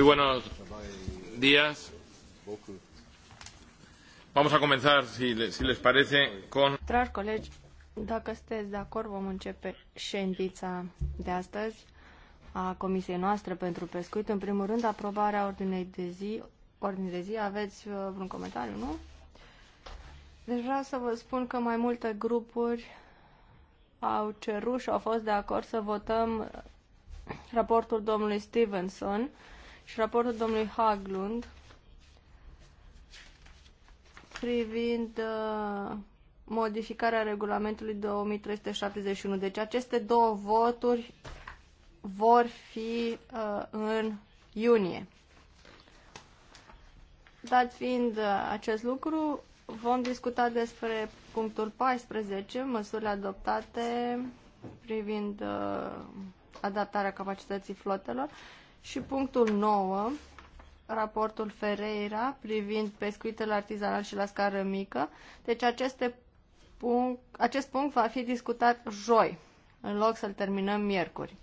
Muy buenos días. Vamos a comenzar, si, le, si les parece, con... Dragi colegi, dacă sunteți de acord, vom începe ședința de astăzi a comisiei noastre pentru pescuit. În primul rând, aprobarea ordinei de zi. Ordine de zi, aveți uh, vreun comentariu, nu? Deci vreau să vă spun că mai multe grupuri au cerut și au fost de acord să votăm raportul domnului Stevenson și raportul domnului Haglund privind uh, modificarea regulamentului 2371. Deci aceste două voturi vor fi uh, în iunie. Dat fiind uh, acest lucru, vom discuta despre punctul 14, măsurile adoptate privind uh, adaptarea capacității flotelor și punctul 9, raportul Ferreira privind pescuitul artizanal și la scară mică. Deci aceste punct, acest punct va fi discutat joi, în loc să-l terminăm miercuri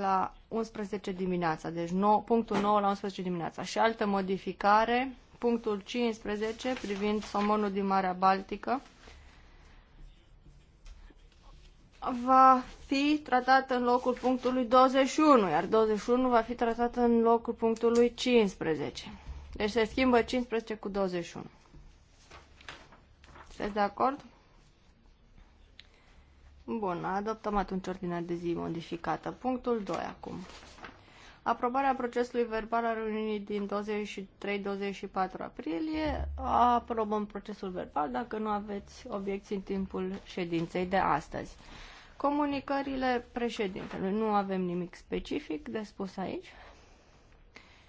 la 11 dimineața, deci 9, punctul 9 la 11 dimineața. Și altă modificare, punctul 15 privind somonul din Marea Baltică. va fi tratat în locul punctului 21, iar 21 va fi tratat în locul punctului 15. Deci se schimbă 15 cu 21. Sunteți de acord? Bun, adoptăm atunci ordinea de zi modificată. Punctul 2 acum. Aprobarea procesului verbal al reuniunii din 23-24 aprilie. Aprobăm procesul verbal dacă nu aveți obiecții în timpul ședinței de astăzi. Comunicările președintelui. Nu avem nimic specific de spus aici.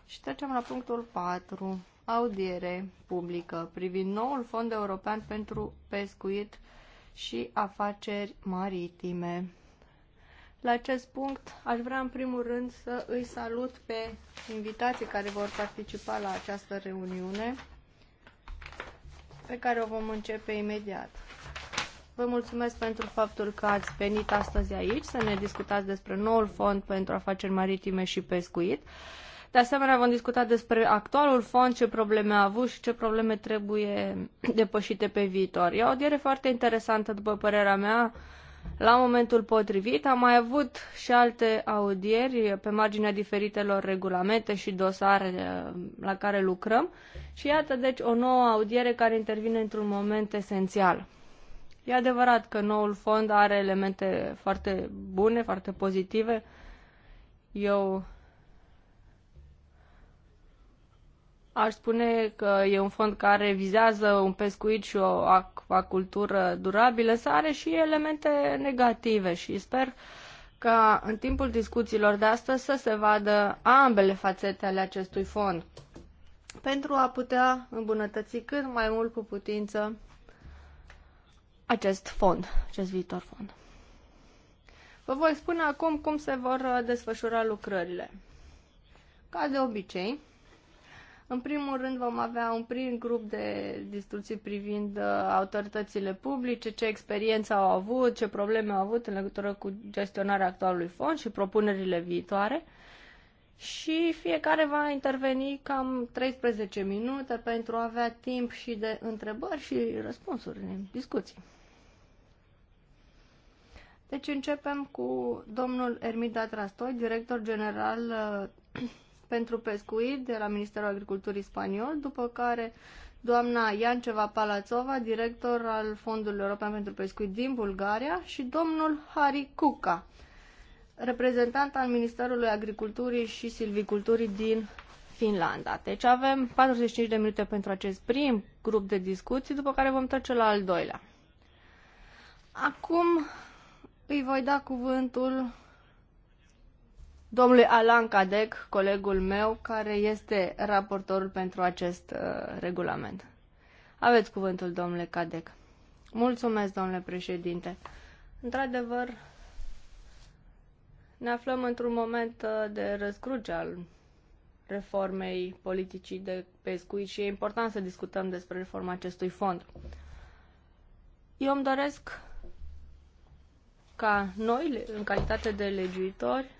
Și trecem la punctul 4. Audiere publică privind noul Fond European pentru Pescuit și Afaceri Maritime. La acest punct aș vrea în primul rând să îi salut pe invitații care vor participa la această reuniune pe care o vom începe imediat. Vă mulțumesc pentru faptul că ați venit astăzi aici să ne discutați despre noul fond pentru afaceri maritime și pescuit. De asemenea, vom discuta despre actualul fond, ce probleme a avut și ce probleme trebuie depășite pe viitor. E o audiere foarte interesantă, după părerea mea, la momentul potrivit. Am mai avut și alte audieri pe marginea diferitelor regulamente și dosare eh, la care lucrăm. Și iată, deci, o nouă audiere care intervine într-un moment esențial. E adevărat că noul fond are elemente foarte bune, foarte pozitive. Eu aș spune că e un fond care vizează un pescuit și o acvacultură durabilă, să are și elemente negative și sper ca în timpul discuțiilor de astăzi să se vadă ambele fațete ale acestui fond pentru a putea îmbunătăți cât mai mult cu putință acest fond, acest viitor fond. Vă voi spune acum cum se vor uh, desfășura lucrările. Ca de obicei, în primul rând vom avea un prim grup de discuții privind uh, autoritățile publice, ce experiență au avut, ce probleme au avut în legătură cu gestionarea actualului fond și propunerile viitoare. Și fiecare va interveni cam 13 minute pentru a avea timp și de întrebări și răspunsuri în discuții. Deci începem cu domnul Ermida Trastoi, director general uh, pentru pescuit de la Ministerul Agriculturii Spaniol, după care doamna Ianceva Palațova, director al Fondului European pentru Pescuit din Bulgaria și domnul Hari Cuca, reprezentant al Ministerului Agriculturii și Silviculturii din Finlanda. Deci avem 45 de minute pentru acest prim grup de discuții, după care vom trece la al doilea. Acum îi voi da cuvântul domnului Alan Cadec, colegul meu, care este raportorul pentru acest uh, regulament. Aveți cuvântul, domnule Cadec. Mulțumesc, domnule președinte. Într-adevăr, ne aflăm într-un moment uh, de răscruce al reformei politicii de pescuit și e important să discutăm despre reforma acestui fond. Eu îmi doresc ca noi, în calitate de legiuitori,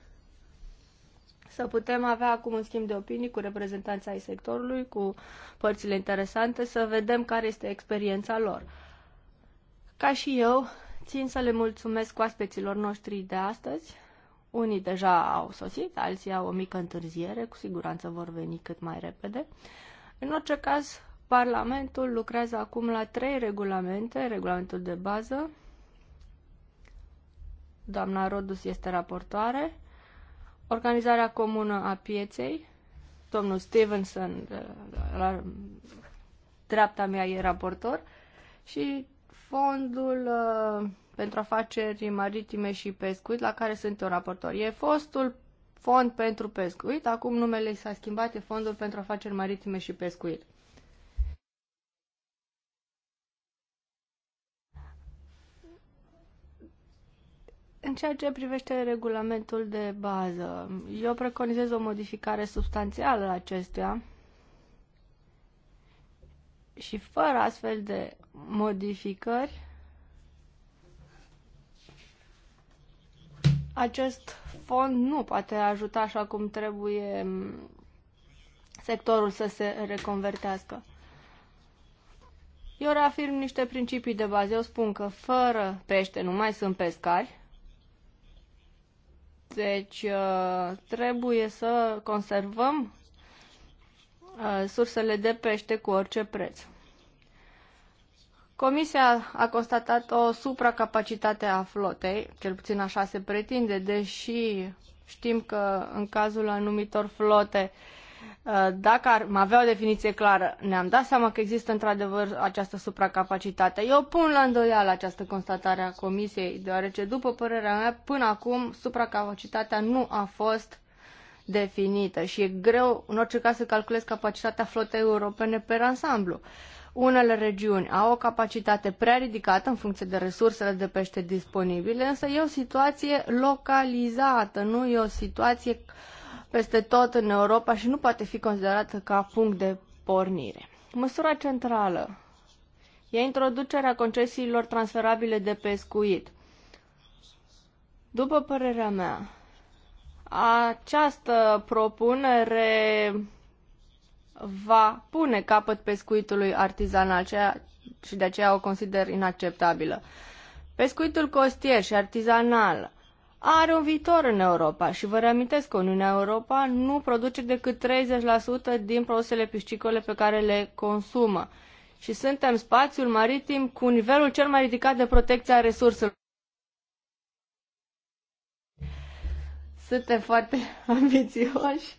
să putem avea acum un schimb de opinii cu reprezentanța ai sectorului, cu părțile interesante, să vedem care este experiența lor. Ca și eu, țin să le mulțumesc oaspeților noștri de astăzi. Unii deja au sosit, alții au o mică întârziere, cu siguranță vor veni cât mai repede. În orice caz, Parlamentul lucrează acum la trei regulamente, regulamentul de bază, Doamna Rodus este raportoare. Organizarea comună a pieței. Domnul Stevenson, la dreapta mea, e raportor. Și fondul uh, pentru afaceri maritime și pescuit, la care sunt eu raportor. E fostul fond pentru pescuit, acum numele i s-a schimbat, e fondul pentru afaceri maritime și pescuit. în ceea ce privește regulamentul de bază, eu preconizez o modificare substanțială la acestuia și fără astfel de modificări, acest fond nu poate ajuta așa cum trebuie sectorul să se reconvertească. Eu reafirm niște principii de bază. Eu spun că fără pește nu mai sunt pescari. Deci uh, trebuie să conservăm uh, sursele de pește cu orice preț. Comisia a constatat o supracapacitate a flotei, cel puțin așa se pretinde, deși știm că în cazul anumitor flote uh, Uh, dacă ar avea o definiție clară, ne-am dat seama că există într-adevăr această supracapacitate. Eu pun la îndoială această constatare a Comisiei, deoarece, după părerea mea, până acum supracapacitatea nu a fost definită și e greu, în orice caz, să calculez capacitatea flotei europene pe ansamblu. Unele regiuni au o capacitate prea ridicată în funcție de resursele de pește disponibile, însă e o situație localizată, nu e o situație uh, peste tot în Europa și nu poate fi considerată ca punct de pornire. Măsura centrală e introducerea concesiilor transferabile de pescuit. După părerea mea, această propunere va pune capăt pescuitului artizanal și de aceea o consider inacceptabilă. Pescuitul costier și artizanal are un viitor în Europa și vă reamintesc că Uniunea Europa nu produce decât 30% din produsele piscicole pe care le consumă și suntem spațiul maritim cu nivelul cel mai ridicat de protecție a resurselor. Suntem foarte ambițioși.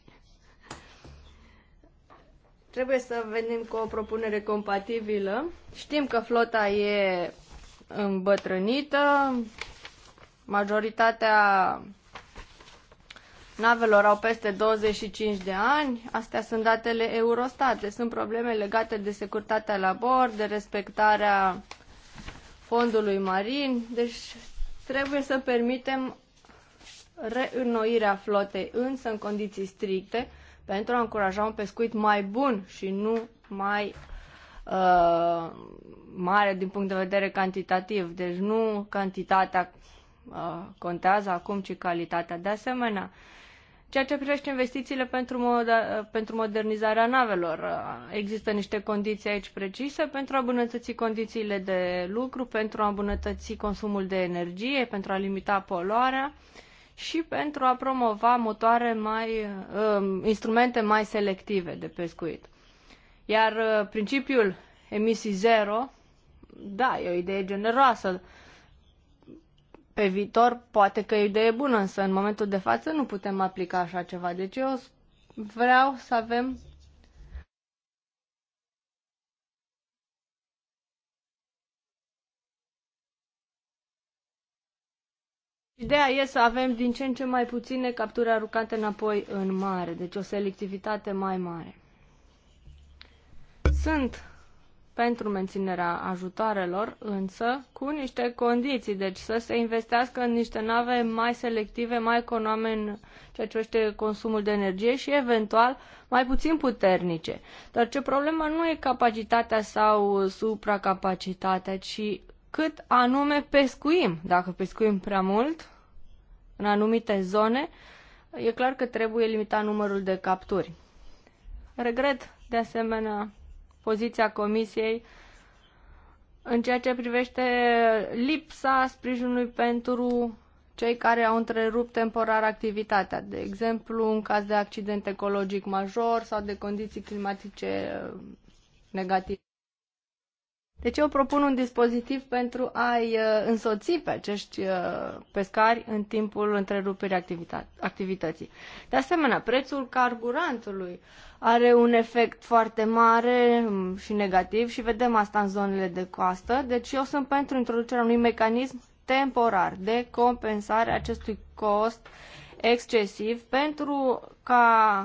Trebuie să venim cu o propunere compatibilă. Știm că flota e îmbătrânită, Majoritatea navelor au peste 25 de ani. Astea sunt datele Eurostat. Deci sunt probleme legate de securitatea la bord, de respectarea fondului marin. Deci trebuie să permitem reînnoirea flotei, însă în condiții stricte, pentru a încuraja un pescuit mai bun și nu mai uh, mare din punct de vedere cantitativ. Deci nu cantitatea Uh, contează acum, ci calitatea. De asemenea, ceea ce privește investițiile pentru, moda, uh, pentru modernizarea navelor, uh, există niște condiții aici precise pentru a îmbunătăți condițiile de lucru, pentru a îmbunătăți consumul de energie, pentru a limita poluarea și pentru a promova motoare mai, uh, instrumente mai selective de pescuit. Iar principiul emisii zero, da, e o idee generoasă, pe viitor poate că e o idee bună, însă în momentul de față nu putem aplica așa ceva. Deci eu vreau să avem Ideea e să avem din ce în ce mai puține capturi aruncate înapoi în mare, deci o selectivitate mai mare. Sunt pentru menținerea ajutoarelor, însă cu niște condiții, deci să se investească în niște nave mai selective, mai econome în ceea ce este consumul de energie și eventual mai puțin puternice. Dar ce problema nu e capacitatea sau supracapacitatea, ci cât anume pescuim. Dacă pescuim prea mult în anumite zone, e clar că trebuie limitat numărul de capturi. Regret de asemenea poziția Comisiei în ceea ce privește lipsa sprijinului pentru cei care au întrerupt temporar activitatea, de exemplu în caz de accident ecologic major sau de condiții climatice uh, negative. Deci eu propun un dispozitiv pentru a-i uh, însoți pe acești uh, pescari în timpul întreruperii activității. De asemenea, prețul carburantului are un efect foarte mare mm, și negativ și vedem asta în zonele de coastă. Deci eu sunt pentru introducerea unui mecanism temporar de compensare acestui cost excesiv pentru ca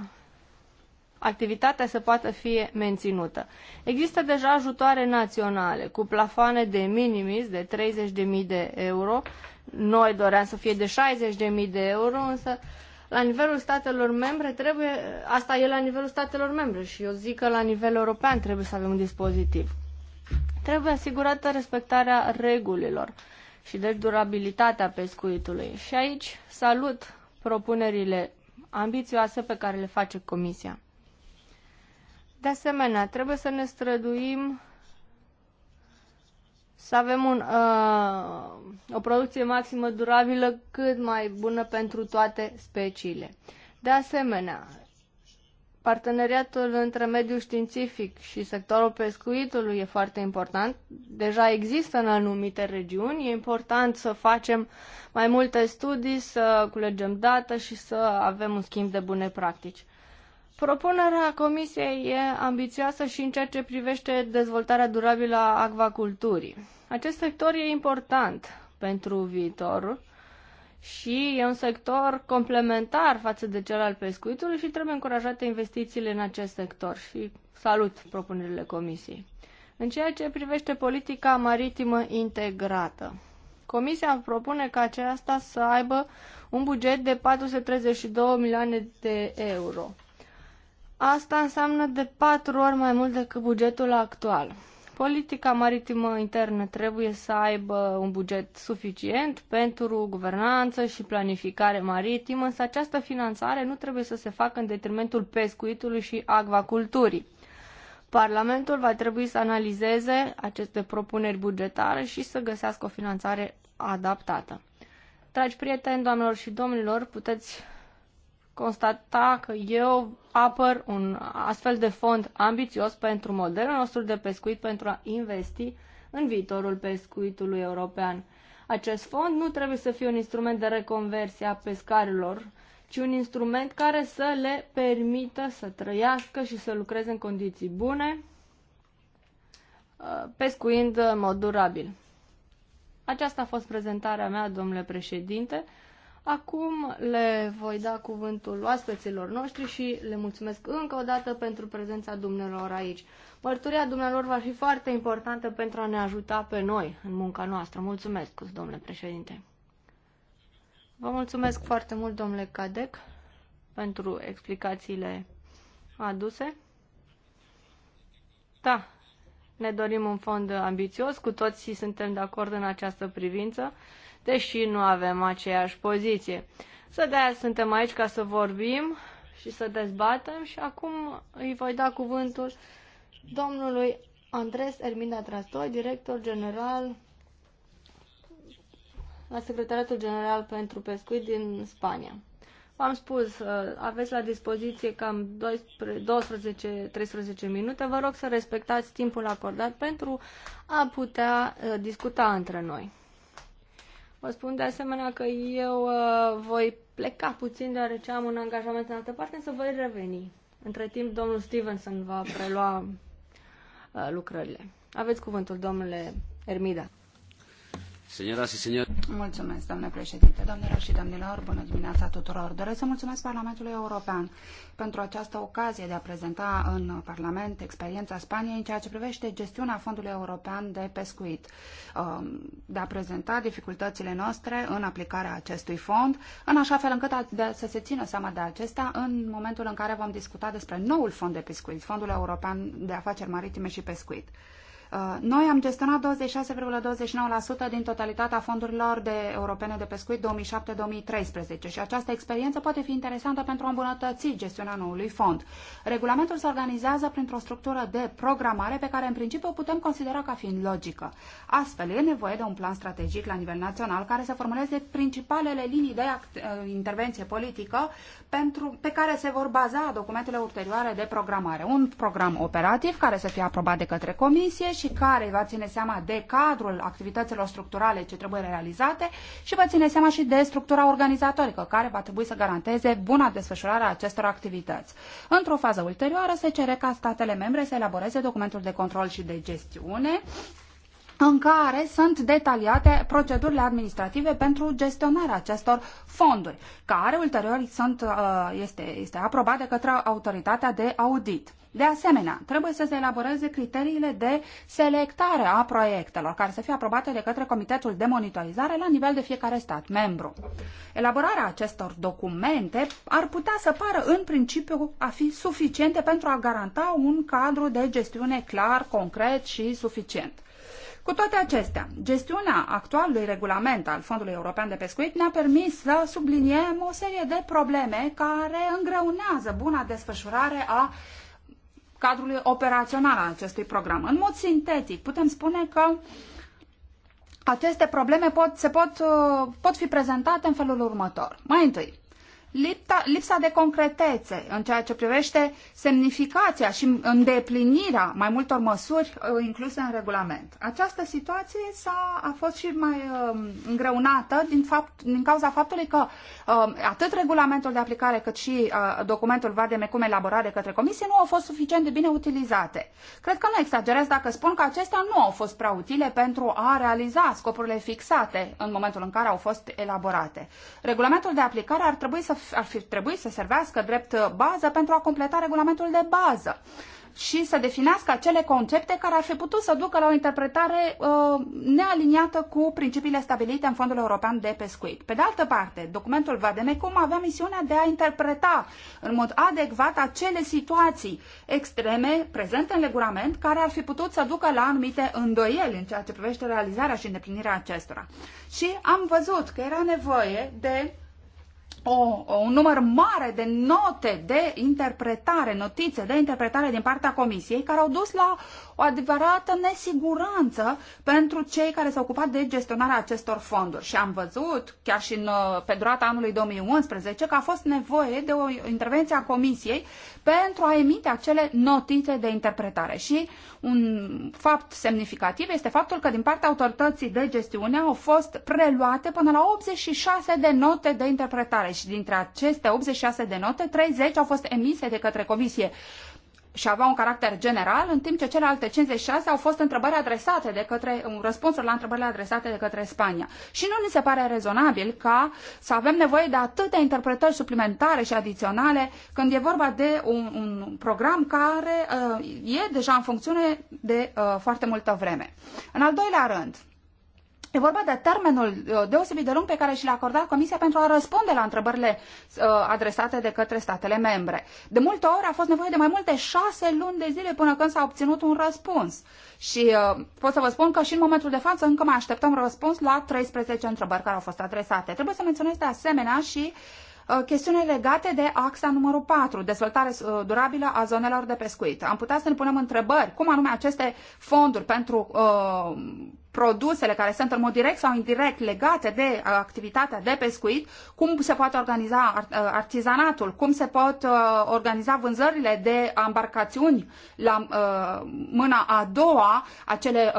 activitatea să poată fi menținută. Există deja ajutoare naționale cu plafoane de minimis de 30.000 de euro. Noi doream să fie de 60.000 de euro, însă la nivelul statelor membre trebuie, asta e la nivelul statelor membre și eu zic că la nivel european trebuie să avem un dispozitiv. Trebuie asigurată respectarea regulilor și de deci, durabilitatea pescuitului. Și aici salut propunerile ambițioase pe care le face Comisia. De asemenea, trebuie să ne străduim să avem un, uh, o producție maximă durabilă cât mai bună pentru toate speciile. De asemenea, parteneriatul între mediul științific și sectorul pescuitului e foarte important. Deja există în anumite regiuni, e important să facem mai multe studii, să culegem date și să avem un schimb de bune practici. Propunerea Comisiei e ambițioasă și în ceea ce privește dezvoltarea durabilă a acvaculturii. Acest sector e important pentru viitor și e un sector complementar față de cel al pescuitului și trebuie încurajate investițiile în acest sector și salut propunerile Comisiei. În ceea ce privește politica maritimă integrată, Comisia propune ca aceasta să aibă un buget de 432 milioane de euro. Asta înseamnă de patru ori mai mult decât bugetul actual. Politica maritimă internă trebuie să aibă un buget suficient pentru guvernanță și planificare maritimă, însă această finanțare nu trebuie să se facă în detrimentul pescuitului și acvaculturii. Parlamentul va trebui să analizeze aceste propuneri bugetare și să găsească o finanțare adaptată. Dragi prieteni, doamnelor și domnilor, puteți constata că eu apăr un astfel de fond ambițios pentru modelul nostru de pescuit pentru a investi în viitorul pescuitului european. Acest fond nu trebuie să fie un instrument de reconversie a pescarilor, ci un instrument care să le permită să trăiască și să lucreze în condiții bune, uh, pescuind în mod durabil. Aceasta a fost prezentarea mea, domnule președinte. Acum le voi da cuvântul oaspeților noștri și le mulțumesc încă o dată pentru prezența dumnealor aici. Mărturia dumnealor va fi foarte importantă pentru a ne ajuta pe noi în munca noastră. Mulțumesc, domnule președinte. Vă mulțumesc foarte mult, domnule Cadec, pentru explicațiile aduse. Da, ne dorim un fond ambițios, cu toții suntem de acord în această privință deși nu avem aceeași poziție. Să de suntem aici ca să vorbim și să dezbatem și acum îi voi da cuvântul domnului Andres Ermina Trastoi, director general la Secretariatul General pentru Pescuit din Spania. V-am spus, uh, aveți la dispoziție cam 12-13 minute. Vă rog să respectați timpul acordat pentru a putea uh, discuta între noi. Vă spun de asemenea că eu uh, voi pleca puțin deoarece am un angajament în altă parte, însă voi reveni. Între timp, domnul Stevenson va prelua uh, lucrările. Aveți cuvântul, domnule Ermida. Mulțumesc, domnule președinte. Doamnelor și domnilor, bună dimineața tuturor. Doresc să mulțumesc Parlamentului European pentru această ocazie de a prezenta în Parlament experiența Spaniei în ceea ce privește gestiunea Fondului European de Pescuit, um, de a prezenta dificultățile noastre în aplicarea acestui fond, în așa fel încât să se țină seama de acesta în momentul în care vom discuta despre noul fond de pescuit, Fondul European de Afaceri Maritime și Pescuit. Uh, noi am gestionat 26,29% din totalitatea fondurilor de europene de pescuit 2007-2013 și această experiență poate fi interesantă pentru a îmbunătăți gestiunea noului fond. Regulamentul se organizează printr-o structură de programare pe care în principiu o putem considera ca fiind logică. Astfel, e nevoie de un plan strategic la nivel național care să formuleze principalele linii de uh, intervenție politică pentru, pe care se vor baza documentele ulterioare de programare. Un program operativ care să fie aprobat de către Comisie și care va ține seama de cadrul activităților structurale ce trebuie realizate și va ține seama și de structura organizatorică care va trebui să garanteze buna desfășurare a acestor activități. Într-o fază ulterioară se cere ca statele membre să elaboreze documentul de control și de gestiune în care sunt detaliate procedurile administrative pentru gestionarea acestor fonduri, care ulterior sunt, uh, este, este aprobat de către autoritatea de audit. De asemenea, trebuie să se elaboreze criteriile de selectare a proiectelor care să fie aprobate de către Comitetul de Monitorizare la nivel de fiecare stat membru. Elaborarea acestor documente ar putea să pară în principiu a fi suficiente pentru a garanta un cadru de gestiune clar, concret și suficient. Cu toate acestea, gestiunea actualului regulament al Fondului European de Pescuit ne-a permis să subliniem o serie de probleme care îngreunează buna desfășurare a cadrului operațional al acestui program. În mod sintetic, putem spune că aceste probleme pot, se pot, uh, pot fi prezentate în felul următor. Mai întâi, lipta, lipsa de concretețe în ceea ce privește semnificația și îndeplinirea mai multor măsuri uh, incluse în regulament. Această situație s-a, a fost și mai uh, îngreunată din, fapt, din cauza faptului că uh, atât regulamentul de aplicare cât și uh, documentul VADEME cum elaborat de către comisie nu au fost suficient de bine utilizate. Cred că nu exagerez dacă spun că acestea nu au fost prea utile pentru a realiza scopurile fixate în momentul în care au fost elaborate. Regulamentul de aplicare ar trebui să ar fi trebuit să servească drept uh, bază pentru a completa regulamentul de bază și să definească acele concepte care ar fi putut să ducă la o interpretare uh, nealiniată cu principiile stabilite în Fondul European de Pescuit. Pe de altă parte, documentul Vademecum avea misiunea de a interpreta în mod adecvat acele situații extreme prezente în regulament care ar fi putut să ducă la anumite îndoieli în ceea ce privește realizarea și îndeplinirea acestora. Și am văzut că era nevoie de o, un număr mare de note de interpretare, notițe de interpretare din partea comisiei, care au dus la o adevărată nesiguranță pentru cei care s-au ocupat de gestionarea acestor fonduri. Și am văzut, chiar și în, pe durata anului 2011, că a fost nevoie de o intervenție a comisiei pentru a emite acele notițe de interpretare. Și un fapt semnificativ este faptul că din partea autorității de gestiune au fost preluate până la 86 de note de interpretare și dintre aceste 86 de note, 30 au fost emise de către Comisie și avea un caracter general, în timp ce celelalte 56 au fost întrebări adresate de către, un răspunsuri la întrebările adresate de către Spania. Și nu ni se pare rezonabil ca să avem nevoie de atâtea interpretări suplimentare și adiționale când e vorba de un, un program care uh, e deja în funcțiune de uh, foarte multă vreme. În al doilea rând, E vorba de termenul uh, deosebit de lung pe care și l-a acordat Comisia pentru a răspunde la întrebările uh, adresate de către statele membre. De multe ori a fost nevoie de mai multe șase luni de zile până când s-a obținut un răspuns. Și uh, pot să vă spun că și în momentul de față încă mai așteptăm răspuns la 13 întrebări care au fost adresate. Trebuie să menționez de asemenea și chestiune legate de axa numărul 4, dezvoltare durabilă a zonelor de pescuit. Am putea să ne punem întrebări cum anume aceste fonduri pentru uh, produsele care sunt în mod direct sau indirect legate de uh, activitatea de pescuit, cum se poate organiza uh, artizanatul, cum se pot uh, organiza vânzările de embarcațiuni la mâna a doua, acele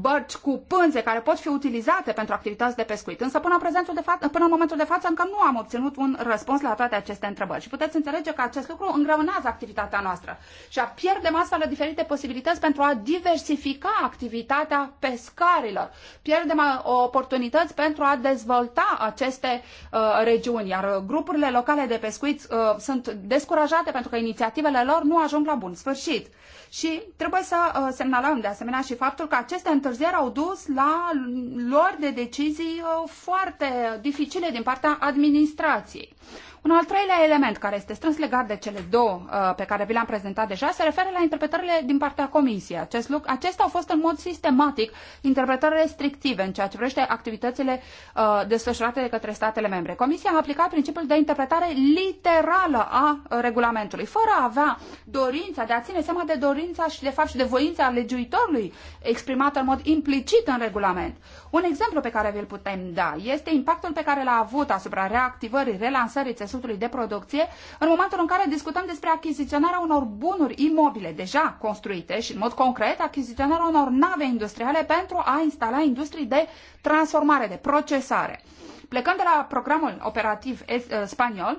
bărci cu pânze care pot fi utilizate pentru activități de pescuit. Însă până prezentul de față, până în momentul de față încă nu am obținut un răspuns la toate aceste întrebări și puteți înțelege că acest lucru îngreunează activitatea noastră și a pierdem astfel diferite posibilități pentru a diversifica activitatea pescuit pescarilor. Pierdem uh, oportunități pentru a dezvolta aceste uh, regiuni, iar grupurile locale de pescuit uh, sunt descurajate pentru că inițiativele lor nu ajung la bun sfârșit. Și trebuie să uh, semnalăm de asemenea și faptul că aceste întârzieri au dus la luări de decizii uh, foarte dificile din partea administrației. Uh, un al treilea element care este strâns legat de cele două uh, pe care vi le-am prezentat deja se referă la interpretările din partea Comisiei. Acest lucru, acestea au fost în mod sistematic interpretări restrictive în ceea ce privește activitățile uh, desfășurate de către statele membre. Comisia a aplicat principiul de interpretare literală a regulamentului, fără a avea dorința de a ține seama de dorința și de fapt și de voința legiuitorului exprimată în mod implicit în regulament. Un exemplu pe care vi-l putem da este impactul pe care l-a avut asupra reactivării, relansării țesutului de producție în momentul în care discutăm despre achiziționarea unor bunuri imobile deja construite și, în mod concret, achiziționarea unor nave industriale pentru a instala industrii de transformare, de procesare. Plecând de la programul operativ uh, spaniol,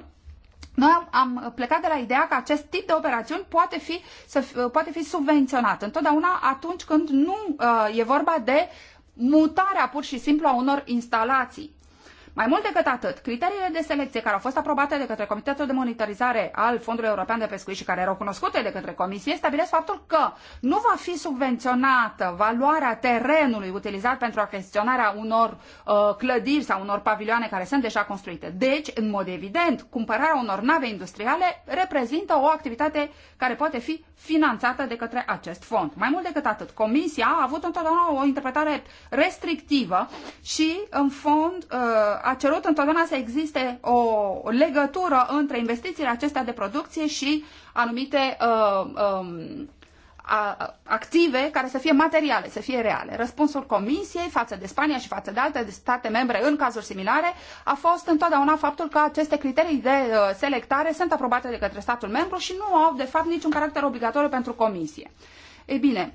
noi am, am plecat de la ideea că acest tip de operațiuni poate fi, să, uh, poate fi subvenționat întotdeauna atunci când nu uh, e vorba de mutarea pur și simplu a unor instalații. Mai mult decât atât, criteriile de selecție care au fost aprobate de către Comitetul de Monitorizare al Fondului European de Pescuit și care erau cunoscute de către Comisie stabilesc faptul că nu va fi subvenționată valoarea terenului utilizat pentru achiziționarea unor uh, clădiri sau unor pavilioane care sunt deja construite. Deci, în mod evident, cumpărarea unor nave industriale reprezintă o activitate care poate fi finanțată de către acest fond. Mai mult decât atât, Comisia a avut întotdeauna o interpretare restrictivă și, în fond, uh, a cerut întotdeauna să existe o legătură între investițiile acestea de producție și anumite uh, um, a, active care să fie materiale, să fie reale. Răspunsul Comisiei față de Spania și față de alte state membre în cazuri similare a fost întotdeauna faptul că aceste criterii de uh, selectare sunt aprobate de către statul membru și nu au, de fapt, niciun caracter obligatoriu pentru Comisie. Ei bine,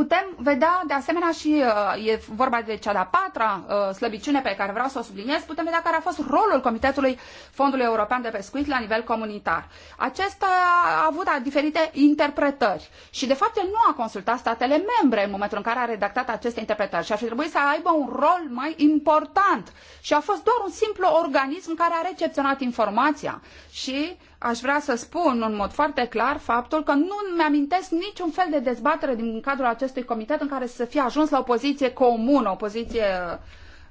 Putem vedea, de asemenea, și uh, e vorba de cea de-a patra uh, slăbiciune pe care vreau să o subliniez, putem vedea care a fost rolul Comitetului Fondului European de Pescuit la nivel comunitar. Acesta a avut diferite interpretări și, de fapt, el nu a consultat statele membre în momentul în care a redactat aceste interpretări și ar fi trebuit să aibă un rol mai important și a fost doar un simplu organism care a recepționat informația și aș vrea să spun în mod foarte clar faptul că nu mi-amintesc niciun fel de dezbatere din cadrul acestui comitet în care să fie ajuns la o poziție comună, o poziție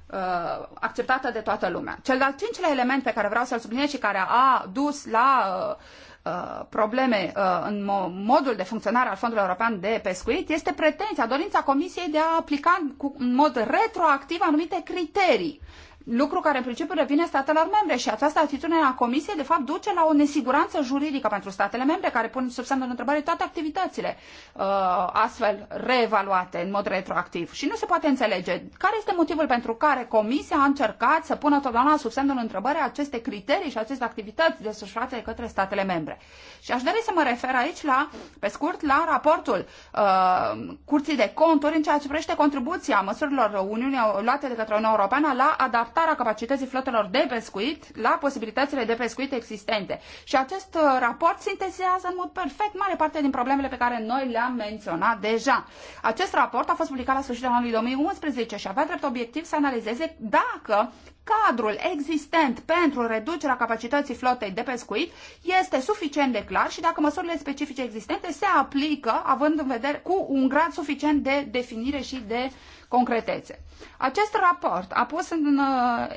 uh, acceptată de toată lumea. Cel de-al cincilea element pe care vreau să-l subliniez și care a dus la uh, uh probleme uh, în modul de funcționare al Fondului European de Pescuit este pretenția, dorința Comisiei de a aplica în, în mod retroactiv anumite criterii lucru care în principiu revine statelor membre și această atitudine a Comisiei, de fapt, duce la o nesiguranță juridică pentru statele membre, care pun sub semnul întrebării toate activitățile uh, astfel reevaluate în mod retroactiv. Și nu se poate înțelege care este motivul pentru care Comisia a încercat să pună totdeauna sub semnul întrebării aceste criterii și aceste activități desfășurate de către statele membre. Și aș dori să mă refer aici, la, pe scurt, la raportul uh, Curții de Conturi în ceea ce privește contribuția măsurilor Uniunii luate de către Uniunea Europeană la adaptare adaptarea capacității flotelor de pescuit la posibilitățile de pescuit existente. Și acest uh, raport sintetizează în mod perfect mare parte din problemele pe care noi le-am menționat deja. Acest raport a fost publicat la sfârșitul anului 2011 și avea drept obiectiv să analizeze dacă cadrul existent pentru reducerea capacității flotei de pescuit este suficient de clar și dacă măsurile specifice existente se aplică având în vedere cu un grad suficient de definire și de concretețe. Acest raport a pus în uh,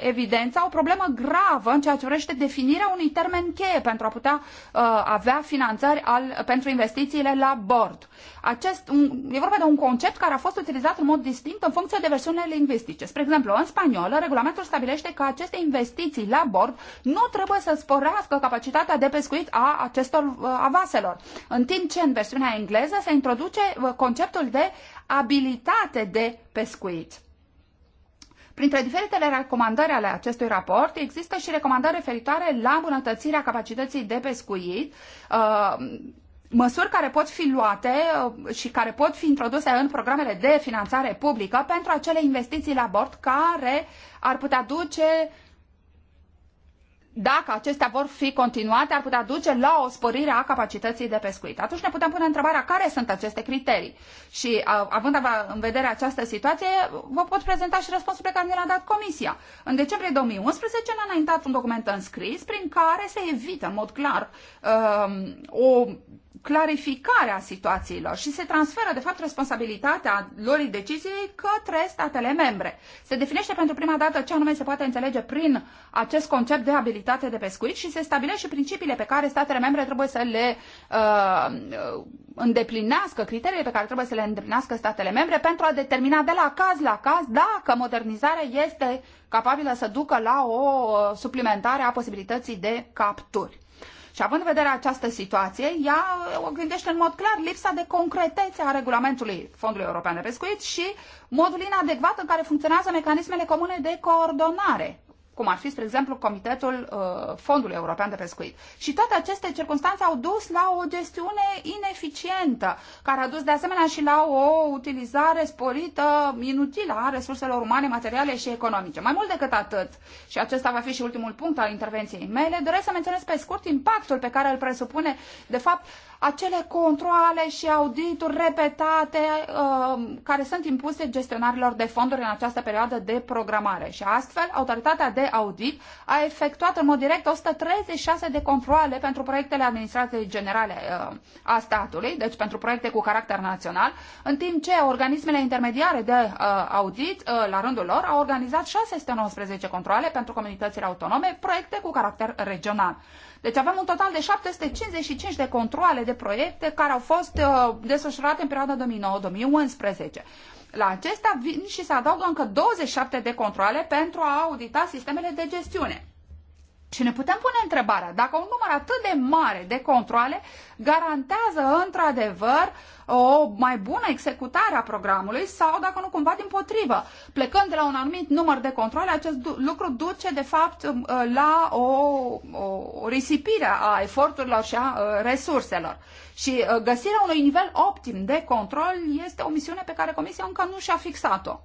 evidență o problemă gravă în ceea ce vrește definirea unui termen cheie pentru a putea uh, avea finanțări al, pentru investițiile la bord. Acest, un, e vorba de un concept care a fost utilizat în mod distinct în funcție de versiunile lingvistice. Spre exemplu, în spaniolă, regulamentul stabilește că aceste investiții la bord nu trebuie să sporească capacitatea de pescuit a acestor uh, vaselor, în timp ce în versiunea engleză se introduce uh, conceptul de abilitate de pescuit. Printre diferitele recomandări ale acestui raport, există și recomandări referitoare la îmbunătățirea capacității de pescuit, uh, măsuri care pot fi luate uh, și care pot fi introduse în programele de finanțare publică pentru acele investiții la bord care ar putea duce dacă acestea vor fi continuate, ar putea duce la o sporire a capacității de pescuit. Atunci ne putem pune întrebarea care sunt aceste criterii. Și având în vedere această situație, vă pot prezenta și răspunsul pe care ne l-a dat Comisia. În decembrie 2011 ne-a înaintat un document înscris prin care se evită în mod clar um, o clarificare a situațiilor și se transferă, de fapt, responsabilitatea lorii deciziei către statele membre. Se definește pentru prima dată ce anume se poate înțelege prin acest concept de abilitate de pescuit și se stabilește și principiile pe care statele membre trebuie să le uh, îndeplinească, criteriile pe care trebuie să le îndeplinească statele membre pentru a determina de la caz la caz dacă modernizarea este capabilă să ducă la o uh, suplimentare a posibilității de capturi. Și având în vedere această situație, ea uh, o gândește în mod clar lipsa de concretețe a regulamentului Fondului European de Pescuit și modul inadecvat în care funcționează mecanismele comune de coordonare cum ar fi, spre exemplu, Comitetul uh, Fondului European de Pescuit. Și toate aceste circunstanțe au dus la o gestiune ineficientă, care a dus de asemenea și la o utilizare sporită, inutilă a resurselor umane, materiale și economice. Mai mult decât atât, și acesta va fi și ultimul punct al intervenției mele, doresc să menționez pe scurt impactul pe care îl presupune, de fapt, uh, acele controle și audituri repetate uh, care sunt impuse gestionarilor de fonduri în această perioadă de programare. Și astfel, autoritatea de audit a efectuat în mod direct 136 de controle pentru proiectele administrației generale uh, a statului, deci pentru proiecte cu caracter național, în timp ce organismele intermediare de uh, audit, uh, la rândul lor, au organizat 619 controle pentru comunitățile autonome, proiecte cu caracter regional. Deci avem un total de 755 de controle de proiecte care au fost uh, desfășurate în perioada 2009-2011. La acestea vin și se adaugă încă 27 de controle pentru a audita sistemele de gestiune. Și ne putem pune întrebarea dacă un număr atât de mare de controle garantează într-adevăr o mai bună executare a programului sau dacă nu cumva din potrivă. Plecând de la un anumit număr de controle, acest lucru duce de fapt uh, la o, o risipire a eforturilor și a uh, resurselor. Și uh, găsirea unui nivel optim de control este o misiune pe care Comisia încă nu și-a fixat-o.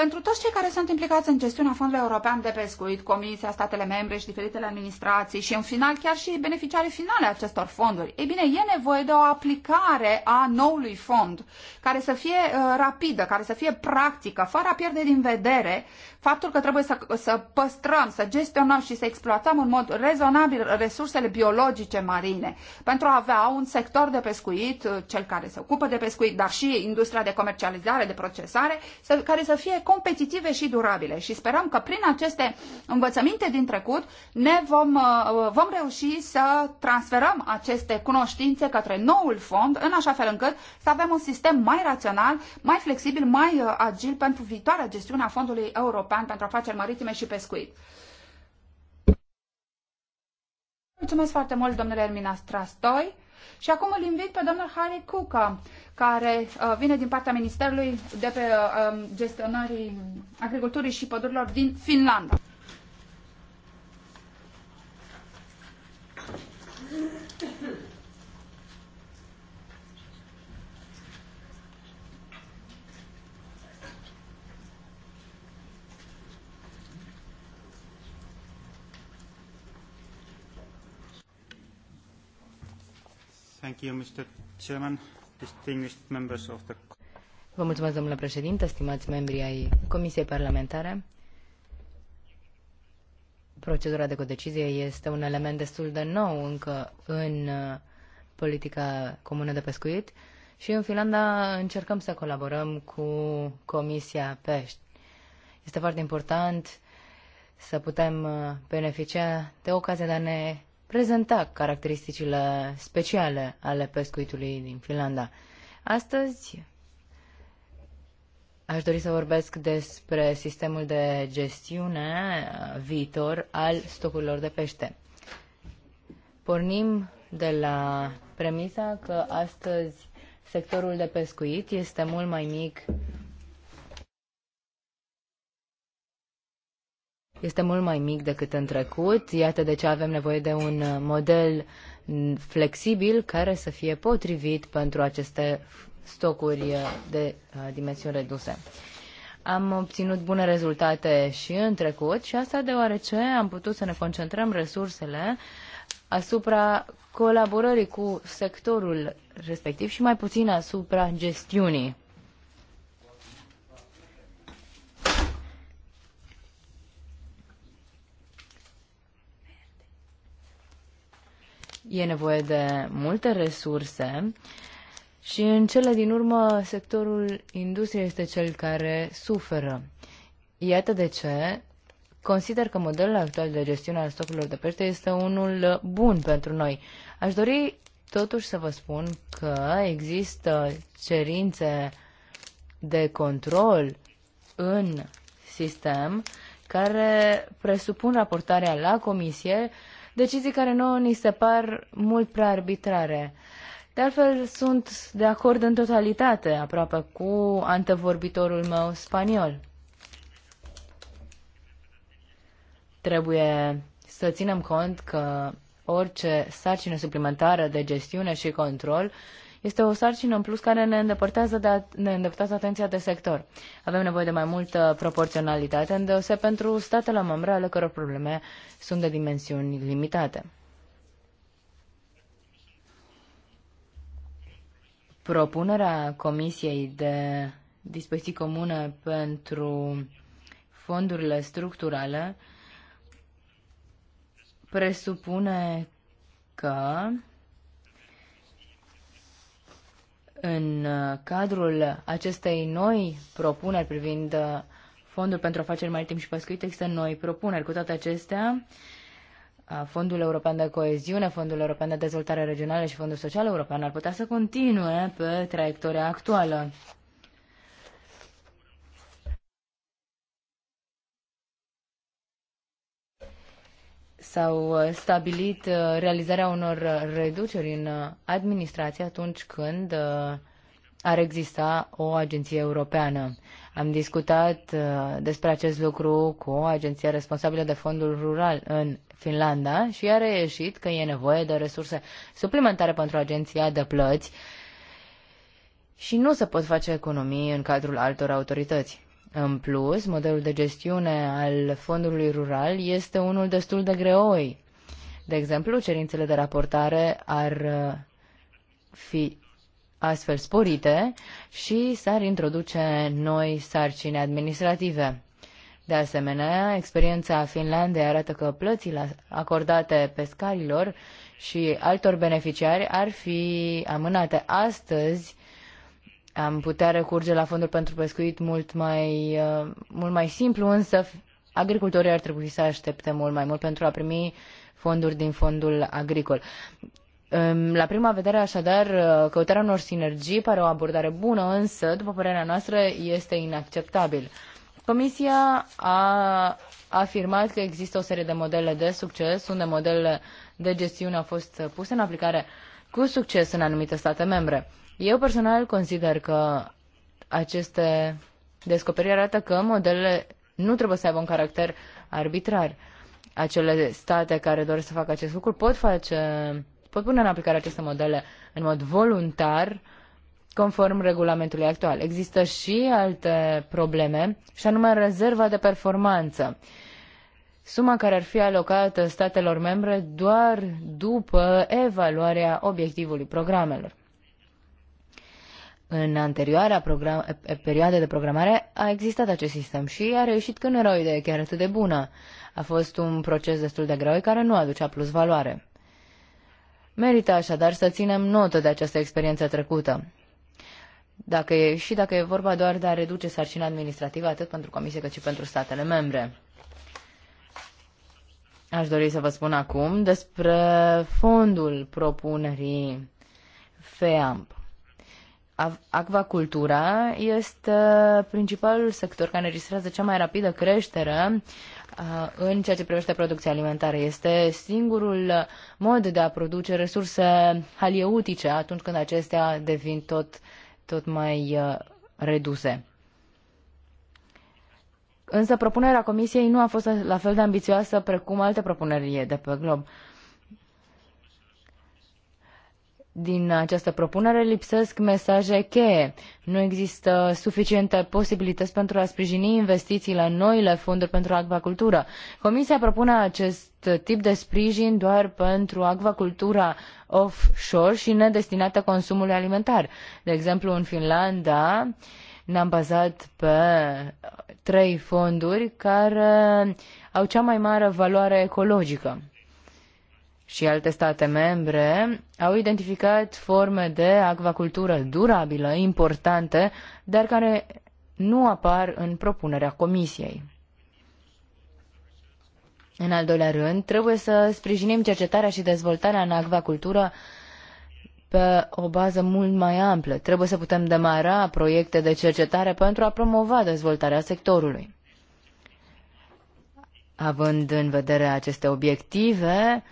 Pentru toți cei care sunt implicați în gestiunea Fondului European de Pescuit, Comisia, statele membre și diferitele administrații și, în final, chiar și beneficiarii finale acestor fonduri, ei bine, e nevoie de o aplicare a noului fond care să fie uh, rapidă, care să fie practică, fără a pierde din vedere faptul că trebuie să, să păstrăm, să gestionăm și să exploatăm în mod rezonabil resursele biologice marine pentru a avea un sector de pescuit, uh, cel care se ocupă de pescuit, dar și industria de comercializare, de procesare, să, care să fie competitive și durabile. Și sperăm că prin aceste învățăminte din trecut ne vom, uh, vom reuși să transferăm aceste cunoștințe către noul fond, în așa fel încât să avem un sistem mai rațional, mai flexibil, mai uh, agil pentru viitoarea gestiune a fondului european European pentru Afaceri Maritime și Pescuit. Mulțumesc foarte mult, domnule Ermina Strastoi. Și acum îl invit pe domnul Harry Cuca, care uh, vine din partea Ministerului de pe uh, um, gestionării agriculturii și pădurilor din Finlanda. Vă mulțumesc, domnule președinte, stimați membri ai Comisiei Parlamentare. Procedura de codecizie este un element destul de nou încă în uh, politica comună de pescuit și în Finlanda încercăm să colaborăm cu Comisia Pești. Este foarte important să putem uh, beneficia de ocazia de a ne prezenta caracteristicile speciale ale pescuitului din Finlanda. Astăzi aș dori să vorbesc despre sistemul de gestiune viitor al stocurilor de pește. Pornim de la premisa că astăzi sectorul de pescuit este mult mai mic este mult mai mic decât în trecut. Iată de ce avem nevoie de un uh, model mm, flexibil care să fie potrivit pentru aceste stocuri uh, de uh, dimensiuni reduse. Am obținut bune rezultate și în trecut și asta deoarece am putut să ne concentrăm resursele asupra colaborării cu sectorul respectiv și mai puțin asupra gestiunii. E nevoie de multe resurse și în cele din urmă sectorul industriei este cel care suferă. Iată de ce consider că modelul actual de gestiune al stocurilor de pește este unul bun pentru noi. Aș dori totuși să vă spun că există cerințe de control în sistem care presupun raportarea la comisie decizii care nouă ni se par mult prea arbitrare. De altfel, sunt de acord în totalitate aproape cu antevorbitorul meu spaniol. Trebuie să ținem cont că orice sarcină suplimentară de gestiune și control este o sarcină în plus care ne îndepărtează, de a, ne îndepărtează atenția de sector. Avem nevoie de mai multă proporționalitate, îndeoseb pentru statele membre ale căror probleme sunt de dimensiuni limitate. Propunerea Comisiei de dispoziții comune pentru fondurile structurale presupune că În uh, cadrul acestei noi propuneri privind uh, Fondul pentru afaceri maritim și pescuit există noi propuneri. Cu toate acestea, uh, Fondul European de Coeziune, Fondul European de Dezvoltare Regională și Fondul Social European ar putea să continue pe traiectoria actuală. s-au uh, stabilit uh, realizarea unor uh, reduceri în administrație atunci când ar exista o agenție europeană. Am discutat despre acest lucru cu o agenție responsabilă de fondul rural în Finlanda și a reieșit că e nevoie de resurse suplimentare pentru agenția de plăți și nu se pot face economii în cadrul altor autorități. În plus, modelul de gestiune al fondului rural este unul destul de greoi. De exemplu, cerințele de raportare ar uh, fi astfel sporite și s-ar introduce noi sarcini administrative. De asemenea, experiența Finlandei arată că plățile acordate pescarilor și altor beneficiari ar fi amânate astăzi am putea recurge la fonduri pentru pescuit mult mai, uh, mult mai simplu, însă agricultorii ar trebui să aștepte mult mai mult pentru a primi fonduri din fondul agricol. La prima vedere, așadar, uh, căutarea unor sinergii pare o abordare bună, însă, după părerea noastră, este inacceptabil. Comisia a afirmat că există o serie de modele de succes, unde modele de gestiune au fost puse în aplicare cu succes în anumite state membre. Eu personal consider că aceste descoperiri arată că modelele nu trebuie să aibă un caracter arbitrar. Acele state care doresc să facă acest lucru pot face pot pune în aplicare aceste modele în mod voluntar conform regulamentului actual. Există și alte probleme, și anume rezerva de performanță. Suma care ar fi alocată statelor membre doar după evaluarea obiectivului programelor. În anterioara perioadă de programare a existat acest sistem și a reușit că nu era o idee chiar atât de bună. A fost un proces destul de greu care nu aducea plus valoare. Merită așadar să ținem notă de această experiență trecută. Dacă e, și dacă e vorba doar de a reduce sarcina administrativă atât pentru Comisie cât și pentru statele membre. Aș dori să vă spun acum despre fondul propunerii FEAMP. Acvacultura este principalul sector care înregistrează cea mai rapidă creștere uh, în ceea ce privește producția alimentară. Este singurul mod de a produce resurse halieutice atunci când acestea devin tot, tot mai uh, reduse. Însă propunerea Comisiei nu a fost la fel de ambițioasă precum alte propuneri de pe glob. Uh, din această propunere lipsesc mesaje cheie. Nu există suficiente posibilități pentru a sprijini investițiile în noile fonduri pentru acvacultură. Comisia propune acest tip de sprijin doar pentru acvacultura offshore și nedestinată consumului alimentar. De exemplu, în Finlanda ne-am bazat pe trei fonduri care au cea mai mare valoare ecologică și alte state membre au identificat forme de acvacultură durabilă, importante, dar care nu apar în propunerea Comisiei. În al doilea rând, trebuie să sprijinim cercetarea și dezvoltarea în acvacultură pe o bază mult mai amplă. Trebuie să putem demara proiecte de cercetare pentru a promova dezvoltarea sectorului. Având în vedere aceste obiective,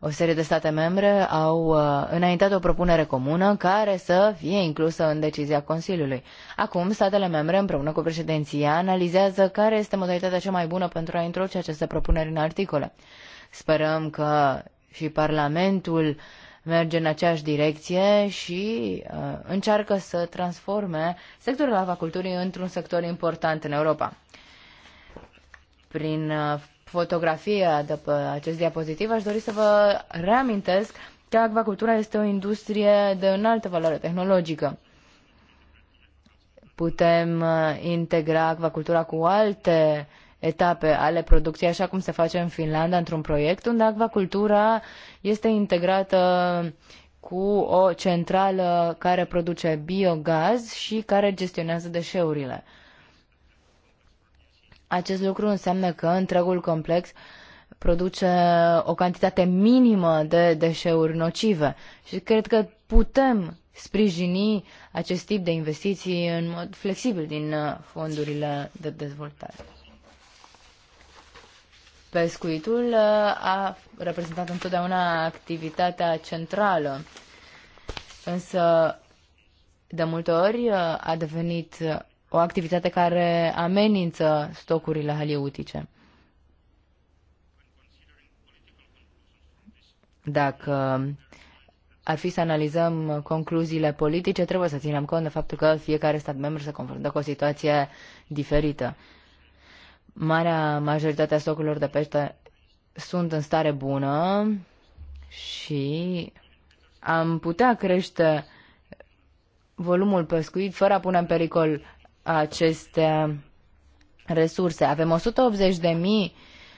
o serie de state membre au uh, înaintat o propunere comună care să fie inclusă în decizia Consiliului. Acum, statele membre, împreună cu președinția, analizează care este modalitatea cea mai bună pentru a introduce aceste propuneri în articole. Sperăm că și Parlamentul merge în aceeași direcție și uh, încearcă să transforme sectorul avaculturii într-un sector important în Europa. Prin uh, fotografie de pe acest diapozitiv, aș dori să vă reamintesc că acvacultura este o industrie de înaltă valoare tehnologică. Putem uh, integra acvacultura cu alte etape ale producției, așa cum se face în Finlanda, într-un proiect unde acvacultura este integrată cu o centrală care produce biogaz și care gestionează deșeurile. Acest lucru înseamnă că întregul complex produce o cantitate minimă de deșeuri nocive și cred că putem sprijini acest tip de investiții în mod flexibil din uh, fondurile de dezvoltare. Pescuitul uh, a reprezentat întotdeauna activitatea centrală, însă de multe ori uh, a devenit o activitate care amenință stocurile haliutice. Dacă ar fi să analizăm concluziile politice, trebuie să ținem cont de faptul că fiecare stat membru se confruntă cu o situație diferită. Marea majoritate a stocurilor de pește sunt în stare bună și am putea crește volumul pescuit fără a pune în pericol aceste resurse. Avem 180 de mii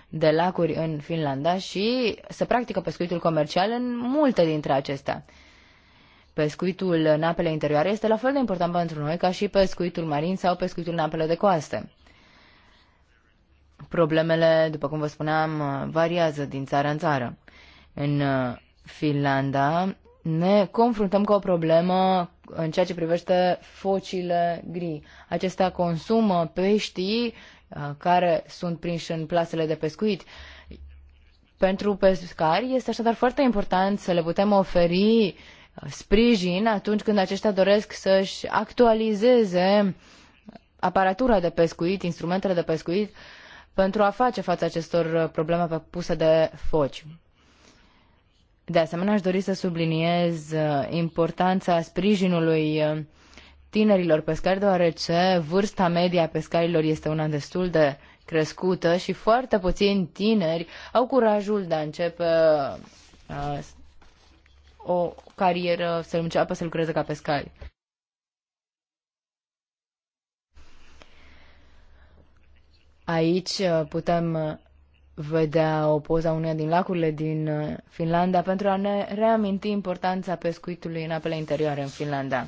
de lacuri în Finlanda și se practică pescuitul comercial în multe dintre acestea. Pescuitul în apele interioare este la fel de important pentru noi ca și pescuitul marin sau pescuitul în apele de coaste. Problemele, după cum vă spuneam, variază din țară în țară. În Finlanda ne confruntăm cu o problemă în ceea ce privește focile gri. Acestea consumă peștii uh, care sunt prinși în plasele de pescuit. Pentru pescari este așadar foarte important să le putem oferi uh, sprijin atunci când aceștia doresc să-și actualizeze aparatura de pescuit, instrumentele de pescuit, pentru a face față acestor uh, probleme puse de foci. De asemenea, aș dori să subliniez uh, importanța sprijinului uh, tinerilor pescari, deoarece vârsta media a pescarilor este una destul de crescută și foarte puțini tineri au curajul de a începe uh, o carieră, să înceapă să lucreze ca pescari. Aici uh, putem vedea o poza uneia din lacurile din uh, Finlanda pentru a ne reaminti importanța pescuitului în apele interioare în Finlanda.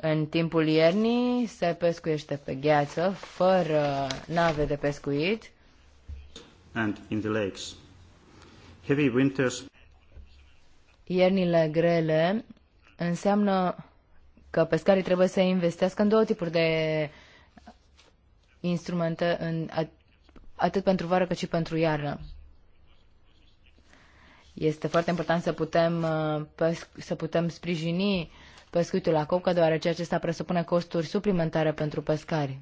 În timpul iernii se pescuiește pe gheață, fără nave de pescuit. And in the lakes. Heavy winters. Iernile grele înseamnă că pescarii trebuie să investească în două tipuri de instrumente, în atât pentru vară cât și pentru iarnă. Este foarte important să putem, uh, să putem sprijini pescuitul la copcă, deoarece acesta presupune costuri suplimentare pentru pescari.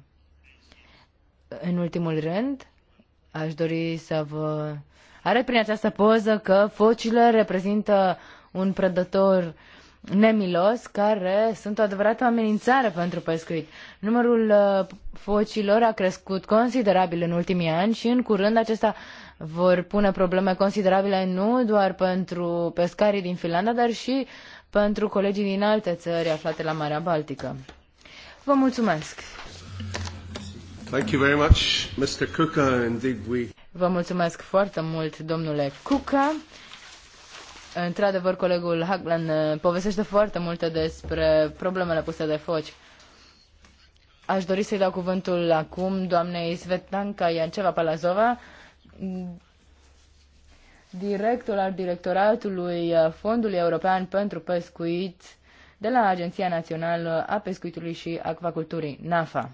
În ultimul rând, aș dori să vă arăt prin această poză că focile reprezintă un prădător nemilos care sunt o adevărată amenințare pentru pescuit. Numărul uh, focilor a crescut considerabil în ultimii ani și în curând acesta vor pune probleme considerabile nu doar pentru pescarii din Finlanda, dar și pentru colegii din alte țări aflate la Marea Baltică. Vă mulțumesc! Thank you very much, Mr. Kuka. Indeed we... Vă mulțumesc foarte mult, domnule Cuca. Într-adevăr, colegul Haglan uh, povestește foarte multe despre problemele puse de foci. Aș dori să-i dau cuvântul acum doamnei Svetlanka Ianceva Palazova, director al Directoratului uh, Fondului European pentru Pescuit de la Agenția Națională a Pescuitului și Acvaculturii, NAFA.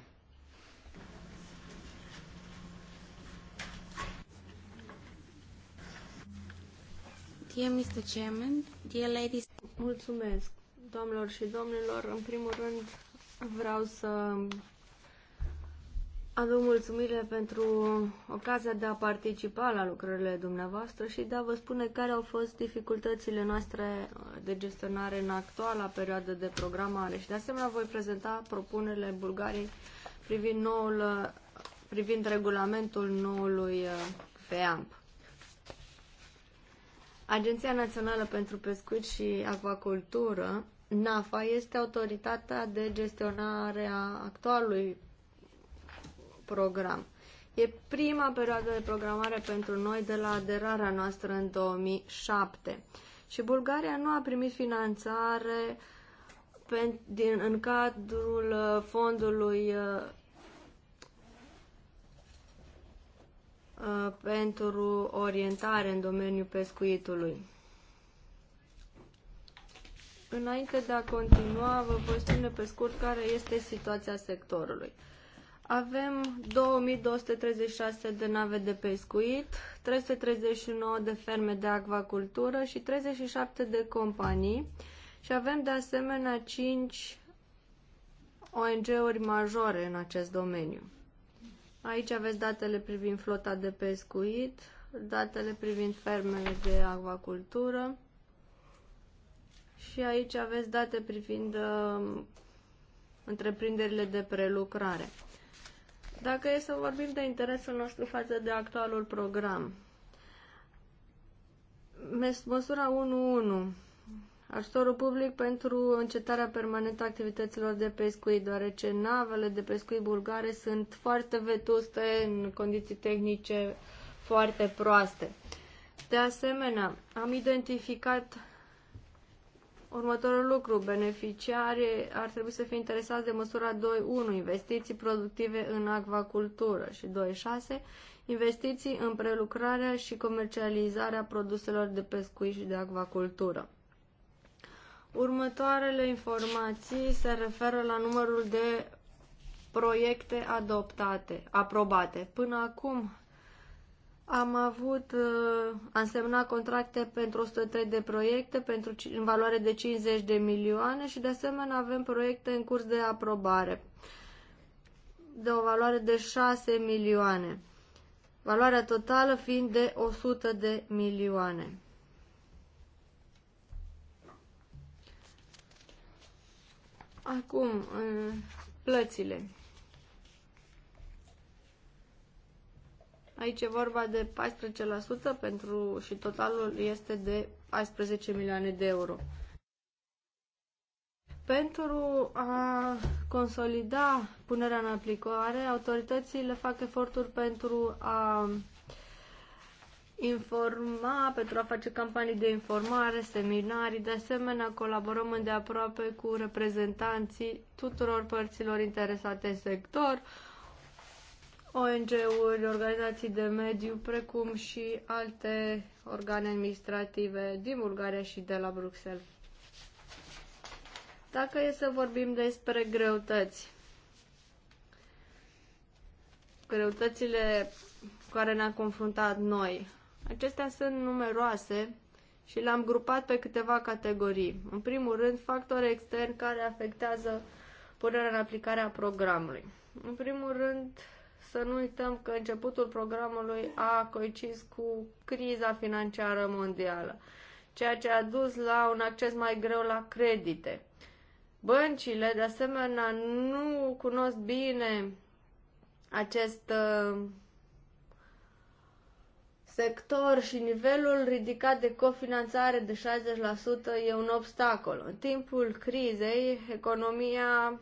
Dear Mr. Chairman, dear ladies... Mulțumesc, doamnelor și domnilor. În primul rând, vreau să aduc mulțumirile pentru ocazia de a participa la lucrările dumneavoastră și de a vă spune care au fost dificultățile noastre de gestionare în actuala perioadă de programare. Și de asemenea voi prezenta propunerile Bulgariei privind, noul, privind regulamentul noului uh, FEAMP. Agenția Națională pentru Pescuit și Acvacultură, NAFA, este autoritatea de gestionare a actualului program. E prima perioadă de programare pentru noi de la aderarea noastră în 2007 și Bulgaria nu a primit finanțare pe, din, în cadrul uh, fondului uh, Uh, pentru orientare în domeniul pescuitului. Înainte de a continua, vă voi spune pe scurt care este situația sectorului. Avem 2236 de nave de pescuit, 339 de ferme de acvacultură și 37 de companii și avem de asemenea 5 ONG-uri majore în acest domeniu. Aici aveți datele privind flota de pescuit, datele privind fermele de acvacultură și aici aveți date privind uh, întreprinderile de prelucrare. Dacă e să vorbim de interesul nostru față de actualul program, măsura 1.1 ajutorul public pentru încetarea permanentă a activităților de pescuit, deoarece navele de pescuit bulgare sunt foarte vetuste în condiții tehnice foarte proaste. De asemenea, am identificat următorul lucru. Beneficiarii ar trebui să fie interesați de măsura 2.1, investiții productive în acvacultură și 2.6, investiții în prelucrarea și comercializarea produselor de pescuit și de acvacultură. Următoarele informații se referă la numărul de proiecte adoptate, aprobate. Până acum am avut, uh, am semnat contracte pentru 103 de proiecte pentru, în valoare de 50 de milioane și de asemenea avem proiecte în curs de aprobare de o valoare de 6 milioane, valoarea totală fiind de 100 de milioane. Acum, plățile. Aici e vorba de 14% pentru și totalul este de 14 milioane de euro. Pentru a consolida punerea în aplicare, autoritățile fac eforturi pentru a informa, pentru a face campanii de informare, seminarii. De asemenea, colaborăm îndeaproape cu reprezentanții tuturor părților interesate în sector, ONG-uri, organizații de mediu, precum și alte organe administrative din Bulgaria și de la Bruxelles. Dacă e să vorbim despre greutăți, greutățile cu care ne-am confruntat noi, Acestea sunt numeroase și le-am grupat pe câteva categorii. În primul rând, factori externi care afectează punerea în aplicare a programului. În primul rând, să nu uităm că începutul programului a coincis cu criza financiară mondială, ceea ce a dus la un acces mai greu la credite. Băncile, de asemenea, nu cunosc bine acest uh, sector și nivelul ridicat de cofinanțare de 60% e un obstacol. În timpul crizei, economia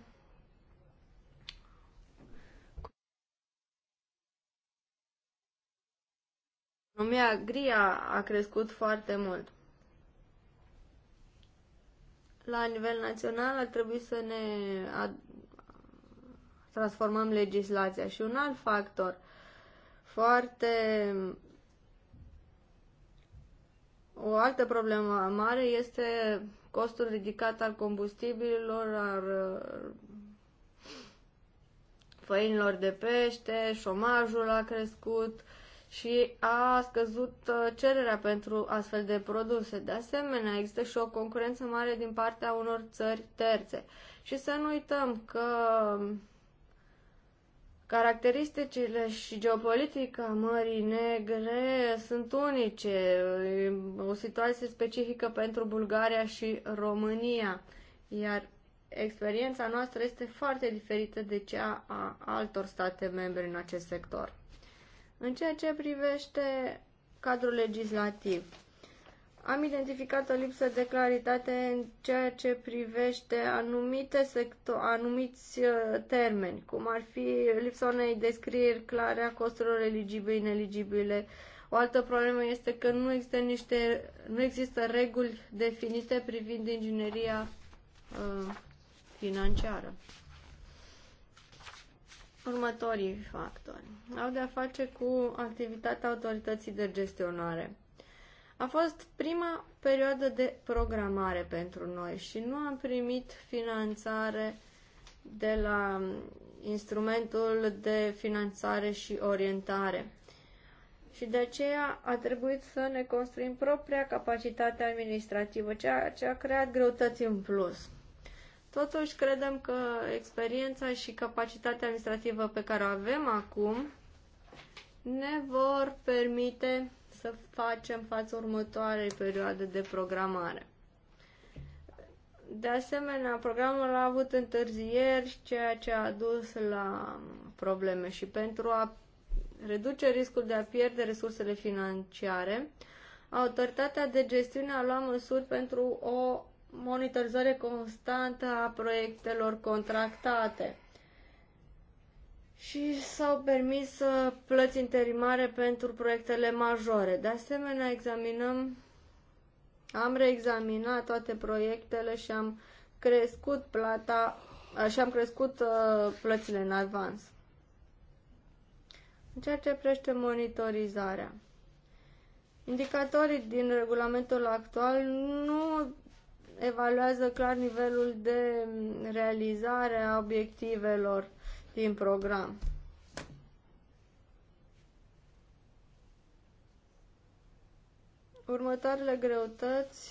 Economia gria a, a crescut foarte mult. La nivel național ar trebui să ne transformăm legislația. Și un alt factor foarte o altă problemă mare este costul ridicat al combustibililor, al uh, făinilor de pește, șomajul a crescut și a scăzut uh, cererea pentru astfel de produse. De asemenea, există și o concurență mare din partea unor țări terțe. Și să nu uităm că Caracteristicile și geopolitica Mării Negre sunt unice, o situație specifică pentru Bulgaria și România, iar experiența noastră este foarte diferită de cea a altor state membre în acest sector. În ceea ce privește cadrul legislativ, am identificat o lipsă de claritate în ceea ce privește anumite secto- anumiți uh, termeni, cum ar fi lipsa unei descrieri clare a costurilor eligibile, ineligibile. O altă problemă este că nu există, niște, nu există reguli definite privind ingineria uh, financiară. Următorii factori au de-a face cu activitatea autorității de gestionare. A fost prima perioadă de programare pentru noi și nu am primit finanțare de la mm, instrumentul de finanțare și orientare. Și de aceea a trebuit să ne construim propria capacitate administrativă, ceea ce a creat greutăți în plus. Totuși, credem că experiența și capacitatea administrativă pe care o avem acum ne vor permite să facem față următoarei perioade de programare. De asemenea, programul a avut întârzieri, ceea ce a dus la probleme și pentru a reduce riscul de a pierde resursele financiare, autoritatea de gestiune a luat măsuri pentru o monitorizare constantă a proiectelor contractate și s-au permis uh, plăți interimare pentru proiectele majore. De asemenea, examinăm, am reexaminat toate proiectele și am crescut plata uh, și am crescut uh, plățile în avans. În ceea ce prește monitorizarea. Indicatorii din regulamentul actual nu evaluează clar nivelul de realizare a obiectivelor din program. Următoarele greutăți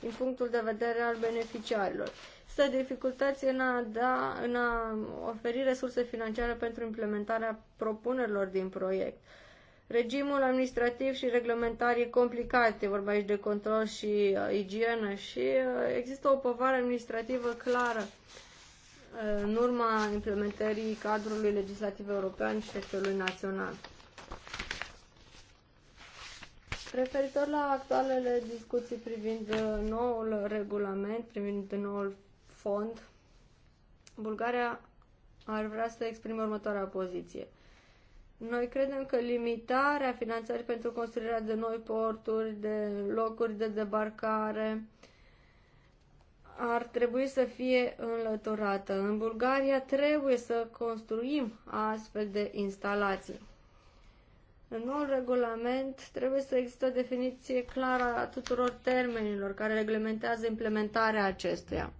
din punctul de vedere al beneficiarilor. Stă dificultăți în a, da, în a oferi resurse financiare pentru implementarea propunerilor din proiect. Regimul administrativ și reglementar e complicat, e vorba aici de control și uh, igienă și uh, există o povară administrativă clară Uh, în urma implementării cadrului legislativ european și celui național. Referitor la actualele discuții privind uh, noul regulament, privind noul fond, Bulgaria ar vrea să exprime următoarea poziție. Noi credem că limitarea finanțării pentru construirea de noi porturi, de locuri de debarcare, uh, ar trebui să fie înlăturată. În Bulgaria trebuie să construim astfel de instalații. În noul regulament trebuie să există o definiție clară a tuturor termenilor care reglementează implementarea acestuia.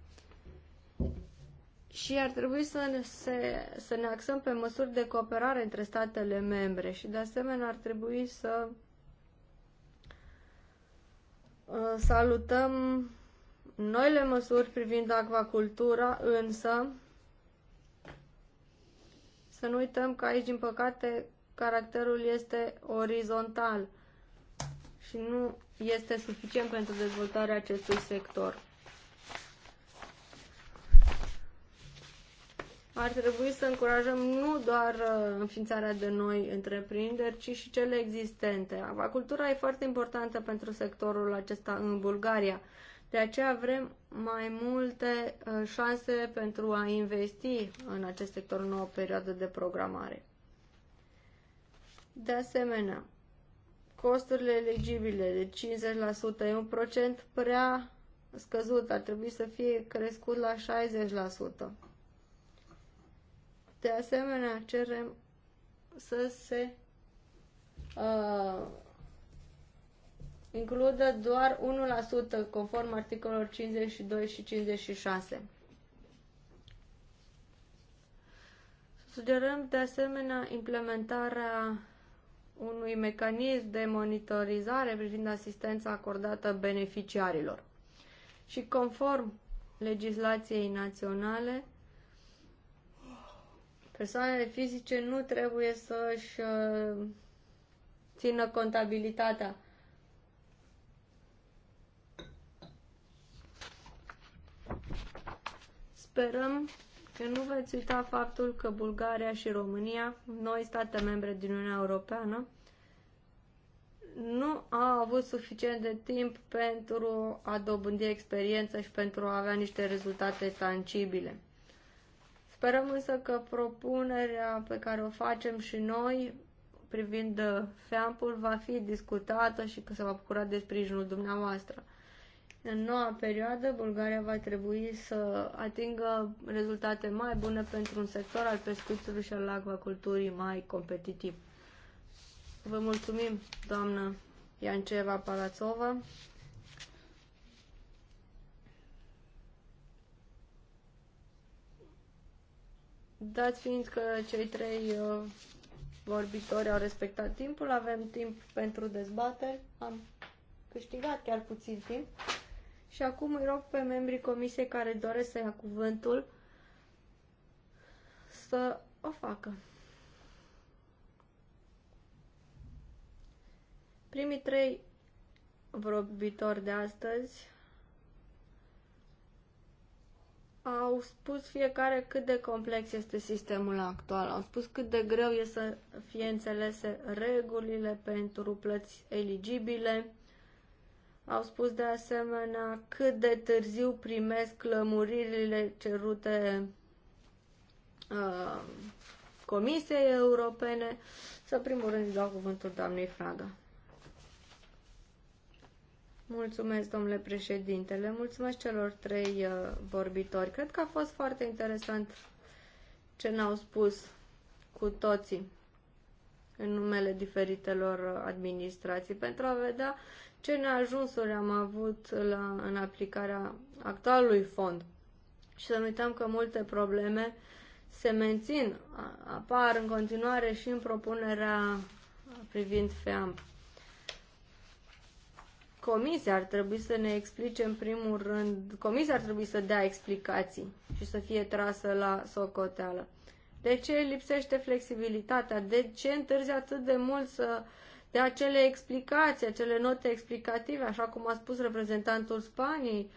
Și ar trebui să ne, se, să ne axăm pe măsuri de cooperare între statele membre și de asemenea ar trebui să uh, salutăm Noile măsuri privind acvacultura, însă, să nu uităm că aici, din păcate, caracterul este orizontal și nu este suficient pentru dezvoltarea acestui sector. Ar trebui să încurajăm nu doar uh, înființarea de noi întreprinderi, ci și cele existente. Acvacultura e foarte importantă pentru sectorul acesta în Bulgaria de aceea vrem mai multe uh, șanse pentru a investi în acest sector în nouă perioadă de programare. De asemenea, costurile elegibile de 50% e un procent prea scăzut, ar trebui să fie crescut la 60%. De asemenea, cerem să se uh, includă doar 1% conform articolelor 52 și 56. Sugerăm de asemenea implementarea unui mecanism de monitorizare privind asistența acordată beneficiarilor. Și conform legislației naționale, persoanele fizice nu trebuie să-și uh, țină contabilitatea Sperăm că nu veți uita faptul că Bulgaria și România, noi state membre din Uniunea Europeană, nu au avut suficient de timp pentru a dobândi experiență și pentru a avea niște rezultate tangibile. Sperăm însă că propunerea pe care o facem și noi privind FEAMP-ul va fi discutată și că se va bucura de sprijinul dumneavoastră. În noua perioadă, Bulgaria va trebui să atingă rezultate mai bune pentru un sector al pescuitului și al acvaculturii mai competitiv. Vă mulțumim, doamnă Ianceva Palațova. Dat fiind că cei trei uh, vorbitori au respectat timpul, avem timp pentru dezbatere. am câștigat chiar puțin timp. Și acum îi rog pe membrii comisiei care doresc să ia cuvântul să o facă. Primii trei vorbitori de astăzi au spus fiecare cât de complex este sistemul actual, au spus cât de greu e să fie înțelese regulile pentru plăți eligibile, au spus de asemenea cât de târziu primesc lămuririle cerute uh, Comisiei Europene. Să primul rând dau cuvântul doamnei Fraga. Mulțumesc, domnule președinte. Le mulțumesc celor trei uh, vorbitori. Cred că a fost foarte interesant ce ne-au spus cu toții în numele diferitelor uh, administrații pentru a vedea ce neajunsuri am avut la, în aplicarea actualului fond. Și să nu uităm că multe probleme se mențin, apar în continuare și în propunerea privind FEAMP. Comisia ar trebui să ne explice în primul rând, comisia ar trebui să dea explicații și să fie trasă la socoteală. De ce lipsește flexibilitatea? De ce întârzi atât de mult să uh, de acele explicații, acele note explicative, așa cum a spus reprezentantul Spaniei,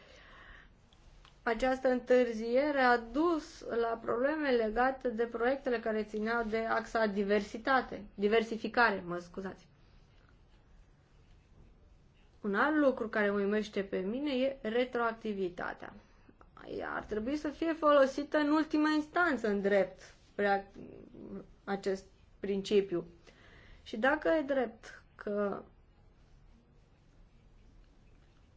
această întârziere a dus la probleme legate de proiectele care țineau de axa diversitate, diversificare, mă scuzați. Un alt lucru care mă uimește pe mine e retroactivitatea. Ea ar trebui să fie folosită în ultima instanță în drept, acest principiu. Și dacă e drept că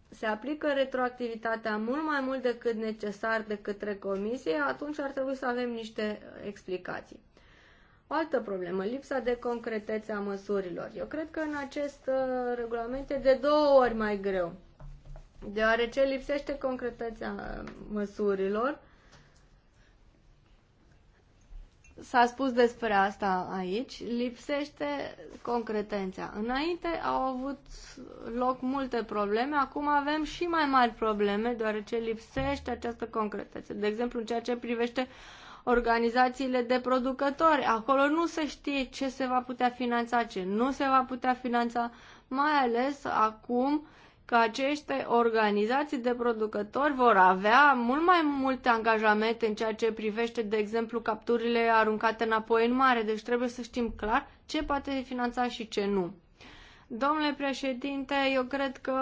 se aplică retroactivitatea mult mai mult decât necesar de către comisie, atunci ar trebui să avem niște explicații. O altă problemă, lipsa de concretețe a măsurilor. Eu cred că în acest uh, regulament e de două ori mai greu, deoarece lipsește concretețea uh, măsurilor S-a spus despre asta aici, lipsește concretența. Înainte au avut loc multe probleme, acum avem și mai mari probleme, deoarece lipsește această concretență. De exemplu, în ceea ce privește organizațiile de producători, acolo nu se știe ce se va putea finanța, ce nu se va putea finanța, mai ales acum că aceste organizații de producători vor avea mult mai multe angajamente în ceea ce privește, de exemplu, capturile aruncate înapoi în mare. Deci trebuie să știm clar ce poate fi finanțat și ce nu. Domnule președinte, eu cred că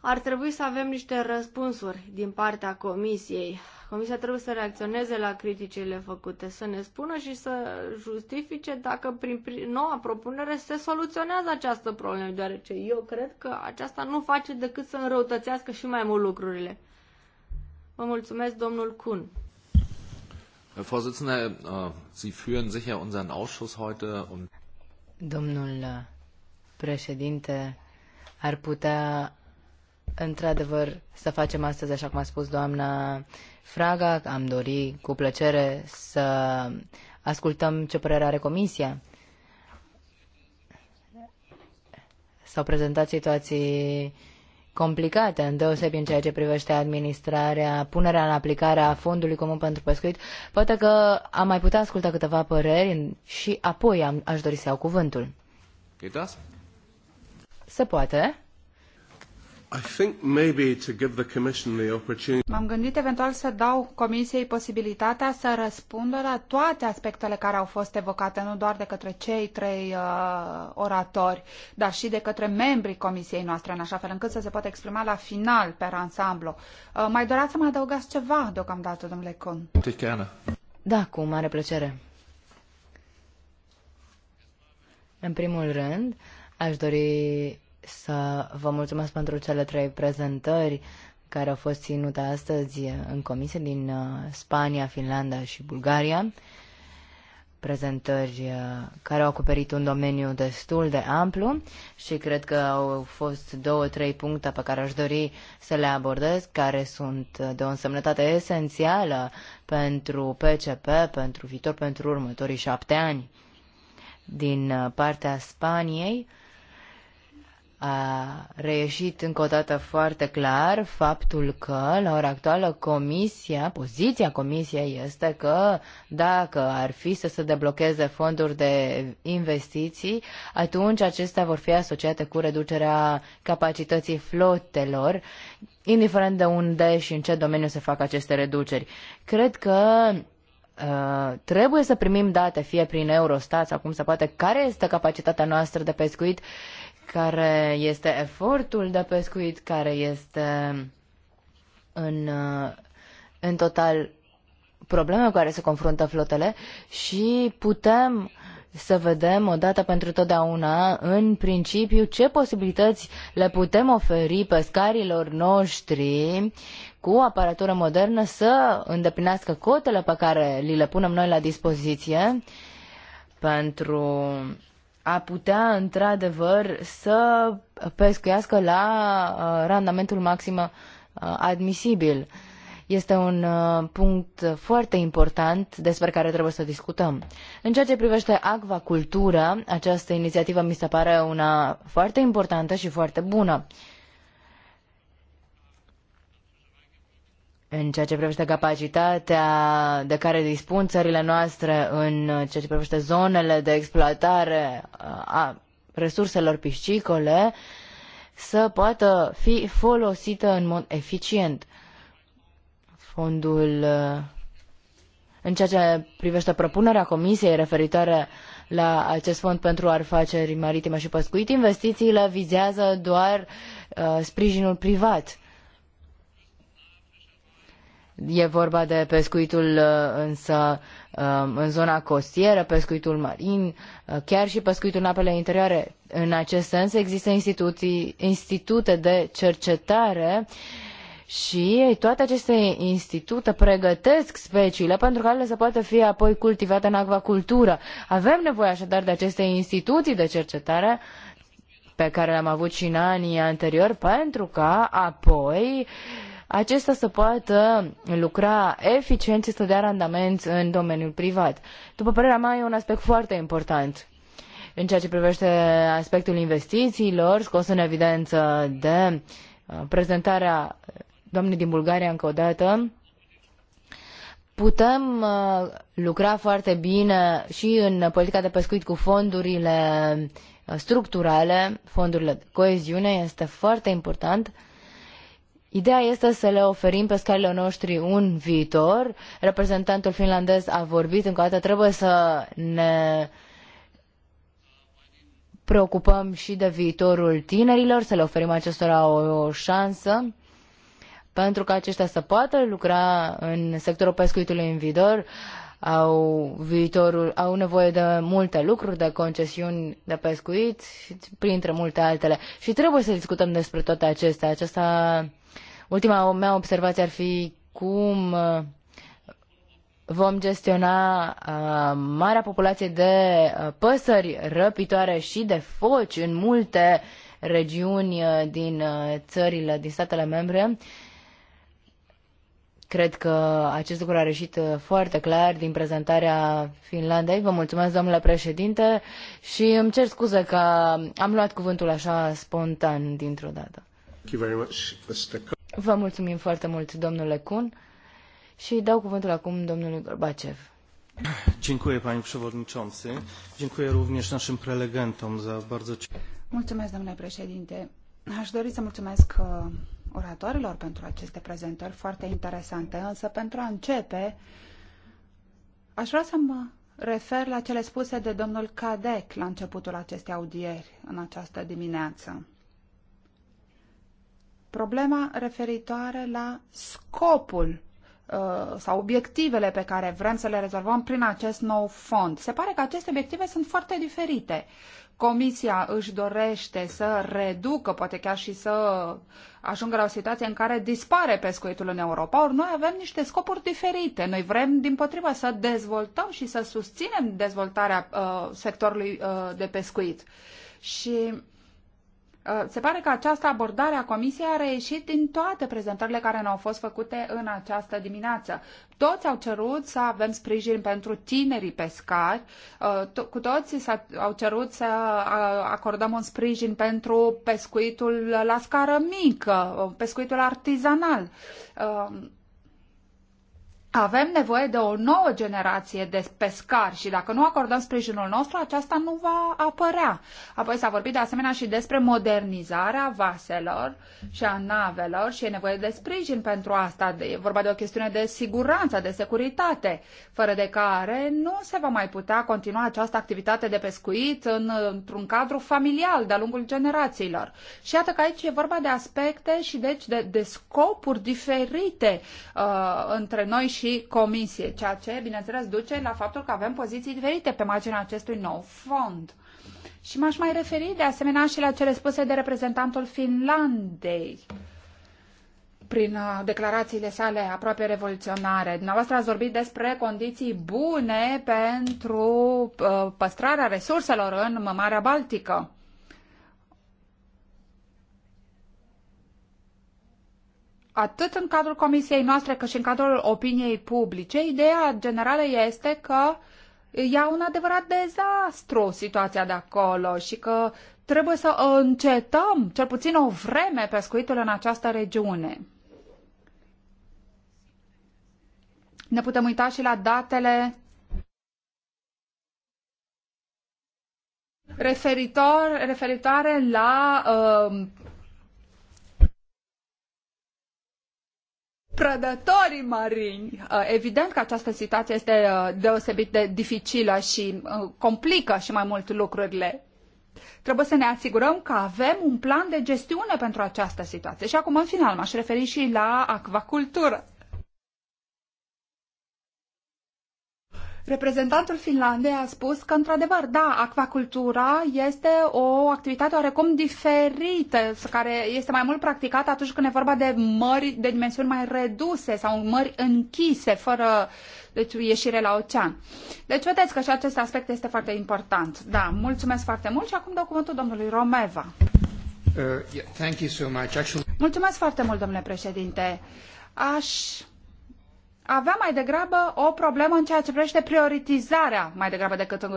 ar trebui să avem niște răspunsuri din partea comisiei Comisia trebuie să reacționeze la criticile făcute, să ne spună și să justifice dacă prin noua propunere se soluționează această problemă, deoarece eu cred că aceasta nu face decât să înrăutățească și mai mult lucrurile. Vă mulțumesc, domnul Kuhn. Herr Vorsitzender, äh, Sie führen sicher unseren Ausschuss heute und Domnul președinte, ar putea într-adevăr, să facem astăzi, așa cum a spus doamna Fraga, am dori cu plăcere să ascultăm ce părere are Comisia. S-au prezentat situații complicate, îndeosebi în ceea ce privește administrarea, punerea în aplicare a Fondului Comun pentru Pescuit. Poate că am mai putea asculta câteva păreri și apoi am, aș dori să iau cuvântul. Se poate. M-am gândit eventual să dau Comisiei posibilitatea să răspundă la toate aspectele care au fost evocate, nu doar de către cei trei uh, oratori, dar și de către membrii Comisiei noastre, în așa fel încât să se poată exprima la final, pe ansamblu. Uh, mai doreați să mă adăugați ceva deocamdată, domnule Con? Da, cu mare plăcere. În primul rând, aș dori să vă mulțumesc pentru cele trei prezentări care au fost ținute astăzi în comisie din uh, Spania, Finlanda și Bulgaria. Prezentări uh, care au acoperit un domeniu destul de amplu și cred că au fost două, trei puncte pe care aș dori să le abordez, care sunt de o însemnătate esențială pentru PCP, pentru viitor, pentru următorii șapte ani. Din uh, partea Spaniei, a reieșit încă o dată foarte clar faptul că, la ora actuală, comisia, poziția comisiei este că dacă ar fi să se deblocheze fonduri de investiții, atunci acestea vor fi asociate cu reducerea capacității flotelor, indiferent de unde și în ce domeniu se fac aceste reduceri. Cred că Uh, trebuie să primim date, fie prin Eurostat sau cum se poate, care este capacitatea noastră de pescuit care este efortul de pescuit, care este în, în total probleme cu care se confruntă flotele și putem să vedem odată pentru totdeauna, în principiu, ce posibilități le putem oferi pescarilor noștri cu aparatură modernă să îndeplinească cotele pe care li le punem noi la dispoziție pentru a putea într-adevăr să pescuiască la uh, randamentul maxim uh, admisibil. Este un uh, punct foarte important despre care trebuie să discutăm. În ceea ce privește acvacultura, această inițiativă mi se pare una foarte importantă și foarte bună. Uh, În ceea ce privește capacitatea de care dispun țările noastre, în ceea ce privește zonele de exploatare uh, a resurselor piscicole, să poată fi folosită în mod eficient. Fondul, uh, în ceea ce privește propunerea Comisiei referitoare la acest fond pentru afaceri maritime și păscuit, investițiile vizează doar uh, sprijinul privat E vorba de pescuitul uh, însă um, în zona costieră, pescuitul marin, uh, chiar și pescuitul în apele interioare. În acest sens există instituții, institute de cercetare și toate aceste institute pregătesc speciile pentru care să poată fi apoi cultivate în acvacultură. Avem nevoie așadar de aceste instituții de cercetare pe care le-am avut și în anii anteriori pentru ca apoi uh, acesta să poată lucra eficient și să dea randament în domeniul privat. După părerea mea, e un aspect foarte important în ceea ce privește aspectul investițiilor, scos în evidență de uh, prezentarea doamnei din Bulgaria încă o dată, putem uh, lucra foarte bine și în politica de pescuit cu fondurile uh, structurale, fondurile de coeziune, este foarte important Ideea este să le oferim pescarilor noștri un viitor. Reprezentantul finlandez a vorbit încă o dată, trebuie să ne preocupăm și de viitorul tinerilor, să le oferim acestora o, o șansă pentru ca aceștia să poată lucra în sectorul pescuitului în viitor au, viitorul, au nevoie de multe lucruri, de concesiuni de pescuit, printre multe altele. Și trebuie să discutăm despre toate acestea. Aceasta, ultima mea observație ar fi cum uh, vom gestiona uh, marea populație de uh, păsări răpitoare și de foci în multe regiuni uh, din uh, țările, din statele membre. Uh, Cred că acest lucru a reușit uh, foarte clar din prezentarea Finlandei. Vă mulțumesc, domnule președinte, și îmi cer scuze că am luat cuvântul așa spontan dintr-o dată. Vă mulțumim foarte mult, domnule Kuhn, și dau cuvântul acum domnului Gorbacev. Dziękuję, panie przewodniczący. Dziękuję również naszym prelegentom za bardzo... Mulțumesc, domnule președinte. Aș dori să mulțumesc uh, oratorilor pentru aceste prezentări foarte interesante, însă pentru a începe, aș vrea să mă refer la cele spuse de domnul Cadec la începutul acestei audieri în această dimineață. Problema referitoare la scopul uh, sau obiectivele pe care vrem să le rezolvăm prin acest nou fond. Se pare că aceste obiective sunt foarte diferite. Uh, Comisia își dorește să reducă, poate chiar și să ajungă la o situație în care dispare pescuitul în Europa, ori noi avem niște scopuri diferite. Noi vrem, din potrivă, să dezvoltăm și să susținem dezvoltarea uh, sectorului uh, de pescuit. Și Uh, se pare că această abordare a Comisiei a reieșit din toate prezentările care ne-au fost făcute în această dimineață. Toți au cerut să avem sprijin pentru tinerii pescari, uh, cu toții au cerut să uh, acordăm un sprijin pentru pescuitul la scară mică, pescuitul artizanal avem nevoie de o nouă generație de pescari și dacă nu acordăm sprijinul nostru, aceasta nu va apărea. Apoi s-a vorbit de asemenea și despre modernizarea vaselor și a navelor și e nevoie de sprijin pentru asta. E vorba de o chestiune de siguranță, de securitate, fără de care nu se va mai putea continua această activitate de pescuit în, într-un cadru familial de-a lungul generațiilor. Și iată că aici e vorba de aspecte și deci de, de scopuri diferite uh, între noi și și Comisie, ceea ce, bineînțeles, duce la faptul că avem poziții diferite pe marginea acestui nou fond. Și m-aș mai referi, de asemenea, și la cele spuse de reprezentantul Finlandei prin uh, declarațiile sale aproape revoluționare. Dumneavoastră ați vorbit despre condiții bune pentru uh, păstrarea resurselor în Marea Baltică. atât în cadrul comisiei noastre cât și în cadrul opiniei publice, ideea generală este că e un adevărat dezastru situația de acolo și că trebuie să încetăm cel puțin o vreme pescuitul în această regiune. Ne putem uita și la datele referitor, referitoare la uh, prădătorii marini. Uh, evident că această situație este uh, deosebit de dificilă și uh, complică și mai mult lucrurile. Trebuie să ne asigurăm că avem un plan de gestiune pentru această situație. Și acum, în final, m-aș referi și la acvacultură. Reprezentantul Finlandei a spus că, într-adevăr, da, acvacultura este o activitate oarecum diferită, care este mai mult practicată atunci când e vorba de mări de dimensiuni mai reduse sau mări închise, fără deci, ieșire la ocean. Deci, vedeți că și acest aspect este foarte important. Da, mulțumesc foarte mult și acum dau cuvântul domnului Romeva. Uh, yeah, thank you so much. Actually... Mulțumesc foarte mult, domnule președinte. Aș avea mai degrabă o problemă în ceea ce privește prioritizarea, mai degrabă decât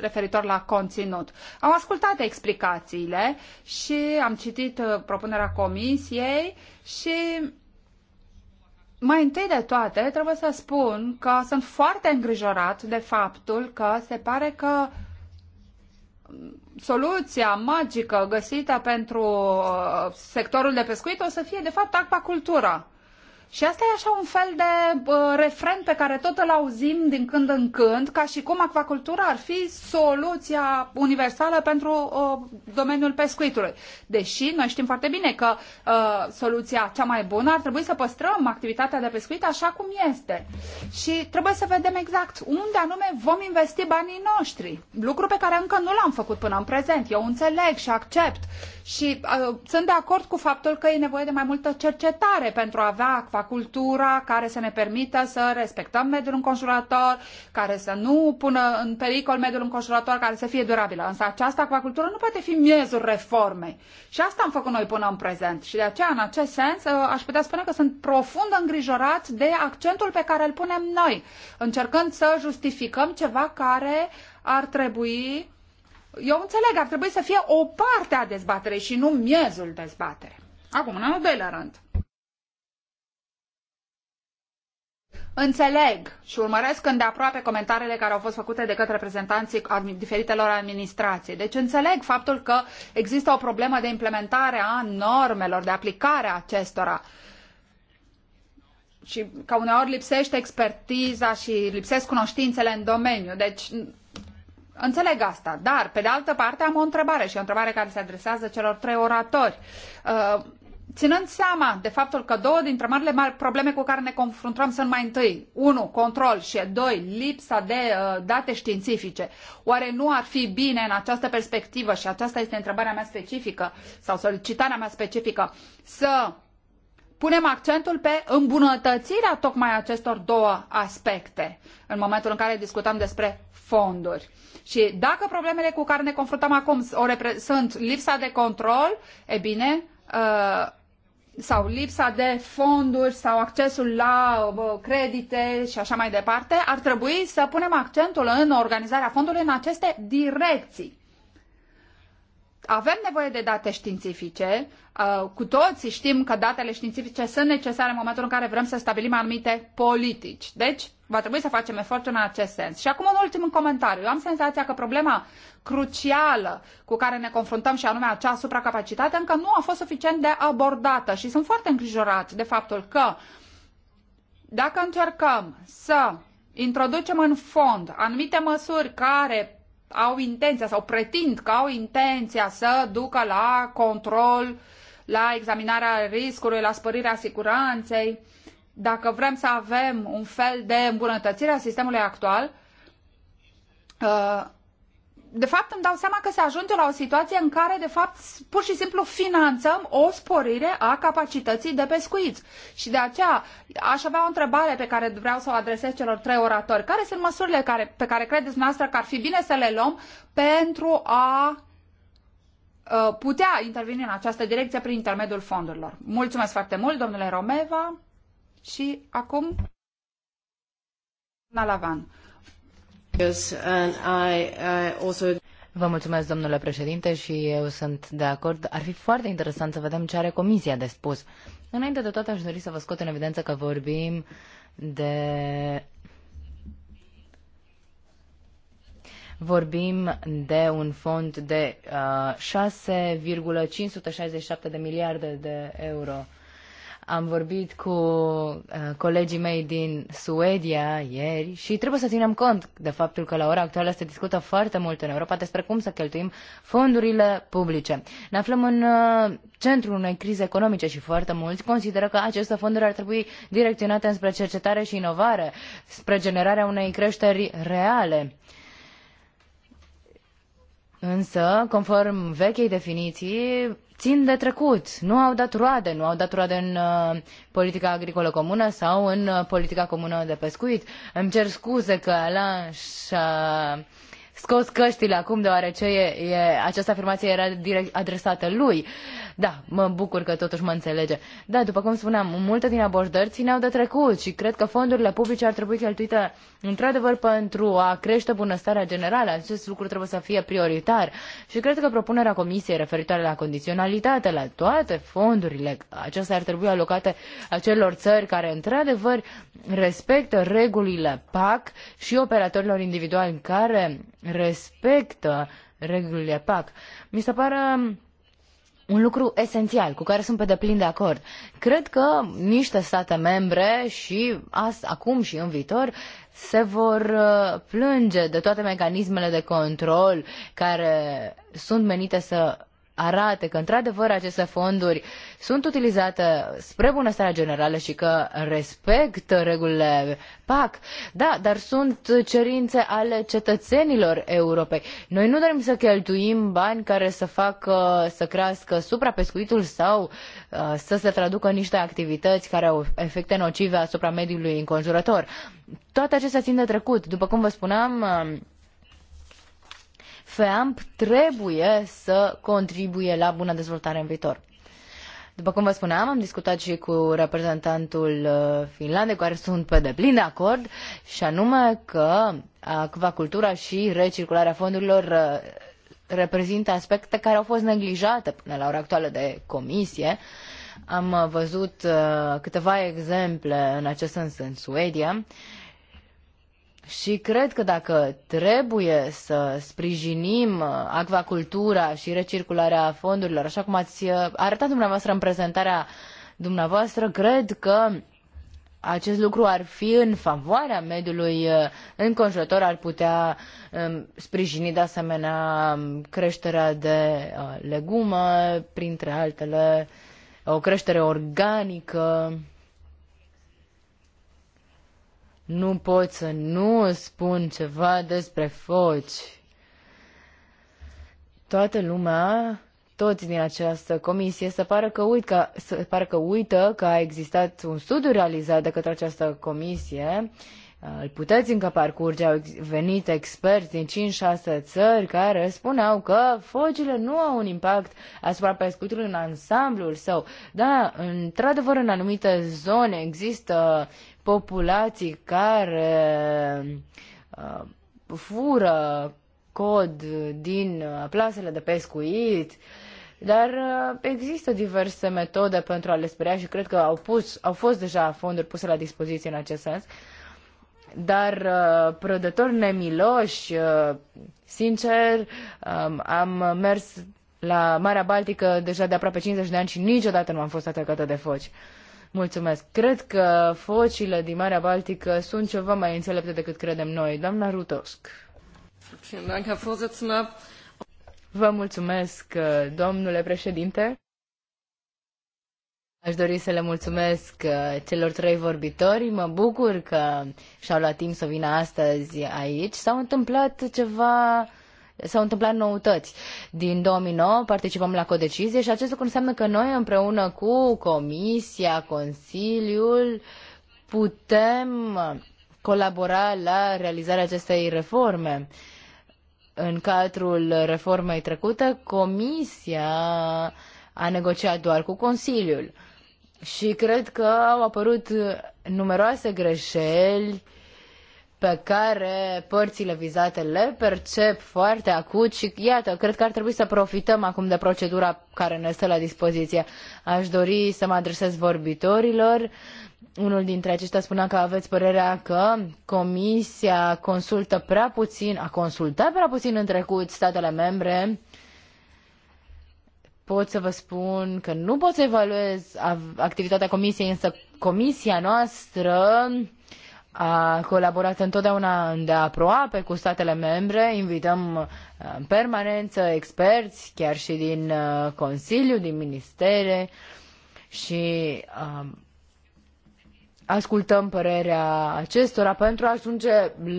referitor la conținut. Am ascultat explicațiile și am citit uh, propunerea comisiei și mai întâi de toate trebuie să spun că sunt foarte îngrijorat de faptul că se pare că soluția magică găsită pentru uh, sectorul de pescuit o să fie de fapt acvacultura. Și asta e așa un fel de uh, refren pe care tot îl auzim din când în când, ca și cum acvacultura ar fi soluția universală pentru uh, domeniul pescuitului. Deși noi știm foarte bine că uh, soluția cea mai bună ar trebui să păstrăm activitatea de pescuit așa cum este. Și trebuie să vedem exact unde anume vom investi banii noștri. Lucru pe care încă nu l-am făcut până în prezent. Eu înțeleg și accept. Și uh, sunt de acord cu faptul că e nevoie de mai multă cercetare pentru a avea acvacultura cultura care să ne permită să respectăm mediul înconjurător, care să nu pună în pericol mediul înconjurător, care să fie durabilă. Însă această acvacultură nu poate fi miezul reformei. Și asta am făcut noi până în prezent. Și de aceea, în acest sens, ă, aș putea spune că sunt profund îngrijorat de accentul pe care îl punem noi, încercând să justificăm ceva care ar trebui eu înțeleg, ar trebui să fie o parte a dezbaterei și nu miezul dezbaterei. Acum, în al doilea rând, Înțeleg și urmăresc îndeaproape comentariile care au fost făcute de către reprezentanții diferitelor administrații. Deci înțeleg faptul că există o problemă de implementare a normelor, de aplicare a acestora și că uneori lipsește expertiza și lipsesc cunoștințele în domeniu. Deci Înțeleg asta, dar pe de altă parte am o întrebare și o întrebare care se adresează celor trei oratori. Uh, ținând seama de faptul că două dintre marile probleme cu care ne confruntăm sunt mai întâi, unu, control și doi, lipsa de uh, date științifice, oare nu ar fi bine în această perspectivă, și aceasta este întrebarea mea specifică sau solicitarea mea specifică, să punem accentul pe îmbunătățirea tocmai acestor două aspecte în momentul în care discutăm despre fonduri. Și dacă problemele cu care ne confruntăm acum sunt lipsa de control, e bine, Uh, sau lipsa de fonduri sau accesul la uh, credite și așa mai departe, ar trebui să punem accentul în organizarea fondului în aceste direcții avem nevoie de date științifice, uh, cu toții știm că datele științifice sunt necesare în momentul în care vrem să stabilim anumite politici. Deci, va trebui să facem eforturi în acest sens. Și acum un ultim comentariu. Eu am senzația că problema crucială cu care ne confruntăm și anume acea supracapacitate încă nu a fost suficient de abordată și sunt foarte îngrijorat de faptul că dacă încercăm să introducem în fond anumite măsuri care au intenția sau pretind că au intenția să ducă la control, la examinarea riscului, la spărirea siguranței. Dacă vrem să avem un fel de îmbunătățire a sistemului actual, uh, de fapt îmi dau seama că se ajunge la o situație în care, de fapt, pur și simplu finanțăm o sporire a capacității de pescuit. Și de aceea aș avea o întrebare pe care vreau să o adresez celor trei oratori. Care sunt măsurile care, pe care credeți noastră că ar fi bine să le luăm pentru a ă, putea interveni în această direcție prin intermediul fondurilor. Mulțumesc foarte mult, domnule Romeva. Și acum, Lavan. Vă mulțumesc, domnule președinte, și eu sunt de acord. Ar fi foarte interesant să vedem ce are comisia de spus. Înainte de toate, aș dori să vă scot în evidență că vorbim de... Vorbim de un fond de uh, 6,567 de miliarde de euro am vorbit cu uh, colegii mei din Suedia ieri și trebuie să ținem cont de faptul că la ora actuală se discută foarte mult în Europa despre cum să cheltuim fondurile publice. Ne aflăm în uh, centrul unei crize economice și foarte mulți consideră că aceste fonduri ar trebui direcționate spre cercetare și inovare, spre generarea unei creșteri reale. Uh, însă, conform vechei definiții, țin de trecut, nu au dat roade, nu au dat roade în uh, politica agricolă comună sau în uh, politica comună de pescuit. Îmi cer scuze că Alain și-a scos căștile acum, deoarece e, e, această afirmație era direct adresată lui. Da, mă bucur că totuși mă înțelege. Da, după cum spuneam, multe din abordări țineau de trecut și cred că fondurile publice ar trebui cheltuite într-adevăr pentru a crește bunăstarea generală. Acest lucru trebuie să fie prioritar și cred că propunerea Comisiei referitoare la condiționalitate, la toate fondurile, acestea ar trebui alocate acelor țări care într-adevăr respectă regulile PAC și operatorilor individuali care respectă regulile PAC. Mi se pare un lucru esențial cu care sunt pe deplin de acord. Cred că niște state membre și acum și în viitor se vor uh, plânge de toate mecanismele de control care sunt menite să arate că, într-adevăr, aceste fonduri sunt utilizate spre bunăstarea generală și că respectă regulile PAC. Da, dar sunt cerințe ale cetățenilor Europei. Noi nu dorim să cheltuim bani care să facă să crească suprapescuitul sau uh, să se traducă în niște activități care au efecte nocive asupra mediului înconjurător. Toate acestea țin de trecut. După cum vă spuneam, um, FEAMP trebuie să contribuie la bună dezvoltare în viitor. După cum vă spuneam, am discutat și cu reprezentantul uh, Finlandei, care sunt pe deplin de acord, și anume că uh, acvacultura și recircularea fondurilor uh, reprezintă aspecte care au fost neglijate până la ora actuală de comisie. Am văzut câteva exemple în acest sens în Suedia. Și cred că dacă trebuie să sprijinim uh, acvacultura și recircularea fondurilor, așa cum ați uh, arătat dumneavoastră în prezentarea dumneavoastră, cred că acest lucru ar fi în favoarea mediului uh, înconjurător, ar putea um, sprijini de asemenea um, creșterea de legume, printre altele, o creștere organică. Nu pot să nu spun ceva despre foci. Toată lumea, toți din această comisie, se pare că, uit că, se pare că uită că a existat un studiu realizat de către această comisie îl puteți încă parcurge, au venit experți din 5-6 țări care spuneau că focile nu au un impact asupra pescuitului în ansamblul său. Da, într-adevăr, în anumite zone există populații care uh, fură cod din uh, plasele de pescuit, dar uh, există diverse metode pentru a le speria și cred că au, pus, au fost deja fonduri puse la dispoziție în acest sens. Dar uh, prădători nemiloși, uh, sincer, um, am mers la Marea Baltică deja de aproape 50 de ani și niciodată nu am fost atacată de foci. Uh, Mulțumesc. Cred că focile din Marea Baltică sunt ceva mai înțelepte decât credem noi. Doamna Rutosc. Vă mulțumesc, domnule președinte. Aș dori să le mulțumesc uh, celor trei vorbitori. Mă bucur că și-au luat timp să vină astăzi aici. S-au întâmplat ceva s-au întâmplat noutăți. Din 2009 participăm la codecizie și acest lucru înseamnă că noi împreună cu Comisia, Consiliul, putem colabora la realizarea acestei reforme. În cadrul reformei trecute, Comisia a negociat doar cu Consiliul și cred că au apărut numeroase greșeli pe care părțile vizate le percep foarte acut și iată, cred că ar trebui să profităm acum de procedura care ne stă la dispoziție. Aș dori să mă adresez vorbitorilor. Unul dintre aceștia spunea că aveți părerea că Comisia consultă prea puțin, a consultat prea puțin în trecut statele membre. Pot să vă spun că nu pot să evaluez activitatea Comisiei, însă Comisia noastră uh, a colaborat întotdeauna îndeaproape cu statele membre, invităm uh, în permanență experți, chiar și din uh, Consiliu, din ministere și um, ascultăm părerea acestora pentru a ajunge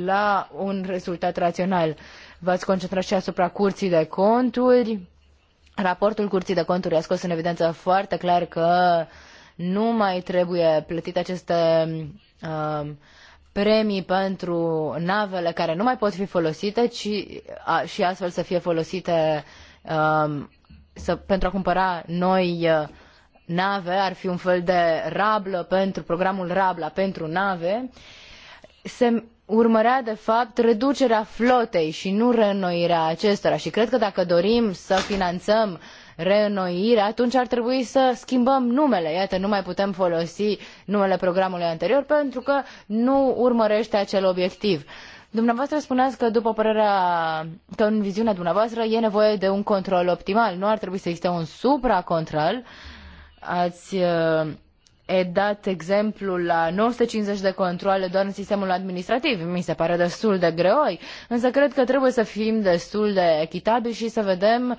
la un rezultat rațional. V-ați concentrat și asupra curții de conturi. Raportul curții de conturi a scos în evidență foarte clar că nu mai trebuie plătit aceste Um, premii pentru navele care nu mai pot fi folosite ci, a, și astfel să fie folosite um, să, pentru a cumpăra noi uh, nave, ar fi un fel de rablă pentru programul Rabla pentru nave, se urmărea de fapt reducerea flotei și nu reînnoirea acestora. Și cred că dacă dorim să finanțăm uh, reînnoire, atunci ar trebui să schimbăm numele. Iată, nu mai putem folosi numele programului anterior pentru că nu urmărește acel obiectiv. Dumneavoastră spuneați că, după părerea, că în viziunea dumneavoastră e nevoie de un control optimal. Nu ar trebui să existe un supracontrol. Ați uh, e dat exemplul la 950 de controle doar în sistemul administrativ. Mi se pare destul de greoi, însă cred că trebuie să fim destul de echitabili și să vedem uh,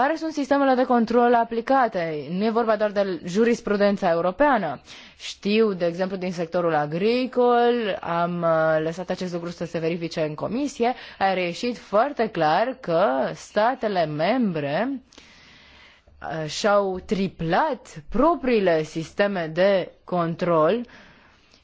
care sunt sistemele de control aplicate? Nu e vorba doar de jurisprudența europeană. Știu, de exemplu, din sectorul agricol, am uh, lăsat acest lucru să se verifice în comisie, a reieșit foarte clar că statele membre uh, și-au triplat propriile sisteme de control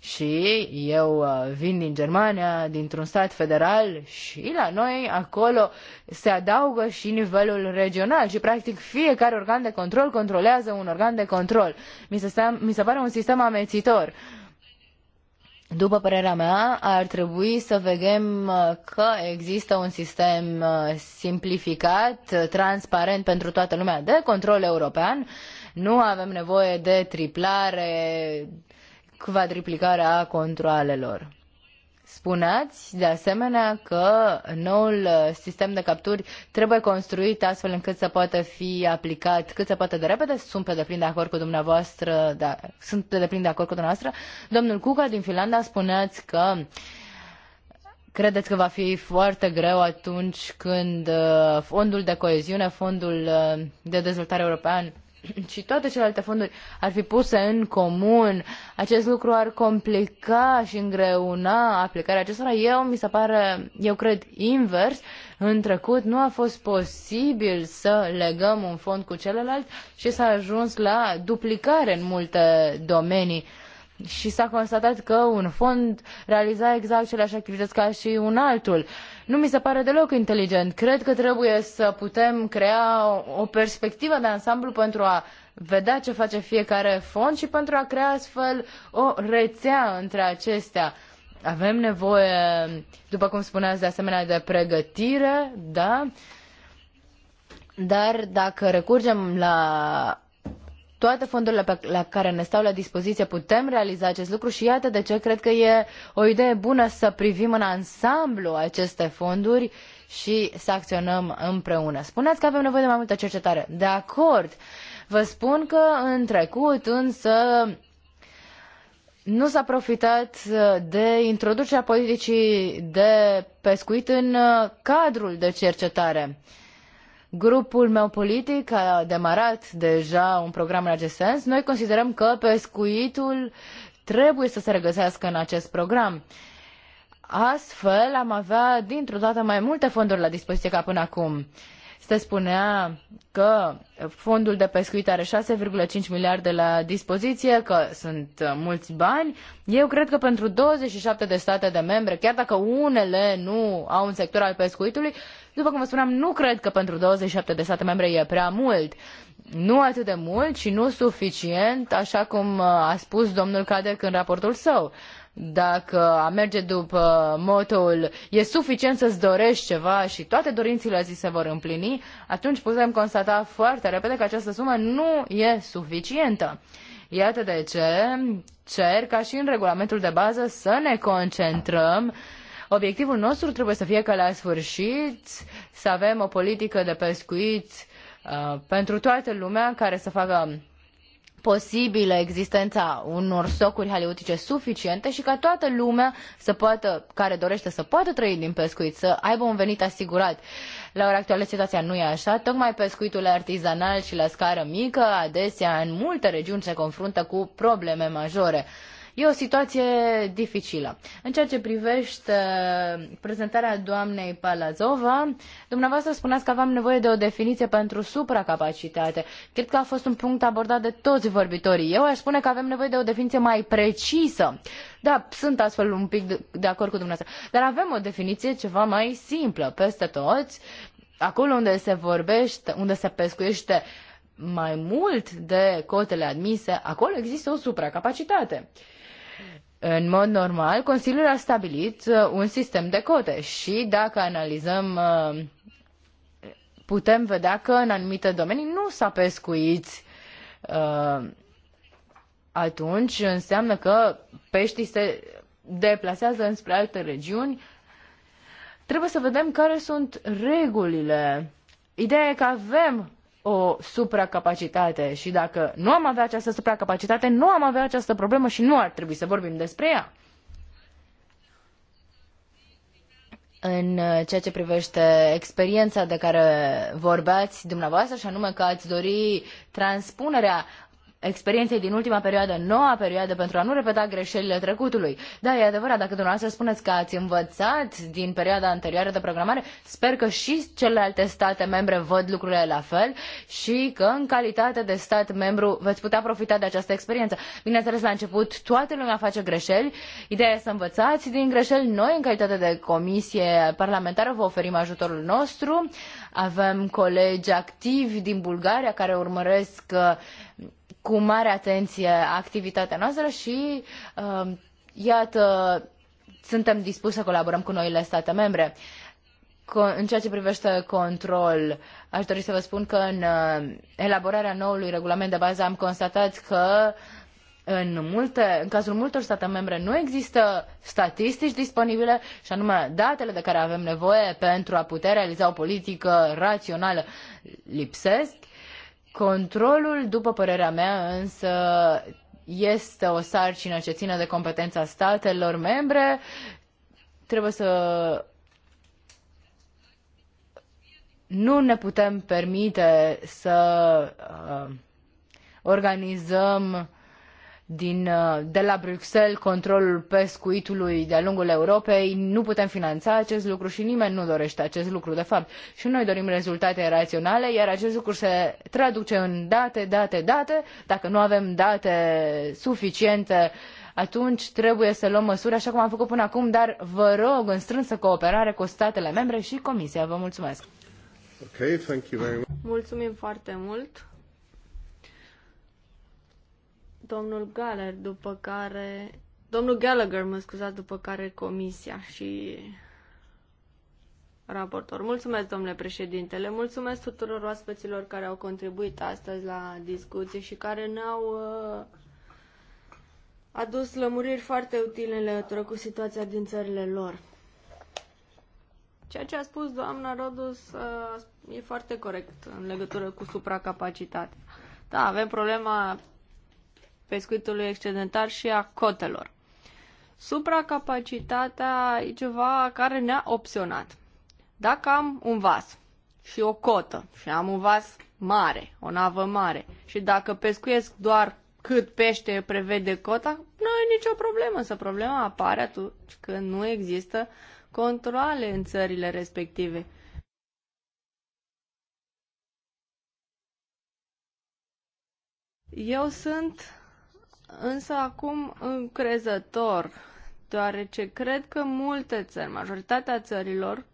și eu uh, vin din Germania, dintr-un stat federal și la noi acolo se adaugă și nivelul regional și practic fiecare organ de control controlează un organ de control. Mi se, sta, mi se pare un sistem amețitor. După părerea mea, ar trebui să vedem uh, că există un sistem uh, simplificat, transparent pentru toată lumea de control european. Nu avem nevoie de triplare quadriplicarea controalelor. Spuneați, de asemenea, că noul uh, sistem de capturi trebuie construit astfel încât să poată fi aplicat cât se poate de repede. Sunt pe deplin de acord cu dumneavoastră, da, sunt pe deplin de acord cu dumneavoastră. Domnul Cuca din Finlanda spuneați că credeți că va fi foarte greu atunci când uh, fondul de coeziune, fondul uh, de dezvoltare european și toate celelalte fonduri ar fi puse în comun, acest lucru ar complica și îngreuna aplicarea acestora. Eu mi se pare, eu cred invers, în trecut nu a fost posibil să legăm un fond cu celălalt și s-a ajuns la duplicare în multe domenii și s-a constatat că un fond realiza exact aceleași activități ca și un altul. Nu mi se pare deloc inteligent. Cred că trebuie să putem crea o perspectivă de ansamblu pentru a vedea ce face fiecare fond și pentru a crea astfel o rețea între acestea. Avem nevoie, după cum spuneați, de asemenea de pregătire, da? Dar dacă recurgem la toate fondurile pe la care ne stau la dispoziție putem realiza acest lucru și iată de ce cred că e o idee bună să privim în ansamblu aceste fonduri și să acționăm împreună. Spuneați că avem nevoie de mai multă cercetare. De acord. Vă spun că în trecut însă nu s-a profitat de introducerea politicii de pescuit în uh, cadrul de cercetare. Grupul meu politic a demarat deja un program în acest sens. Noi considerăm că pescuitul trebuie să se regăsească în acest program. Astfel am avea dintr-o dată mai multe fonduri la dispoziție ca până acum. Se spunea că fondul de pescuit are 6,5 miliarde la dispoziție, că sunt mulți bani. Eu cred că pentru 27 de state de membre, chiar dacă unele nu au un sector al pescuitului, după cum vă spuneam, nu cred că pentru 27 de state membre e prea mult. Nu atât de mult și nu suficient, așa cum uh, a spus domnul Cadec în raportul său. Dacă a merge după uh, motoul e suficient să-ți dorești ceva și toate dorințele azi se vor împlini, atunci putem constata foarte repede că această sumă nu e suficientă. Iată de ce cer ca și în regulamentul de bază să ne concentrăm uh, Obiectivul nostru trebuie să fie că la sfârșit să avem o politică de pescuit uh, pentru toată lumea care să facă posibilă existența unor stocuri haleutice suficiente și ca toată lumea să poată, care dorește să poată trăi din pescuit, să aibă un venit asigurat. La ora actuală situația nu e așa, tocmai pescuitul artizanal și la scară mică adesea în multe regiuni se confruntă cu probleme majore. E o situație dificilă. În ceea ce privește uh, prezentarea doamnei Palazova, dumneavoastră spuneați că aveam nevoie de o definiție pentru supracapacitate. Cred că a fost un punct abordat de toți vorbitorii. Eu aș spune că avem nevoie de o definiție mai precisă. Da, sunt astfel un pic de acord cu dumneavoastră. Dar avem o definiție ceva mai simplă peste toți. Acolo unde se vorbește, unde se pescuiește mai mult de cotele admise, acolo există o supracapacitate. În mod normal, Consiliul a stabilit uh, un sistem de cote și dacă analizăm, uh, putem vedea că în anumite domenii nu s-a pescuit uh, atunci înseamnă că peștii se deplasează înspre alte regiuni. Trebuie să vedem care sunt regulile. Ideea e că avem o supracapacitate și dacă nu am avea această supracapacitate, nu am avea această problemă și nu ar trebui să vorbim despre ea. În uh, ceea ce privește experiența de care vorbeați dumneavoastră, și anume că ați dori transpunerea experienței din ultima perioadă, noua perioadă, pentru a nu repeta greșelile trecutului. Da, e adevărat, dacă dumneavoastră spuneți că ați învățat din perioada anterioară de programare, sper că și celelalte state membre văd lucrurile la fel și că în calitate de stat membru veți putea profita de această experiență. Bineînțeles, la început toată lumea face greșeli, ideea e să învățați din greșeli. Noi, în calitate de comisie parlamentară, vă oferim ajutorul nostru. Avem colegi activi din Bulgaria care urmăresc cu mare atenție activitatea noastră și uh, iată, suntem dispuși să colaborăm cu noile state membre. Co- în ceea ce privește control, aș dori să vă spun că în uh, elaborarea noului regulament de bază am constatat că în, multe, în cazul multor state membre nu există statistici disponibile și anume datele de care avem nevoie pentru a putea realiza o politică rațională lipsesc Controlul, după părerea mea, însă este o sarcină ce ține de competența statelor membre. Trebuie să nu ne putem permite să uh, organizăm din, uh, de la Bruxelles controlul pescuitului de-a lungul Europei, nu putem finanța acest lucru și nimeni nu dorește acest lucru, de fapt. Și noi dorim rezultate raționale, iar acest lucru se traduce în date, date, date. Dacă nu avem date suficiente, atunci trebuie să luăm măsuri, așa cum am făcut până acum, dar vă rog, în strânsă cooperare cu statele membre și Comisia. Vă mulțumesc! Okay, thank you very much. Mulțumim foarte mult! domnul Gallagher, după care... Domnul Gallagher, mă scuzați, după care comisia și raportor. Mulțumesc, domnule președintele, mulțumesc tuturor oaspeților care au contribuit astăzi la discuție și care ne-au uh, adus lămuriri foarte utile în legătură cu situația din țările lor. Ceea ce a spus doamna Rodus uh, e foarte corect în legătură cu supracapacitatea. Da, avem problema pescuitului excedentar și a cotelor. Supracapacitatea e ceva care ne-a opționat. Dacă am un vas și o cotă și am un vas mare, o navă mare, și dacă pescuiesc doar cât pește prevede cota, nu e nicio problemă, însă problema apare atunci când nu există controle în țările respective. Eu sunt însă acum încrezător, deoarece cred că multe țări, majoritatea țărilor,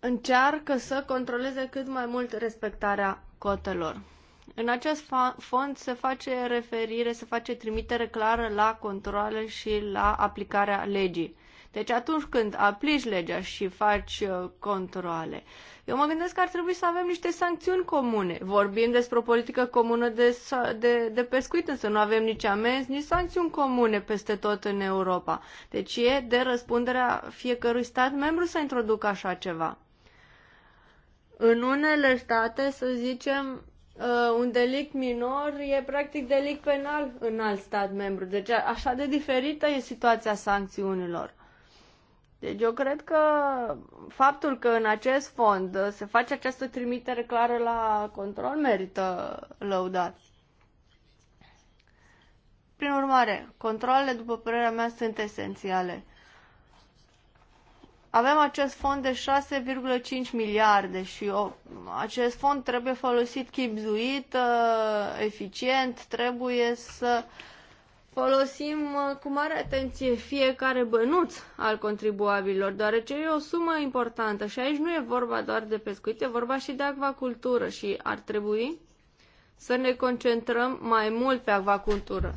încearcă să controleze cât mai mult respectarea cotelor. În acest fond se face referire, se face trimitere clară la controle și la aplicarea legii. Deci atunci când aplici legea și faci uh, controle, eu mă gândesc că ar trebui să avem niște sancțiuni comune. Vorbim despre o politică comună de, de, de pescuit, însă nu avem nici amenzi, nici sancțiuni comune peste tot în Europa. Deci e de răspunderea fiecărui stat membru să introducă așa ceva. În unele state, să zicem, uh, un delict minor e practic delict penal în alt stat membru. Deci așa de diferită e situația sancțiunilor. Deci eu cred că faptul că în acest fond se face această trimitere clară la control merită lăudat. Prin urmare, controlele, după părerea mea, sunt esențiale. Avem acest fond de 6,5 miliarde și o, acest fond trebuie folosit chipzuit, uh, eficient, trebuie să uh, folosim uh, cu mare atenție fiecare bănuț al contribuabililor, deoarece e o sumă importantă și aici nu e vorba doar de pescuit, e vorba și de acvacultură și ar trebui să ne concentrăm mai mult pe acvacultură.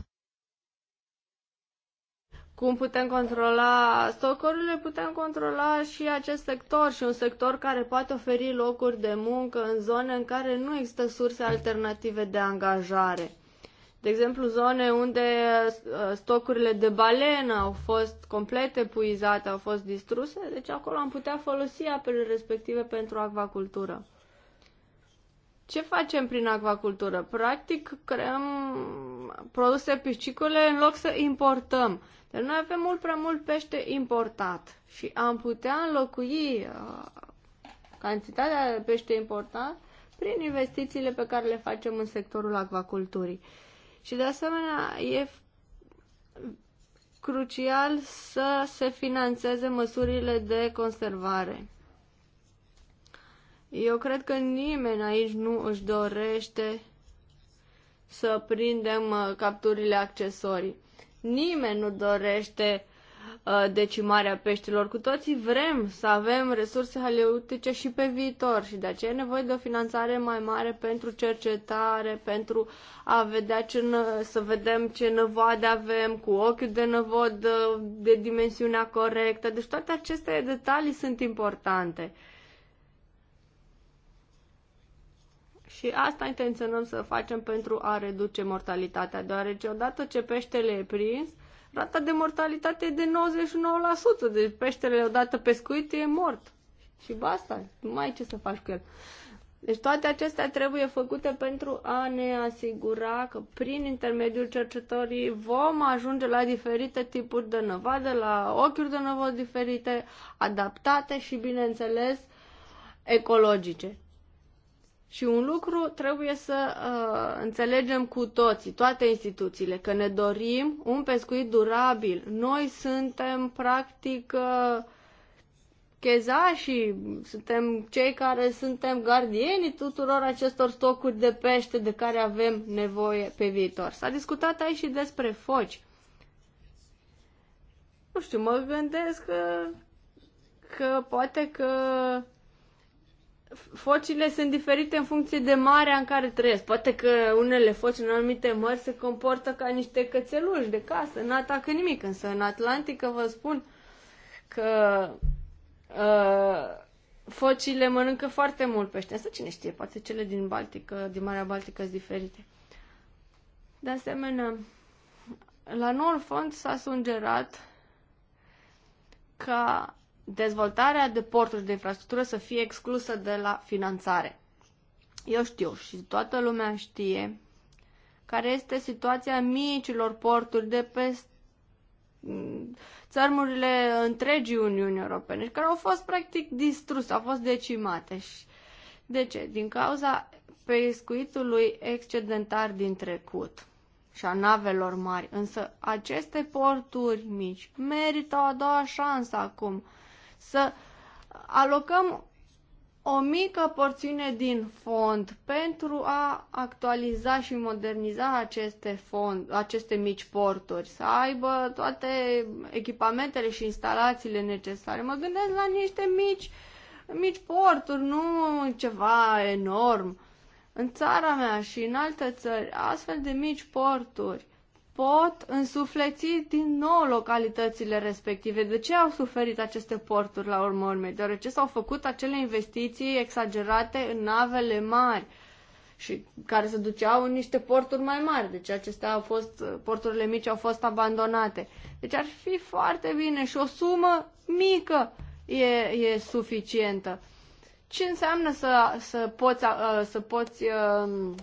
Cum putem controla stocurile? Putem controla și acest sector și un sector care poate oferi locuri de muncă în zone în care nu există surse alternative de angajare. De exemplu, zone unde uh, stocurile de balenă au fost complet epuizate, au fost distruse, deci acolo am putea folosi apele respective pentru acvacultură. Ce facem prin acvacultură? Practic, creăm produse piscicole în loc să importăm. Deci noi avem mult prea mult pește importat și am putea înlocui uh, cantitatea de pește importat prin investițiile pe care le facem în sectorul acvaculturii. Și de asemenea, e crucial să se financeze măsurile de conservare. Eu cred că nimeni aici nu își dorește să prindem uh, capturile accesorii. Nimeni nu dorește Uh, decimarea peștilor. Cu toții vrem să avem resurse haleutice și pe viitor și de aceea e nevoie de o finanțare mai mare pentru cercetare, pentru a vedea ce să vedem ce năvoade avem, cu ochiul de năvod uh, de dimensiunea corectă. Deci toate aceste detalii sunt importante. Și asta intenționăm să facem pentru a reduce mortalitatea, deoarece odată ce peștele e prins, Rata de mortalitate e de 99%, deci peștele odată pescuit e mort. Și basta, nu mai ai ce să faci cu el. Deci toate acestea trebuie făcute pentru a ne asigura că prin intermediul cercetării vom ajunge la diferite tipuri de năvadă, la ochiuri de năvodă diferite, adaptate și, bineînțeles, ecologice. Și un lucru trebuie să uh, înțelegem cu toții, toate instituțiile, că ne dorim un pescuit durabil. Noi suntem practic uh, și suntem cei care suntem gardienii tuturor acestor stocuri de pește de care avem nevoie pe viitor. S-a discutat aici și despre foci. Nu știu, mă gândesc că, uh, că poate că focile sunt diferite în funcție de marea în care trăiesc. Poate că unele foci în anumite mări se comportă ca niște cățeluși de casă, nu atacă nimic, însă în Atlantică vă spun că uh, focile mănâncă foarte mult pește. Asta cine știe, poate cele din Baltică, din Marea Baltică sunt diferite. De asemenea, la Norfolk s-a sugerat ca dezvoltarea de porturi de infrastructură să fie exclusă de la finanțare. Eu știu și toată lumea știe care este situația micilor porturi de pe țărmurile întregii Uniunii Europene, care au fost practic distruse, au fost decimate. De ce? Din cauza pescuitului excedentar din trecut și a navelor mari. Însă aceste porturi mici merită o a doua șansă acum să alocăm o mică porțiune din fond pentru a actualiza și moderniza aceste, fond, aceste mici porturi, să aibă toate echipamentele și instalațiile necesare. Mă gândesc la niște mici, mici porturi, nu ceva enorm. În țara mea și în alte țări, astfel de mici porturi pot însufleți din nou localitățile respective. De ce au suferit aceste porturi la urmă urmei? Deoarece s-au făcut acele investiții exagerate în navele mari și care se duceau în niște porturi mai mari. Deci acestea au fost, porturile mici au fost abandonate. Deci ar fi foarte bine și o sumă mică e, e suficientă. Ce înseamnă să, să poți, să poți um,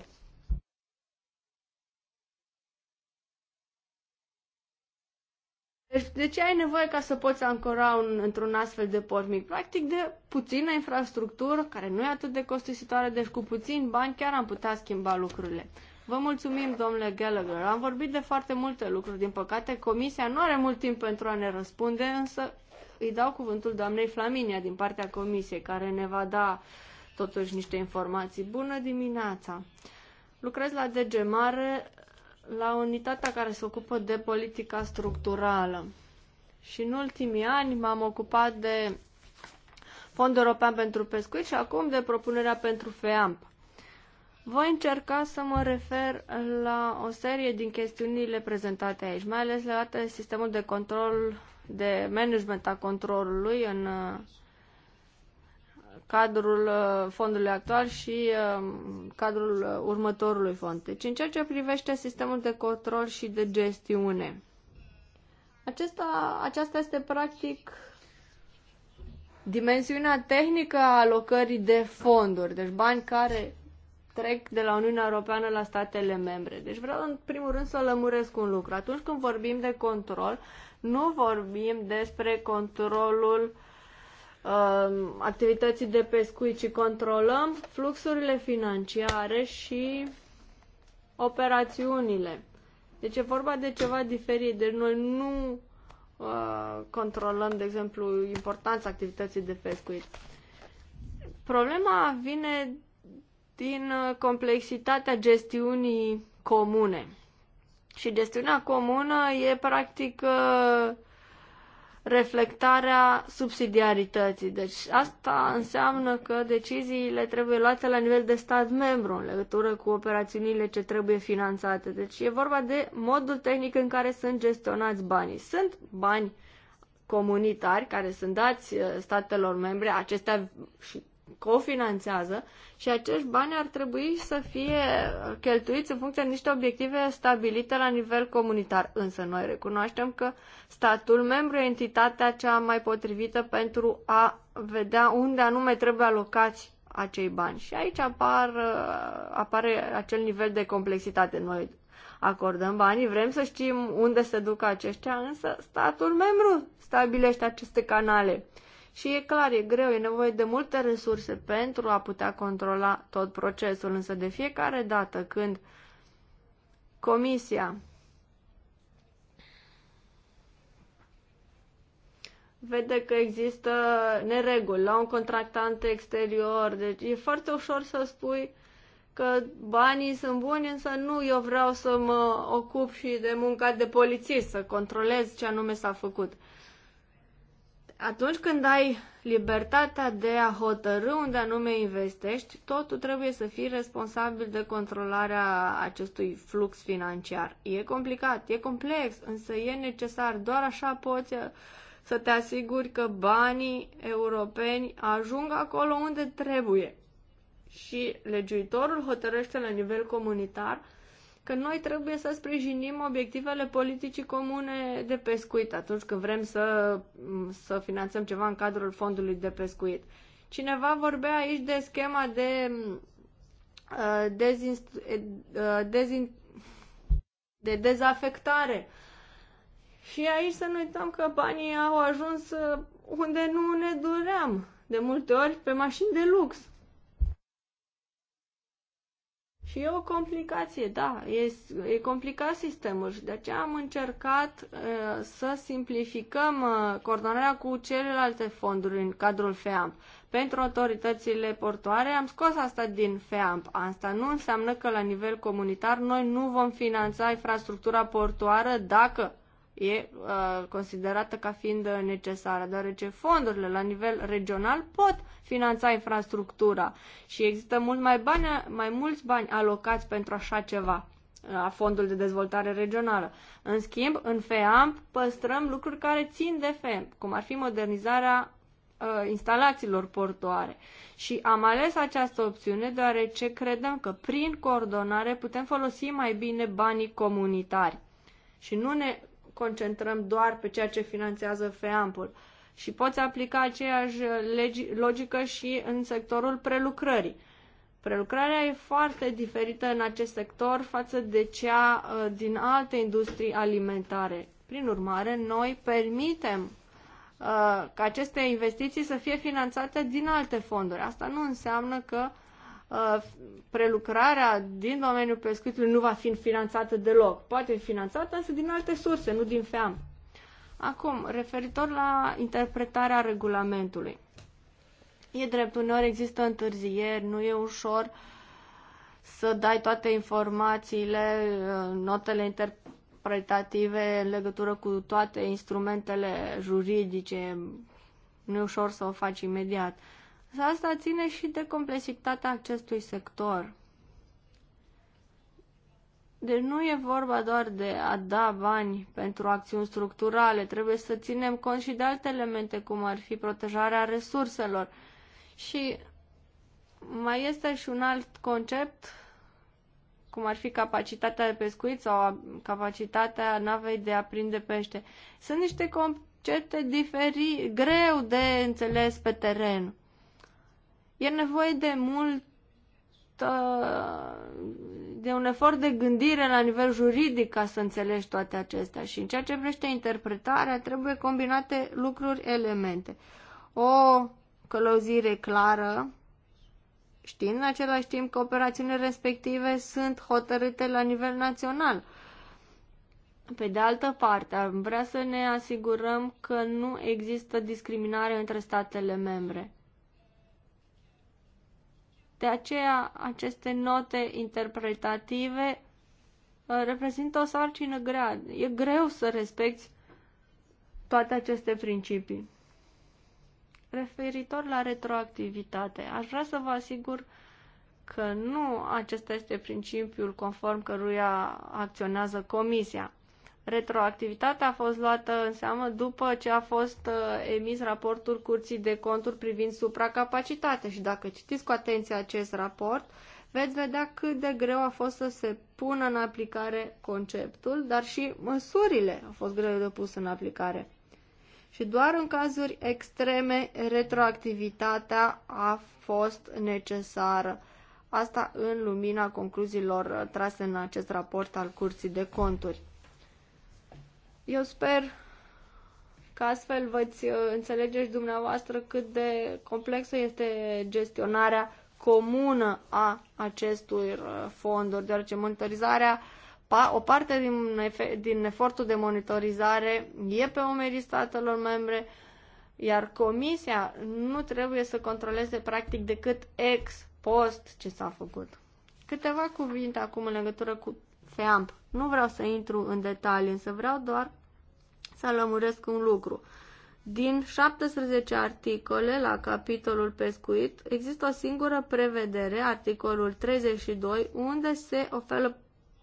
Deci de ce ai nevoie ca să poți ancora un, într-un astfel de port mic? Practic de puțină infrastructură, care nu e atât de costisitoare, deci cu puțin bani chiar am putea schimba lucrurile. Vă mulțumim, domnule Gallagher. Am vorbit de foarte multe lucruri. Din păcate, comisia nu are mult timp pentru a ne răspunde, însă îi dau cuvântul doamnei Flaminia din partea comisiei, care ne va da totuși niște informații. Bună dimineața! Lucrez la DG Mare la unitatea care se ocupă de politica structurală. Și în ultimii ani m-am ocupat de Fondul European pentru Pescuit și acum de propunerea pentru FEAMP. Voi încerca să mă refer la o serie din chestiunile prezentate aici, mai ales legate de sistemul de control, de management a controlului în cadrul uh, fondului actual și um, cadrul uh, următorului fond. Deci în ceea ce privește sistemul de control și de gestiune. Aceasta aceasta este practic dimensiunea tehnică a alocării de fonduri, deci bani care trec de la Uniunea Europeană la statele membre. Deci vreau în primul rând să lămuresc un lucru. Atunci când vorbim de control, nu vorbim despre controlul Um, activității de pescuit, ci controlăm fluxurile financiare și operațiunile. Deci e vorba de ceva diferit. Deci noi nu uh, controlăm, de exemplu, importanța activității de pescuit. Problema vine din uh, complexitatea gestiunii comune. Și gestiunea comună e practic uh, reflectarea subsidiarității. Deci asta înseamnă că deciziile trebuie luate la nivel de stat membru în legătură cu operațiunile ce trebuie finanțate. Deci e vorba de modul tehnic în care sunt gestionați banii. Sunt bani comunitari care sunt dați uh, statelor membre, acestea și cofinanțează și acești bani ar trebui să fie cheltuiți în funcție de niște obiective stabilite la nivel comunitar. Însă noi recunoaștem că statul membru e entitatea cea mai potrivită pentru a vedea unde anume trebuie alocați acei bani. Și aici apar, apare acel nivel de complexitate. Noi acordăm banii, vrem să știm unde se duc aceștia, însă statul membru stabilește aceste canale și e clar, e greu, e nevoie de multe resurse pentru a putea controla tot procesul, însă de fiecare dată când comisia vede că există nereguli la un contractant exterior, deci e foarte ușor să spui că banii sunt buni, însă nu eu vreau să mă ocup și de munca de polițist, să controlez ce anume s-a făcut atunci când ai libertatea de a hotărâ unde anume investești, totul trebuie să fii responsabil de controlarea acestui flux financiar. E complicat, e complex, însă e necesar. Doar așa poți uh, să te asiguri că banii europeni ajung acolo unde trebuie. Și legiuitorul hotărăște la nivel comunitar că noi trebuie să sprijinim obiectivele politicii comune de pescuit atunci când vrem să, să finanțăm ceva în cadrul fondului de pescuit. Cineva vorbea aici de schema de uh, eh, uh, de dezafectare. Și aici să nu uităm că banii au ajuns uh, unde nu ne duream, de multe ori pe mașini de lux. Și e o complicație, da, e, e complicat sistemul și de aceea am încercat uh, să simplificăm uh, coordonarea cu celelalte fonduri în cadrul FEAMP. Pentru autoritățile portoare am scos asta din FEAMP. Asta nu înseamnă că la nivel comunitar noi nu vom finanța infrastructura portoară dacă e uh, considerată ca fiind necesară, deoarece fondurile la nivel regional pot finanța infrastructura și există mult mai, bani, mai mulți bani alocați pentru așa ceva uh, a Fondul de Dezvoltare Regională. În schimb, în FEAMP păstrăm lucruri care țin de FEAMP, cum ar fi modernizarea uh, instalațiilor portoare. Și am ales această opțiune deoarece credem că prin coordonare putem folosi mai bine banii comunitari și nu ne concentrăm doar pe ceea ce finanțează FEAMP-ul. Și poți aplica aceeași legi, logică și în sectorul prelucrării. Prelucrarea e foarte diferită în acest sector față de cea uh, din alte industrii alimentare. Prin urmare, noi permitem uh, ca aceste investiții să fie finanțate din alte fonduri. Asta nu înseamnă că uh, Uh, prelucrarea din domeniul pescuitului nu va fi finanțată deloc. Poate fi finanțată, însă din alte surse, nu din FEAM. Acum, referitor la interpretarea regulamentului. E drept, uneori există întârzieri, nu e ușor să dai toate informațiile, uh, notele interpretative în legătură cu toate instrumentele juridice. Nu e ușor să o faci imediat. Uh, Asta ține și de complexitatea acestui sector. Deci nu e vorba doar de a da bani pentru acțiuni structurale, trebuie să ținem cont și de alte elemente, cum ar fi protejarea resurselor. Și mai este și un alt concept, cum ar fi capacitatea de pescuit sau capacitatea navei de a prinde pește. Sunt niște concepte diferi, greu de înțeles pe teren. E nevoie de mult uh, de un efort de gândire la nivel juridic ca să înțelegi toate acestea și în ceea ce vrește interpretarea trebuie combinate lucruri, elemente. O călăuzire clară, știind în același timp că operațiunile respective sunt hotărâte la nivel național. Pe de altă parte, am vrea să ne asigurăm că nu există discriminare între statele membre. De aceea, aceste note interpretative uh, reprezintă o sarcină grea. E greu să respecti toate aceste principii. Referitor la retroactivitate, aș vrea să vă asigur că nu acesta este principiul conform căruia acționează comisia. Retroactivitatea a fost luată în seamă după ce a fost uh, emis raportul Curții de Conturi privind supracapacitate și dacă citiți cu atenție acest raport, veți vedea cât de greu a fost să se pună în aplicare conceptul, dar și măsurile au fost greu de pus în aplicare. Și doar în cazuri extreme, retroactivitatea a fost necesară. Asta în lumina concluziilor uh, trase în acest raport al Curții de Conturi. Eu sper că astfel vă uh, înțelegeți dumneavoastră cât de complexă este gestionarea comună a acestui uh, fonduri, deoarece monitorizarea, o parte din, din efortul de monitorizare e pe omerii statelor membre, iar comisia nu trebuie să controleze practic decât ex post ce s-a făcut. Câteva cuvinte acum în legătură cu FEAMP. Nu vreau să intru în detalii, însă vreau doar să lămuresc un lucru. Din 17 articole la capitolul pescuit, există o singură prevedere, articolul 32, unde se oferă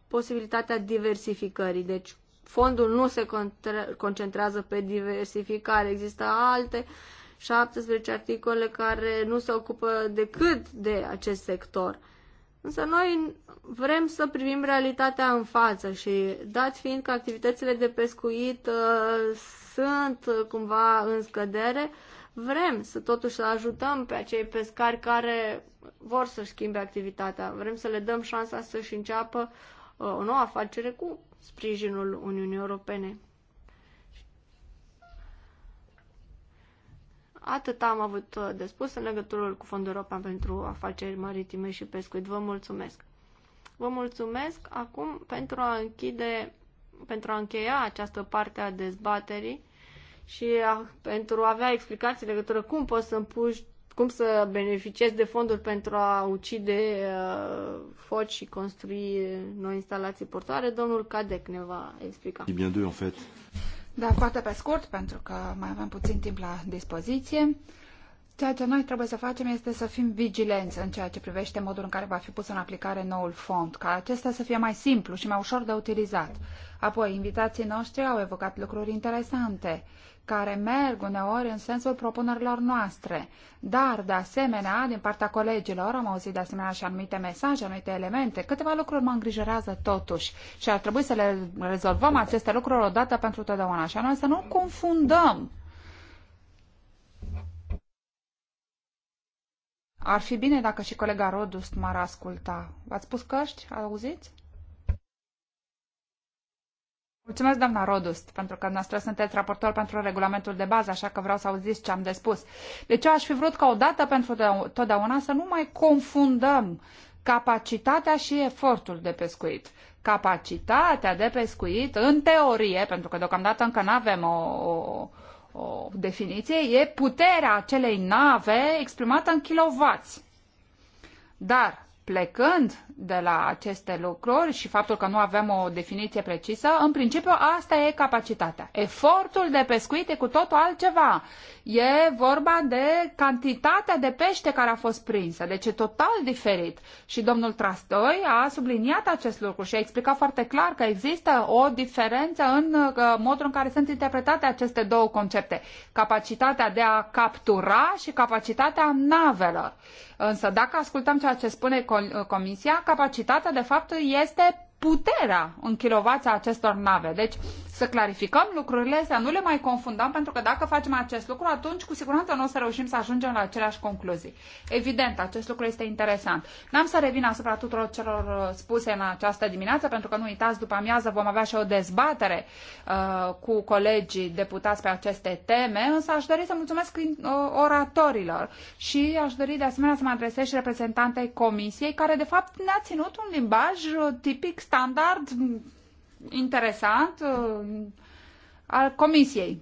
posibilitatea diversificării. Deci, fondul nu se concentrează pe diversificare. Există alte 17 articole care nu se ocupă decât de acest sector. Însă noi vrem să privim realitatea în față și dat fiind că activitățile de pescuit uh, sunt uh, cumva în scădere, vrem să totuși să ajutăm pe acei pescari care vor să schimbe activitatea. Vrem să le dăm șansa să-și înceapă uh, o nouă afacere cu sprijinul Uniunii Europene. Atât am avut uh, de spus în legătură cu Fondul European pentru Afaceri Maritime și Pescuit. Vă mulțumesc! Vă mulțumesc acum pentru a închide, pentru a încheia această parte a dezbaterii și a, pentru a avea explicații în legătură cum poți să împuși cum să beneficiezi de fonduri pentru a ucide uh, foci și construi noi instalații portoare, domnul Cadec ne va explica. Bine, bien deux, fait. Da, foarte pe scurt, pentru că mai avem puțin timp la dispoziție. Ceea ce noi trebuie să facem este să fim vigilenți în ceea ce privește modul în care va fi pus în aplicare noul fond, ca acesta să fie mai simplu și mai ușor de utilizat. Apoi, invitații noștri au evocat lucruri interesante. Uh, care merg uneori în sensul propunerilor noastre. Dar, de asemenea, din partea colegilor am auzit de asemenea și anumite mesaje, anumite elemente. Câteva lucruri mă îngrijorează totuși și ar trebui să le rezolvăm aceste lucruri odată pentru totdeauna. Și anume să nu confundăm Ar fi bine dacă și colega Rodust m-ar asculta. V-ați pus căști? Auziți? Mulțumesc, doamna Rodust, pentru că dumneavoastră sunteți raportor pentru regulamentul de bază, așa că vreau să auziți ce am de spus. Deci eu aș fi vrut ca odată pentru totdeauna să nu mai confundăm capacitatea și efortul de pescuit. Capacitatea de pescuit, în teorie, pentru că deocamdată încă nu avem o, o, o definiție, e puterea acelei nave exprimată în kilovați. Dar Plecând de la aceste lucruri și faptul că nu avem o definiție precisă, în principiu asta e capacitatea. Efortul de pescuit e cu totul altceva. E vorba de cantitatea de pește care a fost prinsă, deci e total diferit. Și domnul Trastoi a subliniat acest lucru și a explicat foarte clar că există o diferență în uh, modul în care sunt interpretate aceste două concepte. Capacitatea de a captura și capacitatea navelor. Însă dacă ascultăm ceea ce spune Uh, comisia, capacitatea de fapt este puterea în kilovața acestor nave. Deci să clarificăm lucrurile, să nu le mai confundăm, pentru că dacă facem acest lucru, atunci cu siguranță nu o să reușim să ajungem la aceleași concluzii. Evident, acest lucru este interesant. N-am să revin asupra tuturor celor uh, spuse în această dimineață, pentru că nu uitați, după amiază vom avea și o dezbatere uh, cu colegii deputați pe aceste teme, însă aș dori să mulțumesc uh, oratorilor și aș dori de asemenea să mă adresez și reprezentantei comisiei, care de fapt ne-a ținut un limbaj uh, tipic standard interesant uh, al comisiei.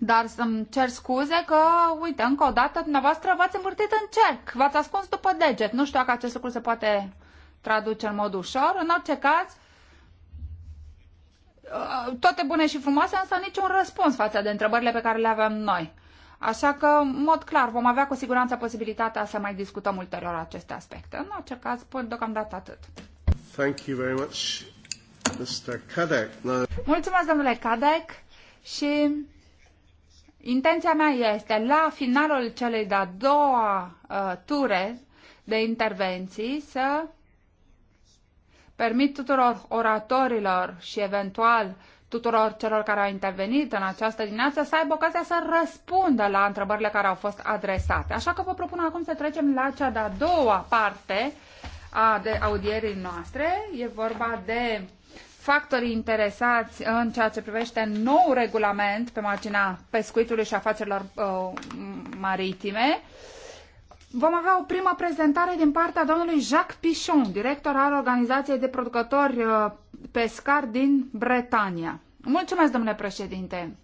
Dar să-mi cer scuze că, uite, încă o dată dumneavoastră v-ați învârtit în cerc, v-ați ascuns după deget. Nu știu dacă acest lucru se poate traduce în mod ușor. În orice caz, uh, toate bune și frumoase, însă niciun răspuns față de întrebările pe care le avem noi. Așa că, în mod clar, vom avea cu siguranță posibilitatea să mai discutăm ulterior aceste aspecte. În orice caz, până deocamdată atât. Thank you very much. Mr. Kadek. Mulțumesc, domnule Kadek, și intenția mea este, la finalul celei de-a doua uh, ture de intervenții, să permit tuturor oratorilor și eventual tuturor celor care au intervenit în această dimineață să aibă ocazia să răspundă la întrebările care au fost adresate. Așa că vă propun acum să trecem la cea de-a doua parte a de audierii noastre. E vorba de factorii interesați în ceea ce privește nou regulament pe marginea pescuitului și afacerilor uh, maritime. Vom avea o primă prezentare din partea domnului Jacques Pichon, director al Organizației de Producători uh, Pescari din Bretania. Mulțumesc, domnule președinte!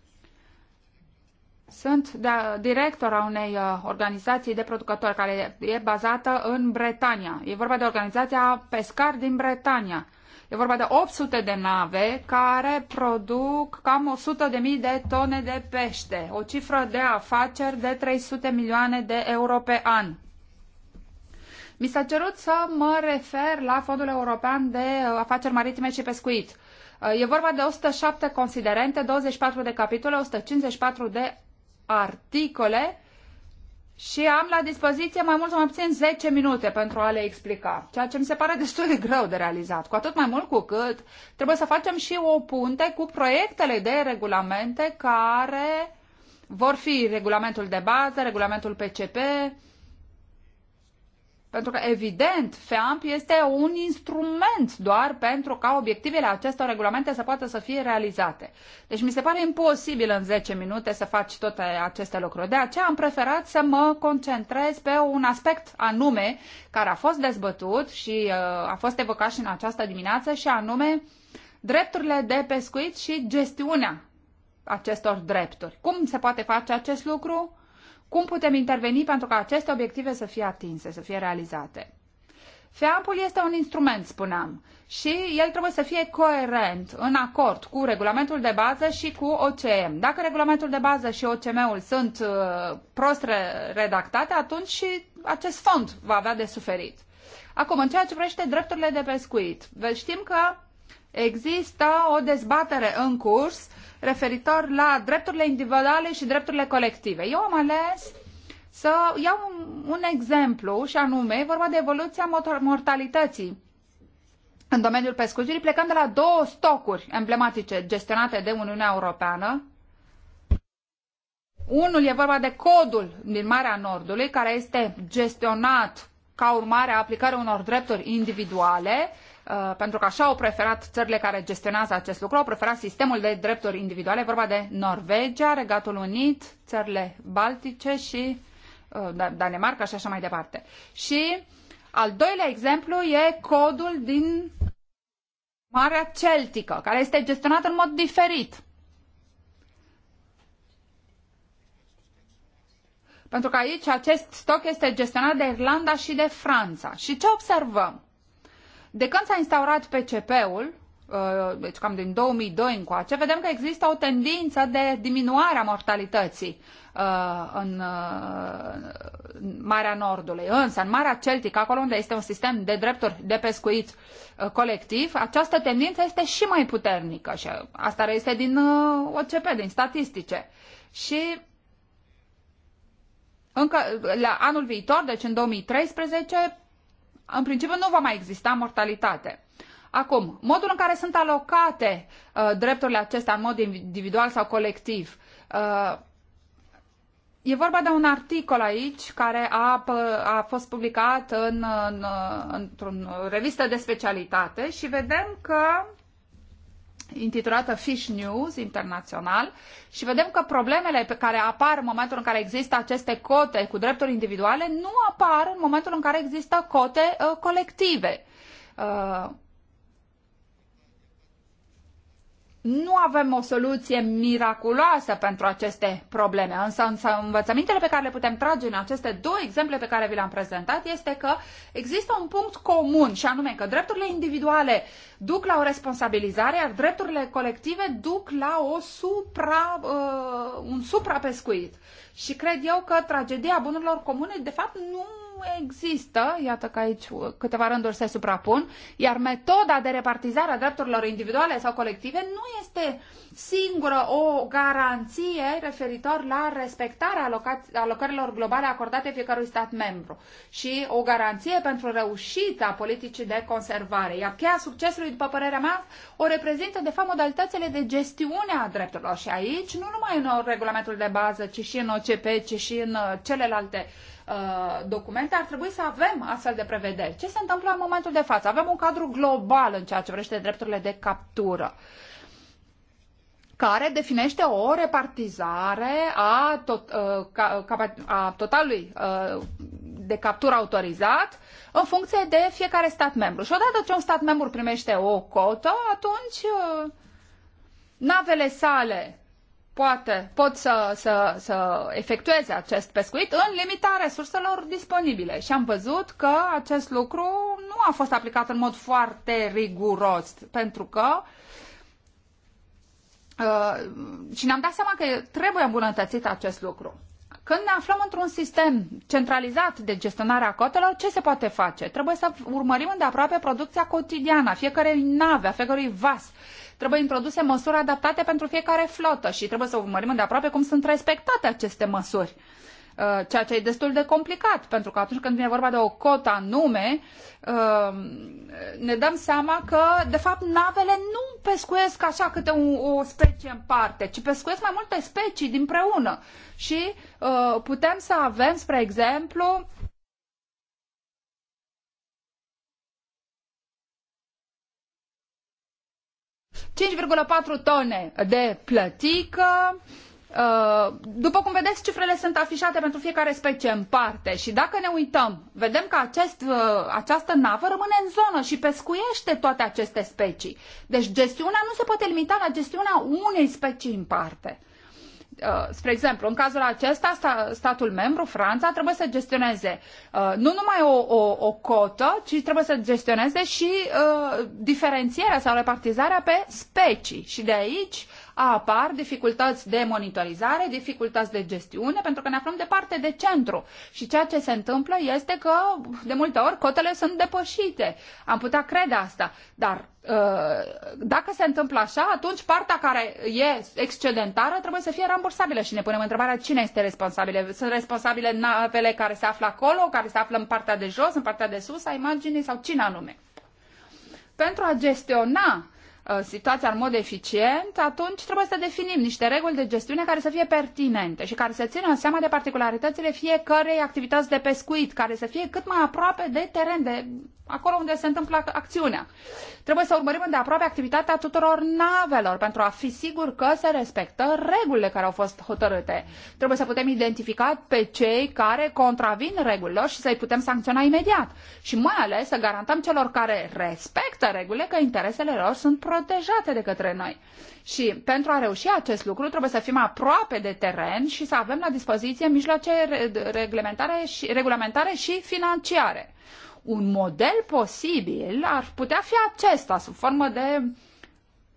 Sunt director a unei uh, organizații de producători care e bazată în Bretania. E vorba de organizația Pescar din Bretania. E vorba de 800 de nave care produc cam 100.000 de tone de pește, o cifră de afaceri de 300 milioane de euro pe an. Mi s-a cerut să mă refer la Fondul European de Afaceri Maritime și Pescuit. Uh, e vorba de 107 considerente, 24 de capitole, 154 de articole și am la dispoziție mai mult sau mai puțin 10 minute pentru a le explica, ceea ce mi se pare destul de greu de realizat, cu atât mai mult cu cât trebuie să facem și o punte cu proiectele de regulamente care vor fi regulamentul de bază, regulamentul PCP, pentru că, evident, FEAMP este un instrument doar pentru ca obiectivele acestor regulamente să poată să fie realizate. Deci mi se pare imposibil în 10 minute să faci toate aceste lucruri. De aceea am preferat să mă concentrez pe un aspect anume care a fost dezbătut și uh, a fost evocat și în această dimineață și anume drepturile de pescuit și gestiunea acestor drepturi. Cum se poate face acest lucru? Cum putem interveni pentru ca aceste obiective să fie atinse, să fie realizate? FEAMP-ul este un instrument, spuneam, și el trebuie să fie coerent, în acord cu regulamentul de bază și cu OCM. Dacă regulamentul de bază și OCM-ul sunt uh, prost redactate, atunci și acest fond va avea de suferit. Acum, în ceea ce vrește drepturile de pescuit, știm că există o dezbatere în curs uh, referitor la drepturile individuale și drepturile colective. Eu am ales să iau un, un exemplu și anume, e vorba de evoluția mortalității în domeniul pescuitului, plecând de la două stocuri emblematice gestionate de Uniunea Europeană. Unul e vorba de codul din Marea Nordului, care este gestionat ca urmare a aplicării unor drepturi individuale Uh, pentru că așa au preferat țările care gestionează acest lucru, au preferat sistemul de drepturi individuale, vorba de Norvegia, Regatul Unit, țările Baltice și uh, da- Danemarca și așa mai departe. Și al doilea exemplu e codul din Marea Celtică, care este gestionat în mod diferit. Pentru că aici acest stoc este gestionat de Irlanda și de Franța. Și ce observăm? De când s-a instaurat PCP-ul, uh, deci cam din 2002 încoace, vedem că există o tendință de diminuare a mortalității uh, uh, în Marea Nordului. Însă, în Marea Celtică, acolo unde este un sistem de drepturi de pescuit colectiv, această tendință este și mai puternică și asta este din OCP, din statistice. Și încă la anul viitor, deci în 2013, în principiu nu va mai exista mortalitate. Acum, modul în care sunt alocate uh, drepturile acestea în mod individual sau colectiv. Uh, e vorba de un articol aici care a, a fost publicat în, în, într-o revistă de specialitate și vedem că intitulată Fish News Internațional și vedem că problemele pe care apar în momentul în care există aceste cote cu drepturi individuale nu apar în momentul în care există cote uh, colective. Uh, nu avem o soluție miraculoasă pentru aceste probleme, însă, însă învățămintele pe care le putem trage în aceste două exemple pe care vi le-am prezentat este că există un punct comun și anume că drepturile individuale duc la o responsabilizare, iar drepturile colective duc la o supra, uh, un suprapescuit. Și cred eu că tragedia bunurilor comune, de fapt, nu nu există, iată că aici câteva rânduri se suprapun, iar metoda de repartizare a drepturilor individuale sau colective nu este singură o garanție referitor la respectarea alocărilor globale acordate fiecărui stat membru și o garanție pentru reușita politicii de conservare. Iar cheia succesului, după părerea mea, o reprezintă, de fapt, modalitățile de gestiune a drepturilor. Și aici, nu numai în regulamentul de bază, ci și în OCP, ci și în uh, celelalte uh, Uh, documente, ar trebui să avem astfel de prevederi. Ce se întâmplă în momentul de față? Avem un cadru global în ceea ce vrește drepturile de captură care definește o repartizare a, tot, uh, a totalului uh, de captură autorizat în funcție de fiecare stat membru. Și odată ce un stat membru primește o cotă, atunci navele sale poate, pot să, să, să efectueze acest pescuit în limita resurselor disponibile. Și am văzut că acest lucru nu a fost aplicat în mod foarte riguros, pentru că uh, și ne-am dat seama că trebuie îmbunătățit acest lucru. Când ne aflăm într-un sistem centralizat de gestionare a cotelor, ce se poate face? Trebuie să urmărim îndeaproape producția cotidiană a fiecarei nave, a fiecărui vas, uh, Trebuie introduse măsuri adaptate pentru fiecare flotă și trebuie să urmărim de aproape cum sunt respectate aceste măsuri uh, ceea ce e destul de complicat, pentru că atunci când vine vorba de o cotă anume, uh, ne dăm seama că, de fapt, navele nu pescuiesc așa câte o, o specie în parte, ci pescuiesc mai multe specii din preună. Și uh, putem să avem, spre exemplu, 5,4 tone de plătică. Uh, după cum vedeți, cifrele sunt afișate pentru fiecare specie în parte și dacă ne uităm, vedem că acest, uh, această navă rămâne în zonă și pescuiește toate aceste specii. Deci gestiunea nu se poate limita la gestiunea unei specii în parte. Uh, spre exemplu, în cazul acesta, statul membru, Franța, trebuie să gestioneze uh, nu numai o, o, o cotă, ci trebuie să gestioneze și uh, diferențierea sau repartizarea pe specii. Și de aici apar dificultăți de monitorizare, dificultăți de gestiune, pentru că ne aflăm departe de centru. Și ceea ce se întâmplă este că, de multe ori, cotele sunt depășite. Am putea crede asta. Dar uh, dacă se întâmplă așa, atunci partea care e excedentară trebuie să fie rambursabilă și ne punem întrebarea cine este responsabilă. Sunt responsabile navele care se află acolo, care se află în partea de jos, în partea de sus a imaginii sau cine anume. Pentru a gestiona Uh, situația în mod eficient, atunci trebuie să definim niște reguli de gestiune care să fie pertinente și care să țină seama de particularitățile fiecărei activități de pescuit, care să fie cât mai aproape de teren, de acolo unde se întâmplă acțiunea. Trebuie să urmărim de aproape activitatea tuturor navelor pentru a fi sigur că se respectă regulile care au fost hotărâte. Trebuie să putem identifica pe cei care contravin regulilor și să-i putem sancționa imediat. Și mai ales să garantăm celor care respectă regulile că interesele lor sunt pro protejate de către noi. Și pentru a reuși acest lucru trebuie să fim aproape de teren și să avem la dispoziție mijloace reglementare și, regulamentare și financiare. Un model posibil ar putea fi acesta, sub formă de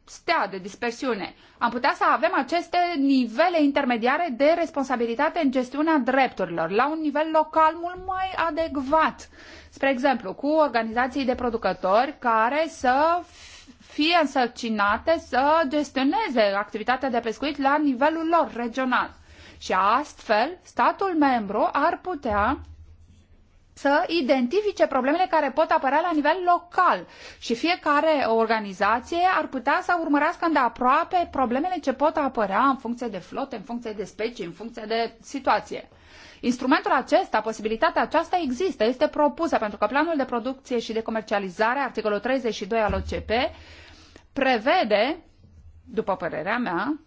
stea de dispersiune. Am putea să avem aceste nivele intermediare de responsabilitate în gestiunea drepturilor, la un nivel local mult mai adecvat. Spre exemplu, cu organizații de producători care să fie însărcinate să gestioneze activitatea de pescuit la nivelul lor regional. Și astfel, statul membru ar putea să identifice problemele care pot apărea la nivel local și fiecare organizație ar putea să urmărească îndeaproape problemele ce pot apărea în funcție de flote, în funcție de specii, în funcție de situație. Instrumentul acesta, posibilitatea aceasta există, este propusă pentru că planul de producție și de comercializare, articolul 32 al OCP, prevede, după părerea mea,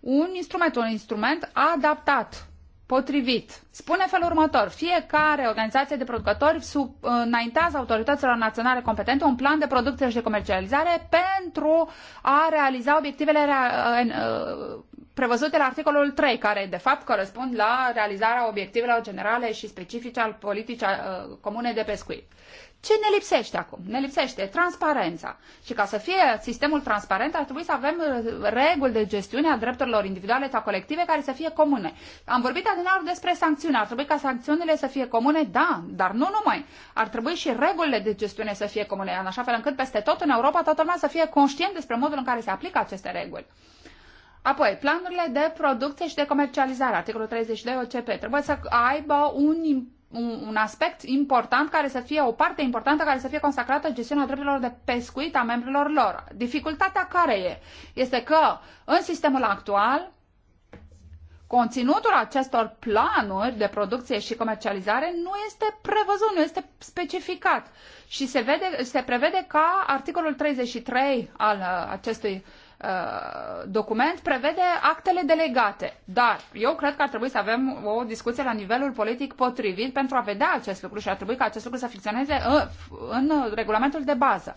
un instrument, un instrument adaptat, potrivit. Spune felul următor, fiecare organizație de producători sub, înaintează autorităților naționale competente un plan de producție și de comercializare pentru a realiza obiectivele rea, în, uh, prevăzute la articolul 3, care de fapt corespund la realizarea obiectivelor generale și specifice al politicii uh, comune de pescuit. Ce ne lipsește acum? Ne lipsește transparența. Și ca să fie sistemul transparent, ar trebui să avem uh, reguli de gestiune a drepturilor individuale sau colective care să fie comune. Am vorbit adineaur despre sancțiuni. Ar trebui ca sancțiunile să fie comune, da, dar nu numai. Ar trebui și regulile de gestiune să fie comune, în așa fel încât peste tot în Europa toată lumea să fie conștient despre modul în care se aplică aceste reguli. Apoi, planurile de producție și de comercializare, articolul 32 OCP, trebuie să aibă un impact un, un aspect important care să fie, o parte importantă care să fie consacrată gestiunea drepturilor de pescuit a membrilor lor. Dificultatea care e? Este că în sistemul actual conținutul acestor planuri de producție și comercializare nu este prevăzut, nu este specificat. Și se, vede, se prevede ca articolul 33 al uh, acestui uh, Uh, document prevede actele delegate. Dar eu cred că ar trebui să avem o discuție la nivelul politic potrivit pentru a vedea acest lucru și ar trebui ca acest lucru să funcționeze uh, în regulamentul de bază.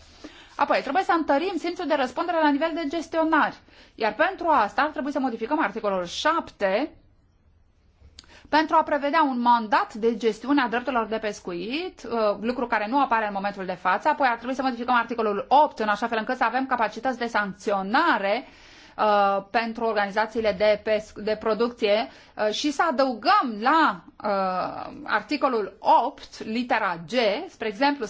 Apoi, trebuie să întărim simțul de răspundere la nivel de gestionari. Iar pentru asta ar trebui să modificăm articolul 7 pentru a prevedea un mandat de gestiune a drepturilor de pescuit, uh, lucru care nu apare în momentul de față. Apoi ar trebui să modificăm articolul 8 în așa fel încât să avem capacități de sancționare Uh, pentru organizațiile de, pesc, de producție uh, și să adăugăm la uh, articolul 8, litera G, spre exemplu,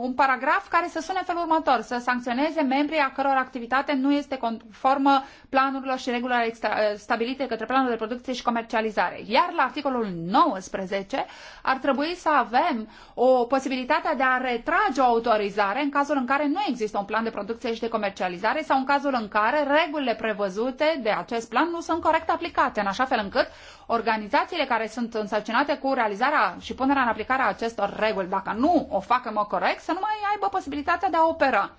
un paragraf care să sune felul următor, să sancționeze membrii a căror activitate nu este conformă planurilor și regulilor uh, stabilite către planul de producție și comercializare. Iar la articolul 19 ar trebui să avem o posibilitate de a retrage o autorizare în cazul în care nu există un plan de producție și de comercializare sau în cazul în care regulile prevăzute de acest plan nu sunt corect aplicate, în așa fel încât organizațiile care sunt însărcinate cu realizarea și punerea în aplicare a acestor reguli, dacă nu o fac în mod corect, să nu mai aibă posibilitatea de a opera.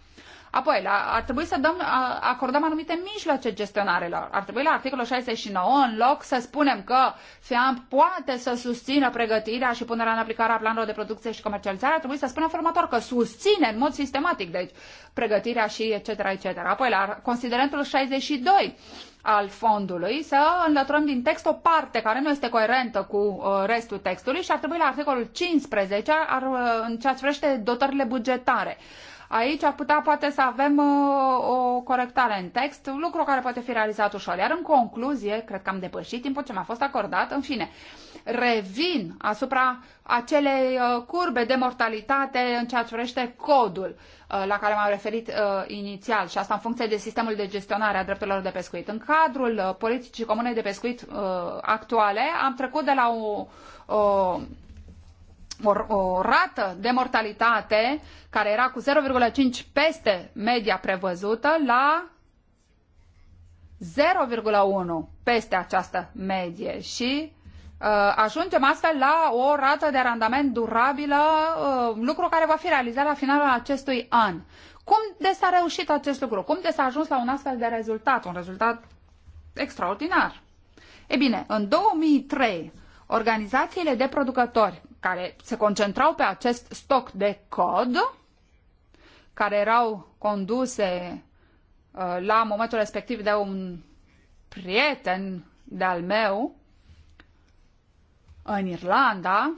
Apoi, la, ar trebui să dăm, a, acordăm anumite mijloace gestionarelor. Ar trebui la articolul 69, în loc să spunem că FEAMP poate să susțină pregătirea și punerea în aplicare a planurilor de producție și comercializare, ar trebui să spunem formator că susține în mod sistematic, deci, pregătirea și etc. etc. Apoi, la considerentul 62, al fondului, să înlăturăm din text o parte care nu este coerentă cu uh, restul textului și ar trebui la articolul 15 ar, uh, în ceea ce vrește dotările bugetare. Aici ar putea poate să avem uh, o corectare în text, un lucru care poate fi realizat ușor. Iar în concluzie, cred că am depășit timpul ce mi-a fost acordat, în fine, revin asupra acelei uh, curbe de mortalitate în ceea ce vrește codul uh, la care m-am referit uh, inițial și asta în funcție de sistemul de gestionare a drepturilor de pescuit. În cadrul uh, politicii comune de pescuit uh, actuale am trecut de la o, o o, o rată de mortalitate care era cu 0,5 peste media prevăzută la 0,1 peste această medie și uh, ajungem astfel la o rată de randament durabilă, uh, lucru care va fi realizat la finalul acestui an. Cum de s-a reușit acest lucru? Cum de s-a ajuns la un astfel de rezultat? Un rezultat extraordinar. E bine, în 2003, organizațiile de producători care se concentrau pe acest stoc de cod, care erau conduse uh, la momentul respectiv de un prieten de-al meu în Irlanda,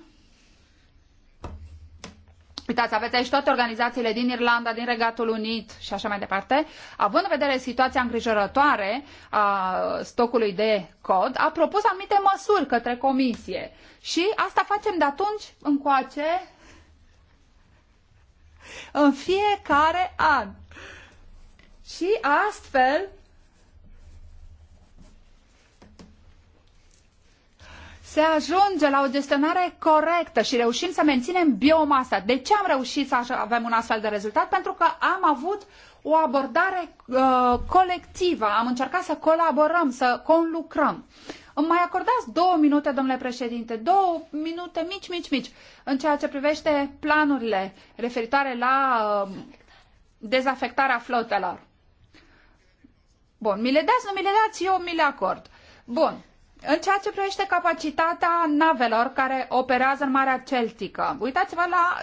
Uitați, aveți aici toate organizațiile din Irlanda, din Regatul Unit și așa mai departe. Având în vedere situația îngrijorătoare a stocului de cod, a propus anumite măsuri către comisie. Și asta facem de atunci încoace în fiecare an. Și astfel se ajunge la o gestionare corectă și reușim să menținem biomasa. De ce am reușit să avem un astfel de rezultat? Pentru că am avut o abordare uh, colectivă, am încercat să colaborăm, să conlucrăm. Îmi mai acordați două minute, domnule președinte, două minute mici, mici, mici, în ceea ce privește planurile referitoare la uh, dezafectarea flotelor. Bun, mi le dați, nu mi le dați, eu mi le acord. Bun, în ceea ce privește capacitatea navelor care operează în Marea Celtică, uitați-vă la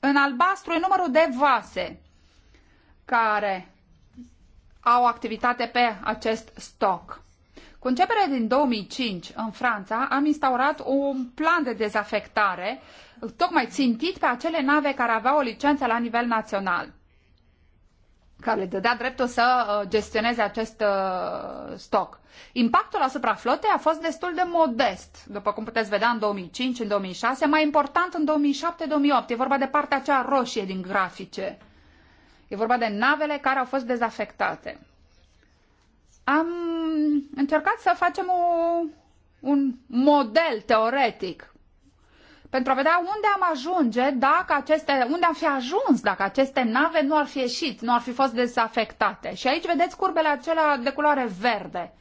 în albastru e numărul de vase care au activitate pe acest stoc. Cu începere din 2005 în Franța am instaurat un plan de dezafectare tocmai țintit pe acele nave care aveau o licență la nivel național care le dădea dreptul să uh, gestioneze acest uh, stoc. Impactul asupra flotei a fost destul de modest, după cum puteți vedea în 2005, în 2006, mai important în 2007-2008. E vorba de partea aceea roșie din grafice. E vorba de navele care au fost dezafectate. Am încercat să facem o, un model teoretic pentru a vedea unde am ajunge dacă aceste, unde am fi ajuns dacă aceste nave nu ar fi ieșit, nu ar fi fost dezafectate. Și aici vedeți curbele acelea de culoare verde.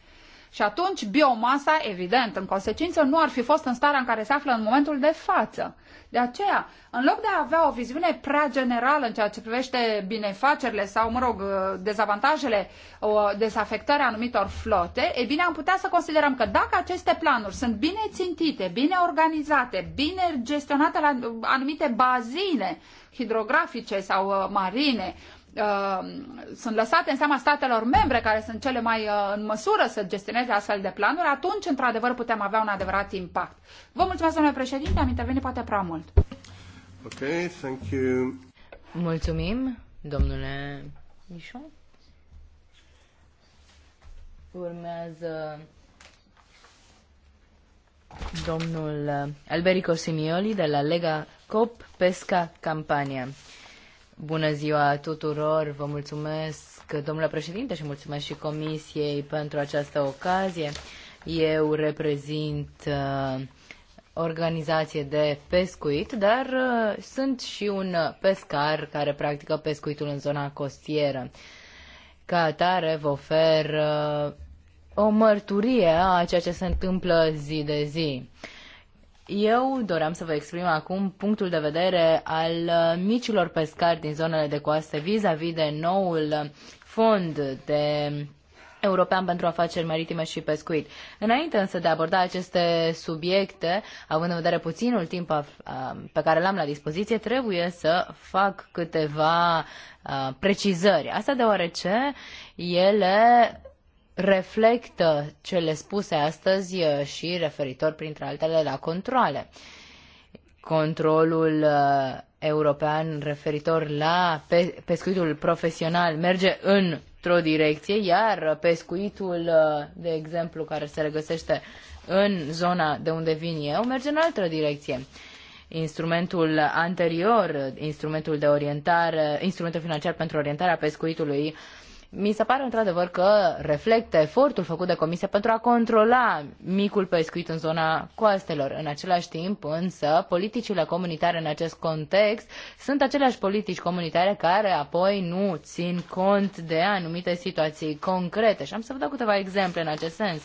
Și atunci biomasa, evident, în consecință, nu ar fi fost în starea în care se află în momentul de față. De aceea, în loc de a avea o viziune prea generală în ceea ce privește binefacerile sau, mă rog, dezavantajele a anumitor flote, e bine, am putea să considerăm că dacă aceste planuri sunt bine țintite, bine organizate, bine gestionate la anumite bazine hidrografice sau uh, marine, Uh, sunt lăsate în seama statelor membre care sunt cele mai uh, în măsură să gestioneze astfel de planuri, atunci, într-adevăr, putem avea un adevărat impact. Vă mulțumesc, domnule președinte, am intervenit poate prea mult. Ok, thank you. Mulțumim, domnule Mișo. Urmează domnul Alberico Simioli de la Lega Cop Pesca Campania. Bună ziua tuturor, vă mulțumesc, domnule președinte, și mulțumesc și comisiei pentru această ocazie. Eu reprezint uh, organizație de pescuit, dar uh, sunt și un pescar care practică pescuitul în zona costieră. Ca atare vă ofer uh, o mărturie a ceea ce se întâmplă zi de zi. Uh, eu doream să vă exprim acum punctul de vedere al uh, micilor pescari din zonele de coaste vis-a-vis -vis de noul uh, fond de european pentru afaceri maritime și pescuit. Înainte însă de a aborda aceste subiecte, având în vedere puținul timp uh, pe care l-am la dispoziție, trebuie să fac câteva precizări. Asta deoarece ele reflectă cele spuse astăzi uh, și referitor, printre altele, la controle. Controlul uh, european referitor la pescuitul profesional merge într-o direcție, iar pescuitul, uh, de exemplu, care se regăsește în zona de unde vin eu, merge în altă direcție. Instrumentul anterior, instrumentul de orientare, instrumentul financiar pentru orientarea pescuitului, uh, mi se pare într-adevăr că reflectă efortul făcut de Comisie pentru a controla micul pescuit în zona coastelor. În același timp, însă, politicile comunitare în acest context sunt aceleași politici comunitare care apoi nu țin cont de anumite situații concrete. Și am să vă dau câteva exemple în acest sens.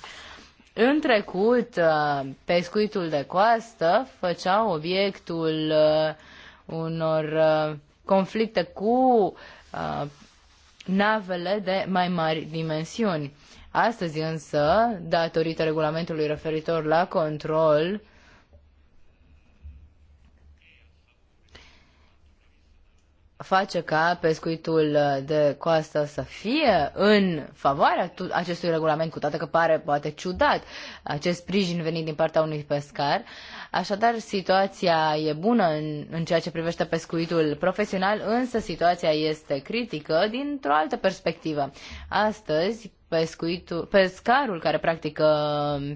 În trecut, uh, pescuitul de coastă făcea obiectul uh, unor uh, conflicte cu navele de mai mari dimensiuni. Astăzi însă, datorită regulamentului referitor la control, face ca pescuitul uh, de coastă să fie în favoarea acestui regulament, cu toate că pare poate ciudat acest sprijin venit din partea unui pescar. Așadar, situația e bună în, în ceea ce privește pescuitul profesional, însă situația este critică dintr-o altă perspectivă. Astăzi, pescuitul, pescarul care practică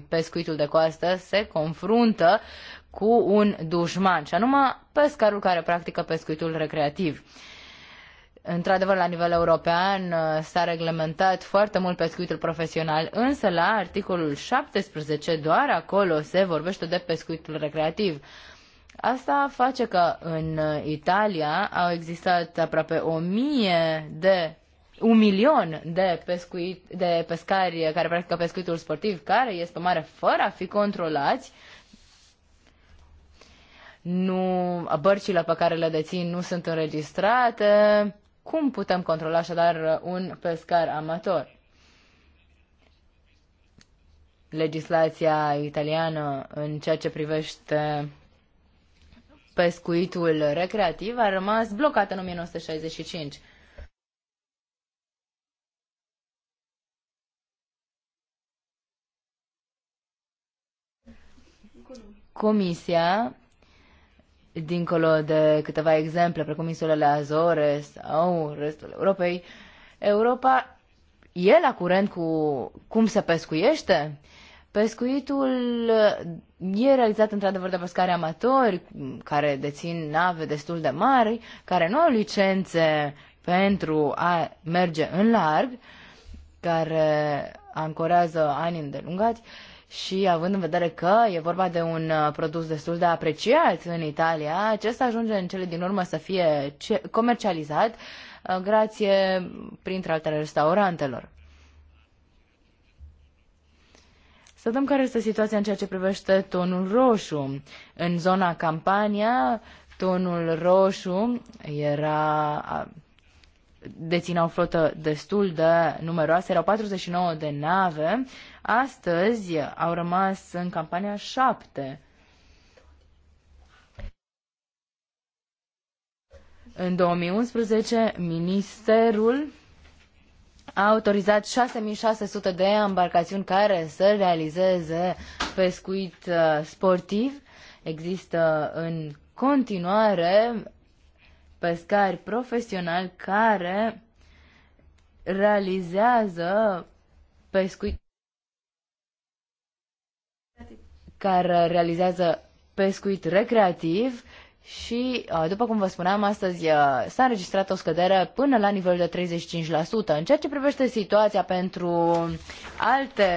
pescuitul de coastă se confruntă uh, cu un dușman, și anume pescarul care practică pescuitul recreativ. Într-adevăr, la nivel european uh, s-a reglementat foarte mult pescuitul profesional, însă la articolul 17 doar acolo se vorbește de pescuitul recreativ. Asta face că în uh, Italia au existat aproape o mie de un milion de, pescuit, de pescari care practică pescuitul sportiv, care este mare fără a fi controlați nu, bărcile pe care le dețin nu sunt înregistrate. Cum putem controla așadar un pescar amator? Legislația italiană în ceea ce privește pescuitul recreativ a rămas blocată în 1965. Comisia dincolo de câteva exemple, precum insulele Azore sau restul Europei, Europa e la curent cu cum se pescuiește? Pescuitul e realizat într-adevăr de pescari amatori care dețin nave destul de mari, care nu au licențe pentru a merge în larg, care ancorează ani îndelungați. Uh, și având în vedere că e vorba de un uh, produs destul de apreciat în Italia, acesta ajunge în cele din urmă să fie comercializat uh, grație, printre altele, restaurantelor. Să dăm care este situația în ceea ce privește tonul roșu. În zona Campania, tonul roșu era deținea o flotă destul de numeroasă, erau 49 de nave, astăzi au rămas în campania 7. În 2011, ministerul a autorizat 6600 de embarcațiuni care să realizeze pescuit uh, sportiv. Există în continuare pescari profesionali care realizează pescuit care realizează pescuit recreativ și, uh, după cum vă spuneam, astăzi uh, s-a înregistrat o scădere până la nivelul de 35%. În ceea ce privește situația pentru alte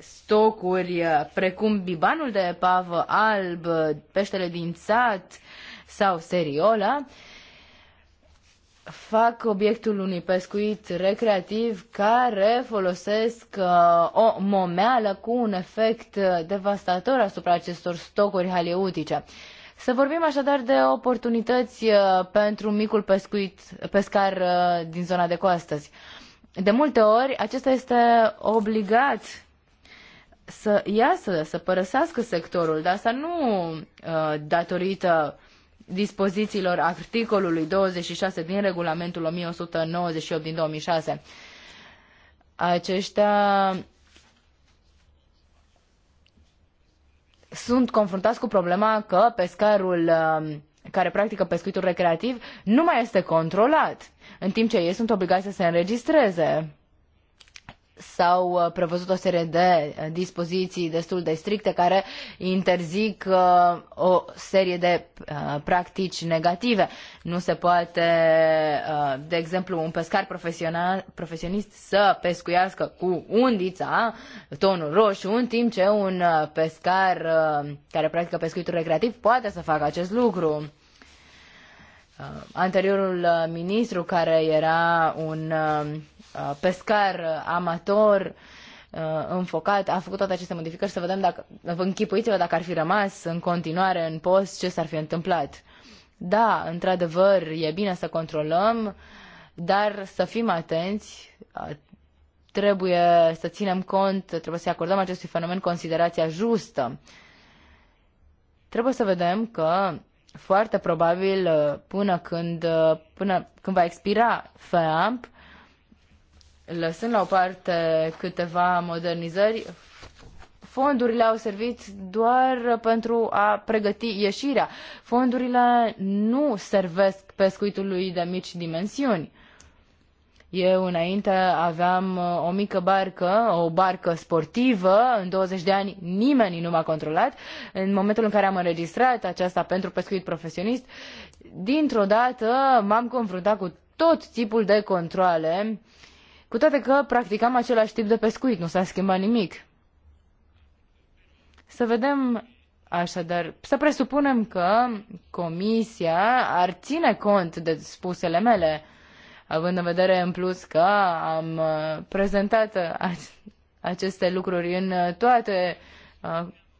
stocuri, uh, precum bibanul de pavă alb, peștele din sat sau seriola, fac obiectul unui pescuit recreativ care folosesc uh, o momeală cu un efect uh, devastator asupra acestor stocuri haleutice. Să vorbim așadar de oportunități uh, pentru micul pescuit, pescar uh, din zona de coastă. De multe ori, acesta este obligat să iasă, să părăsească sectorul, dar asta nu uh, datorită dispozițiilor articolului 26 din regulamentul 1198 din 2006. Aceștia sunt confruntați cu problema că pescarul um, care practică pescuitul recreativ nu mai este controlat, în timp ce ei sunt obligați să se înregistreze s-au uh, prevăzut o serie de uh, dispoziții destul de stricte care interzic uh, o serie de practici negative. Nu se poate, de exemplu, un pescar profesionist să pescuiască cu undița, tonul roșu, în timp ce un pescar care practică pescuitul recreativ poate să facă acest lucru. Uh, anteriorul uh, ministru care era un uh, pescar amator înfocat, a făcut toate aceste modificări, să vedem dacă, vă închipuiți-vă dacă ar fi rămas în continuare în post, ce s-ar fi întâmplat. Da, într-adevăr, e bine să controlăm, dar să fim atenți, trebuie să ținem cont, trebuie să acordăm acestui fenomen considerația justă. Trebuie să vedem că foarte probabil uh, până când, uh, până când va expira FEAMP, lăsând la o parte câteva modernizări, fondurile au servit doar pentru a pregăti ieșirea. Fondurile nu servesc pescuitului de mici dimensiuni. Eu înainte aveam uh, o mică barcă, o barcă sportivă, în 20 de ani nimeni nu m-a controlat. În momentul în care am înregistrat aceasta pentru pescuit profesionist, dintr-o dată m-am confruntat cu tot tipul de controle, cu toate că practicam același tip de pescuit, nu s-a schimbat nimic. Să vedem Așadar, să presupunem că comisia ar ține cont de spusele mele având în vedere în plus că am uh, prezentat uh, aceste lucruri în uh, toate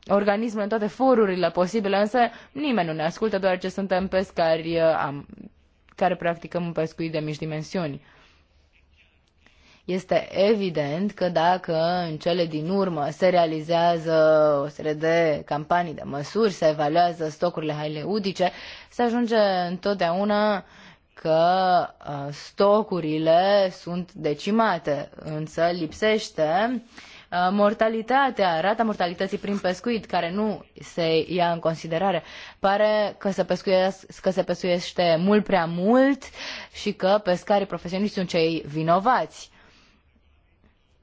organismele, în toate forurile posibile, însă nimeni nu ne ascultă, doar ce suntem pescari am, care practicăm un pescuit de mici dimensiuni. Este evident că dacă în cele din urmă se realizează o serie de campanii de măsuri, se evaluează stocurile haileudice, se ajunge întotdeauna uh, că uh, stocurile sunt decimate, însă lipsește uh, mortalitatea, rata mortalității prin pescuit, care nu se ia în considerare. Pare că se, pescuiesc, că se pescuiește mult prea mult și că pescarii profesioniști sunt cei vinovați.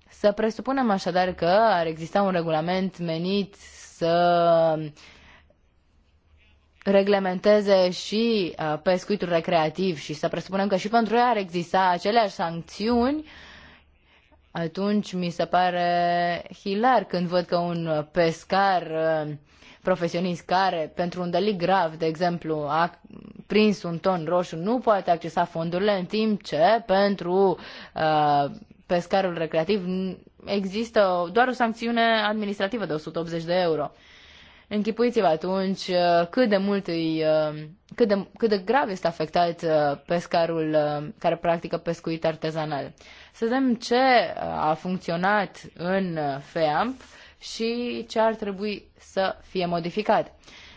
Să presupunem așadar că ar exista un regulament menit să reglementeze și uh, pescuitul recreativ și să presupunem că și pentru ei ar exista aceleași sancțiuni, atunci mi se pare hilar când văd că un pescar uh, profesionist care, pentru un delic grav, de exemplu, a prins un ton roșu, nu poate accesa fondurile, în timp ce pentru uh, pescarul recreativ există doar o sancțiune administrativă de 180 de euro. Închipuiți-vă atunci uh, cât de mult îi, uh, cât de, cât de grav este afectat uh, pescarul care practică pescuit artezanal. Să vedem ce a funcționat în FEAMP și ce ar trebui să fie modificat.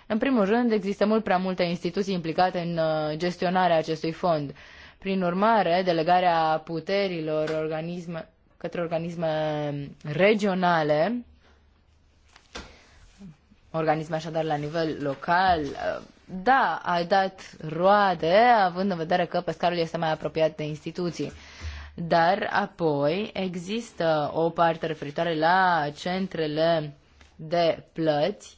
În primul rând, există mult prea multe instituții implicate în gestionarea acestui fond. Prin urmare, delegarea puterilor organisme, către organisme um, regionale organisme așadar la nivel local, uh, da, a dat roade, având în vedere că pescarul este mai apropiat de instituții. Dar apoi există o parte referitoare la centrele de plăți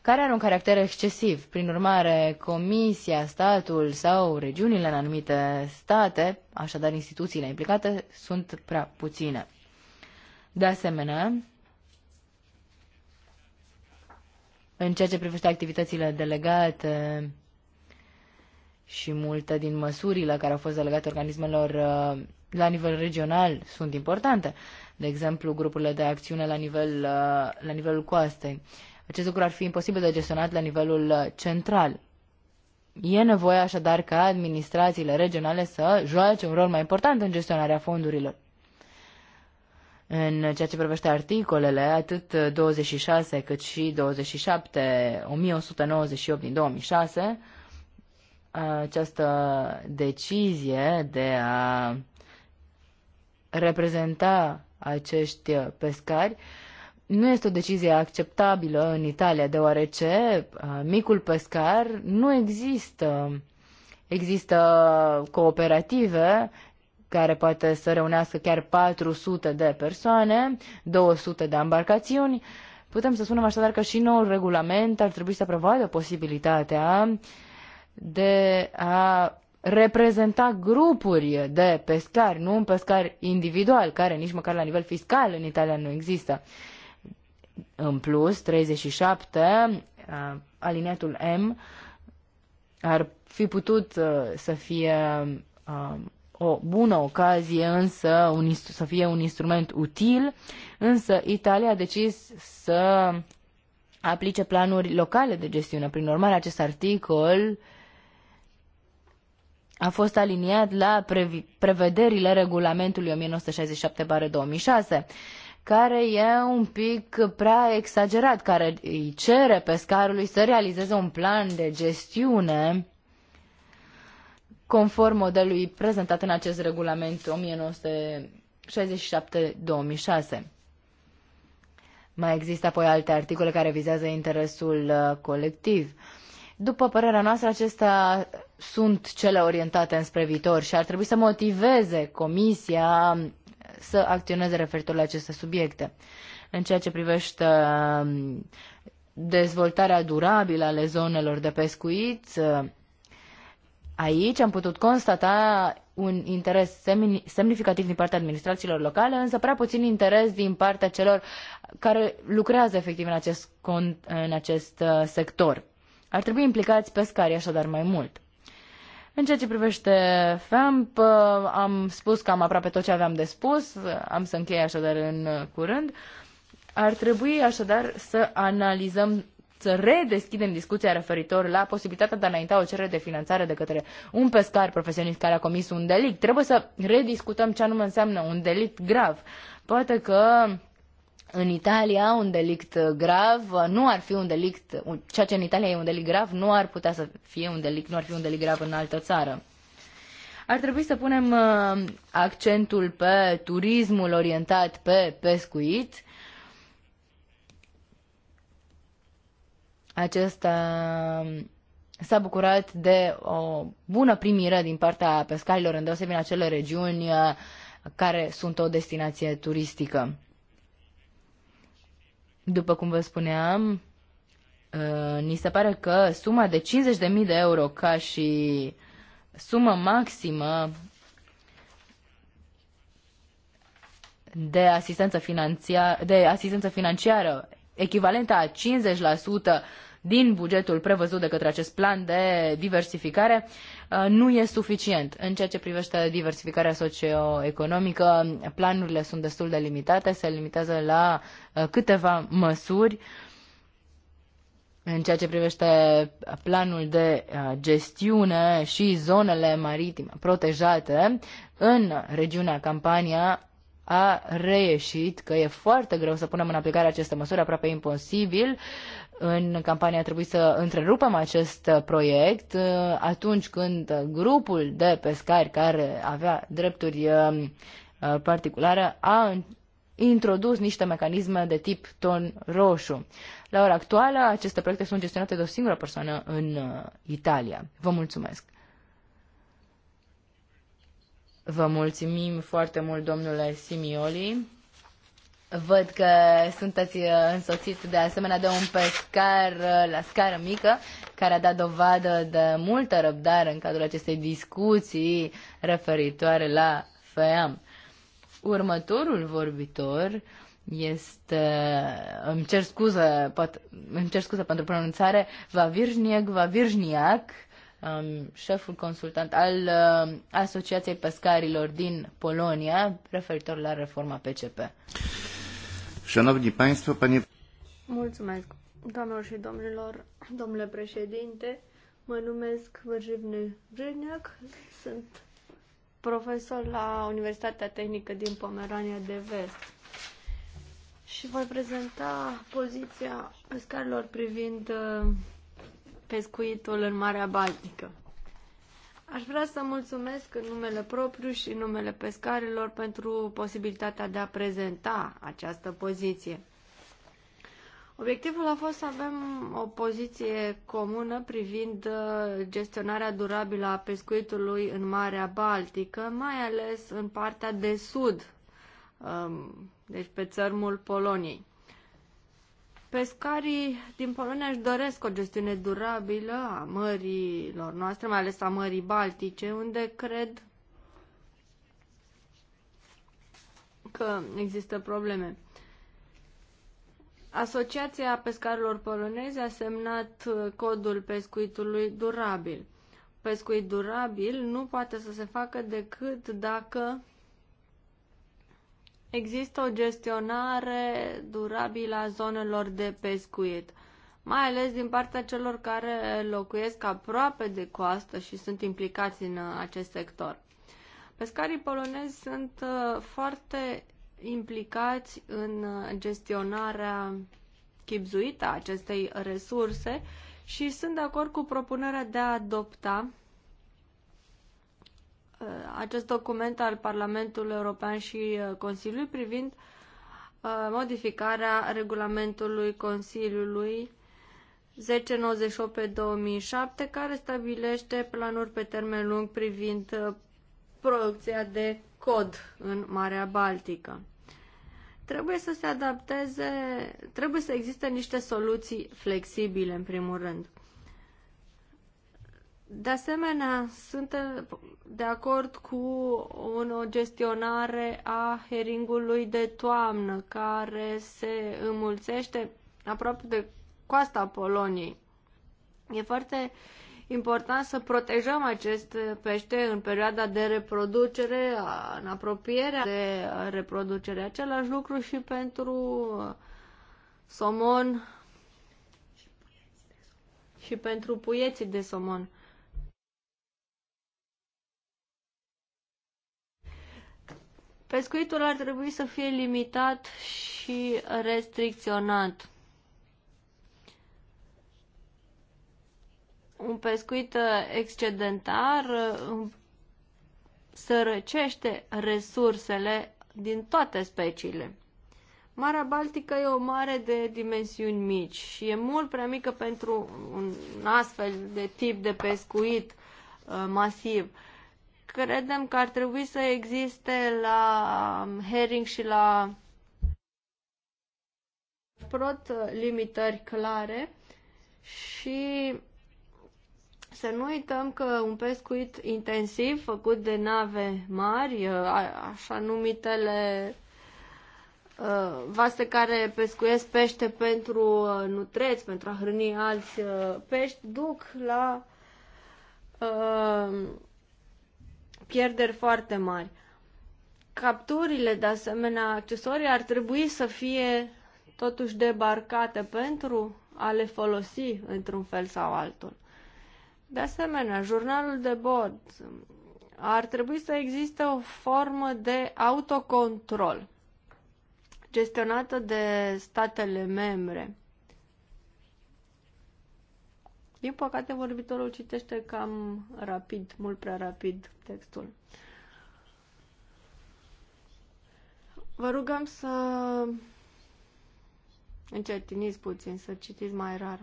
care are un caracter excesiv. Prin urmare, Comisia, statul sau regiunile în anumite state, așadar instituțiile implicate, sunt prea puține. De asemenea, În ceea ce privește activitățile delegate și multe din măsurile care au fost delegate organismelor uh, la nivel regional sunt importante. De exemplu, grupurile de acțiune la, nivel, uh, la nivelul coastei. Acest lucru ar fi imposibil de gestionat la nivelul uh, central. E nevoie așadar ca administrațiile regionale să joace un rol mai important în gestionarea fondurilor. În ceea ce privește articolele, atât 26 cât și 27, 1198 din 2006, această decizie de a reprezenta acești pescari nu este o decizie acceptabilă în Italia, deoarece uh, micul pescar nu există. Există cooperative, care poate să reunească chiar 400 de persoane, 200 de embarcațiuni. Putem să spunem așadar că și noul regulament ar trebui să prevadă posibilitatea de a reprezenta grupuri de pescari, nu un pescar individual, care nici măcar la nivel fiscal în Italia nu există. În plus, 37, alineatul M, ar fi putut să fie o bună ocazie însă un, să fie un instrument util, însă Italia a decis să aplice planuri locale de gestiune. Prin urmare, acest articol a fost aliniat la prevederile regulamentului 1967-2006 care e un pic prea exagerat, care îi cere pescarului să realizeze un plan de gestiune conform modelului prezentat în acest regulament 1967-2006. Mai există apoi alte articole care vizează interesul uh, colectiv. După părerea noastră, acestea sunt cele orientate înspre viitor și ar trebui să motiveze Comisia să acționeze referitor la aceste subiecte. În ceea ce privește uh, dezvoltarea durabilă ale zonelor de pescuit, uh, Aici am putut constata un interes semnificativ din partea administrațiilor locale, însă prea puțin interes din partea celor care lucrează efectiv în acest, în acest uh, sector. Ar trebui implicați pescarii așadar mai mult. În ceea ce privește FAMP, uh, am spus cam aproape tot ce aveam de spus, uh, am să închei așadar în curând. Ar trebui așadar să analizăm să redeschidem discuția referitor la posibilitatea de a înainta o cerere de finanțare de către un pescar profesionist care a comis un delict. Trebuie să rediscutăm ce anume înseamnă un delict grav. Poate că în Italia un delict grav nu ar fi un delict, ceea ce în Italia e un delict grav nu ar putea să fie un delict, nu ar fi un delict grav în altă țară. Ar trebui să punem uh, accentul pe turismul orientat pe pescuit acest uh, s-a bucurat de o bună primire din partea pescarilor, în în acele regiuni uh, care sunt o destinație turistică. După cum vă spuneam, uh, ni se pare că suma de 50.000 de euro ca și sumă maximă de asistență, de asistență financiară echivalentă a 50% din bugetul prevăzut de către acest plan de diversificare uh, nu e suficient. În ceea ce privește diversificarea socioeconomică, planurile sunt destul de limitate, se limitează la uh, câteva măsuri. În ceea ce privește planul de uh, gestiune și zonele maritime protejate, în regiunea Campania a reieșit că e foarte greu să punem în aplicare aceste măsuri, aproape imposibil. În campanie a trebuit să întrerupem acest proiect uh, atunci când grupul de pescari care avea drepturi uh, uh, particulare a introdus niște mecanisme de tip ton roșu. La ora actuală, aceste proiecte sunt gestionate de o singură persoană în Italia. Vă mulțumesc! Vă mulțumim foarte mult, domnule Simioli. Văd că sunteți uh, însoțit de asemenea de un pescar uh, la scară mică care a dat dovadă de multă răbdare în cadrul acestei discuții referitoare la FEAM. Următorul vorbitor este, îmi cer scuze, poate, îmi cer scuze pentru pronunțare, Vavirșniec Vavirșniac, um, șeful consultant al uh, Asociației Pescarilor din Polonia referitor la reforma PCP. Szanowni Państwo, panie... Mulțumesc, doamnelor și domnilor, domnule președinte, mă numesc Vârjivne Vrâniac, sunt profesor la Universitatea Tehnică din Pomerania de Vest și voi prezenta poziția pescarilor privind uh, pescuitul în Marea Baltică. Aș vrea să mulțumesc în numele propriu și în numele pescarilor pentru posibilitatea de a prezenta această poziție. Obiectivul a fost să avem o poziție comună privind uh, gestionarea durabilă a pescuitului în Marea Baltică, mai ales în partea de sud, um, deci pe țărmul Poloniei. Pescarii din Polonia își doresc o gestiune durabilă a mărilor noastre, mai ales a mării Baltice, unde cred că există probleme. Asociația Pescarilor Polonezi a semnat codul pescuitului durabil. Pescuit durabil nu poate să se facă decât dacă există o gestionare durabilă a zonelor de pescuit, mai ales din partea celor care locuiesc aproape de coastă și sunt implicați în uh, acest sector. Pescarii polonezi sunt uh, foarte implicați în uh, gestionarea chipzuită a acestei resurse și sunt de acord cu propunerea de a adopta Uh, acest document al Parlamentului European și uh, Consiliului privind uh, modificarea regulamentului Consiliului 1098 pe 2007 care stabilește planuri pe termen lung privind producția de cod în Marea Baltică. Trebuie să se adapteze, trebuie să existe niște soluții flexibile în primul rând. De asemenea, sunt de acord cu o gestionare a heringului de toamnă, care se înmulțește aproape de coasta Poloniei. E foarte important să protejăm acest pește în perioada de reproducere, în apropierea de reproducere. Același lucru și pentru somon și pentru puieții de somon. Pescuitul ar trebui să fie limitat și restricționat. Un pescuit excedentar uh, sărăcește resursele din toate speciile. Marea Baltică e o mare de dimensiuni mici și e mult prea mică pentru un astfel de tip de pescuit uh, masiv. Uh, Credem că ar trebui să existe la um, Herring și la Prot uh, limitări clare și să nu uităm că un pescuit intensiv făcut de nave mari, uh, așa numitele uh, vase care pescuiesc pește pentru nutreți, pentru a hrăni alți pești, duc la uh, pierderi foarte mari. Capturile, de asemenea, accesorii ar trebui să fie totuși debarcate pentru a le folosi într-un fel sau altul. De asemenea, jurnalul de bord ar trebui să existe o formă de autocontrol gestionată de statele membre din păcate, vorbitorul citește cam rapid, mult prea rapid textul. Vă rugăm să încetiniți puțin, să citiți mai rar.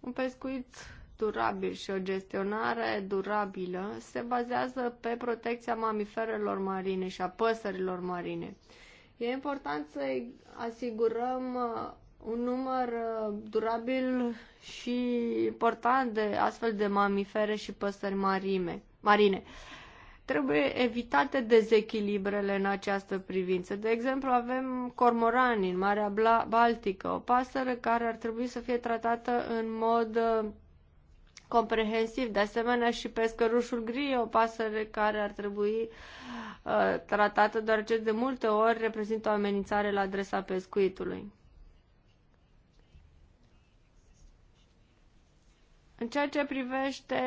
Un pescuit durabil și o gestionare durabilă se bazează pe protecția mamiferelor marine și a păsărilor marine. E important să asigurăm uh, un număr uh, durabil și important de astfel de mamifere și păsări marime, marine. Trebuie evitate dezechilibrele în această privință. De exemplu, avem cormorani în Marea Baltică, o pasăre care ar trebui să fie tratată în mod uh, comprehensiv, de asemenea și pescărușul gri, o pasăre care ar trebui uh, tratată, deoarece de multe ori reprezintă o amenințare la adresa pescuitului. În ceea ce privește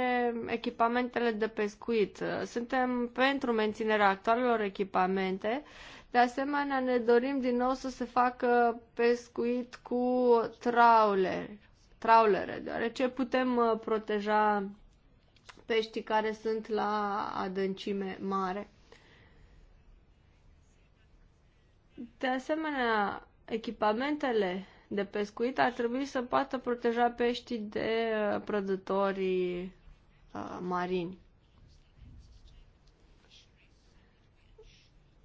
echipamentele de pescuit, uh, suntem pentru menținerea actualelor echipamente. De asemenea, ne dorim din nou să se facă pescuit cu traule traulere, deoarece putem uh, proteja peștii care sunt la adâncime mare. De asemenea, echipamentele de pescuit ar trebui să poată proteja peștii de uh, prădătorii uh, marini.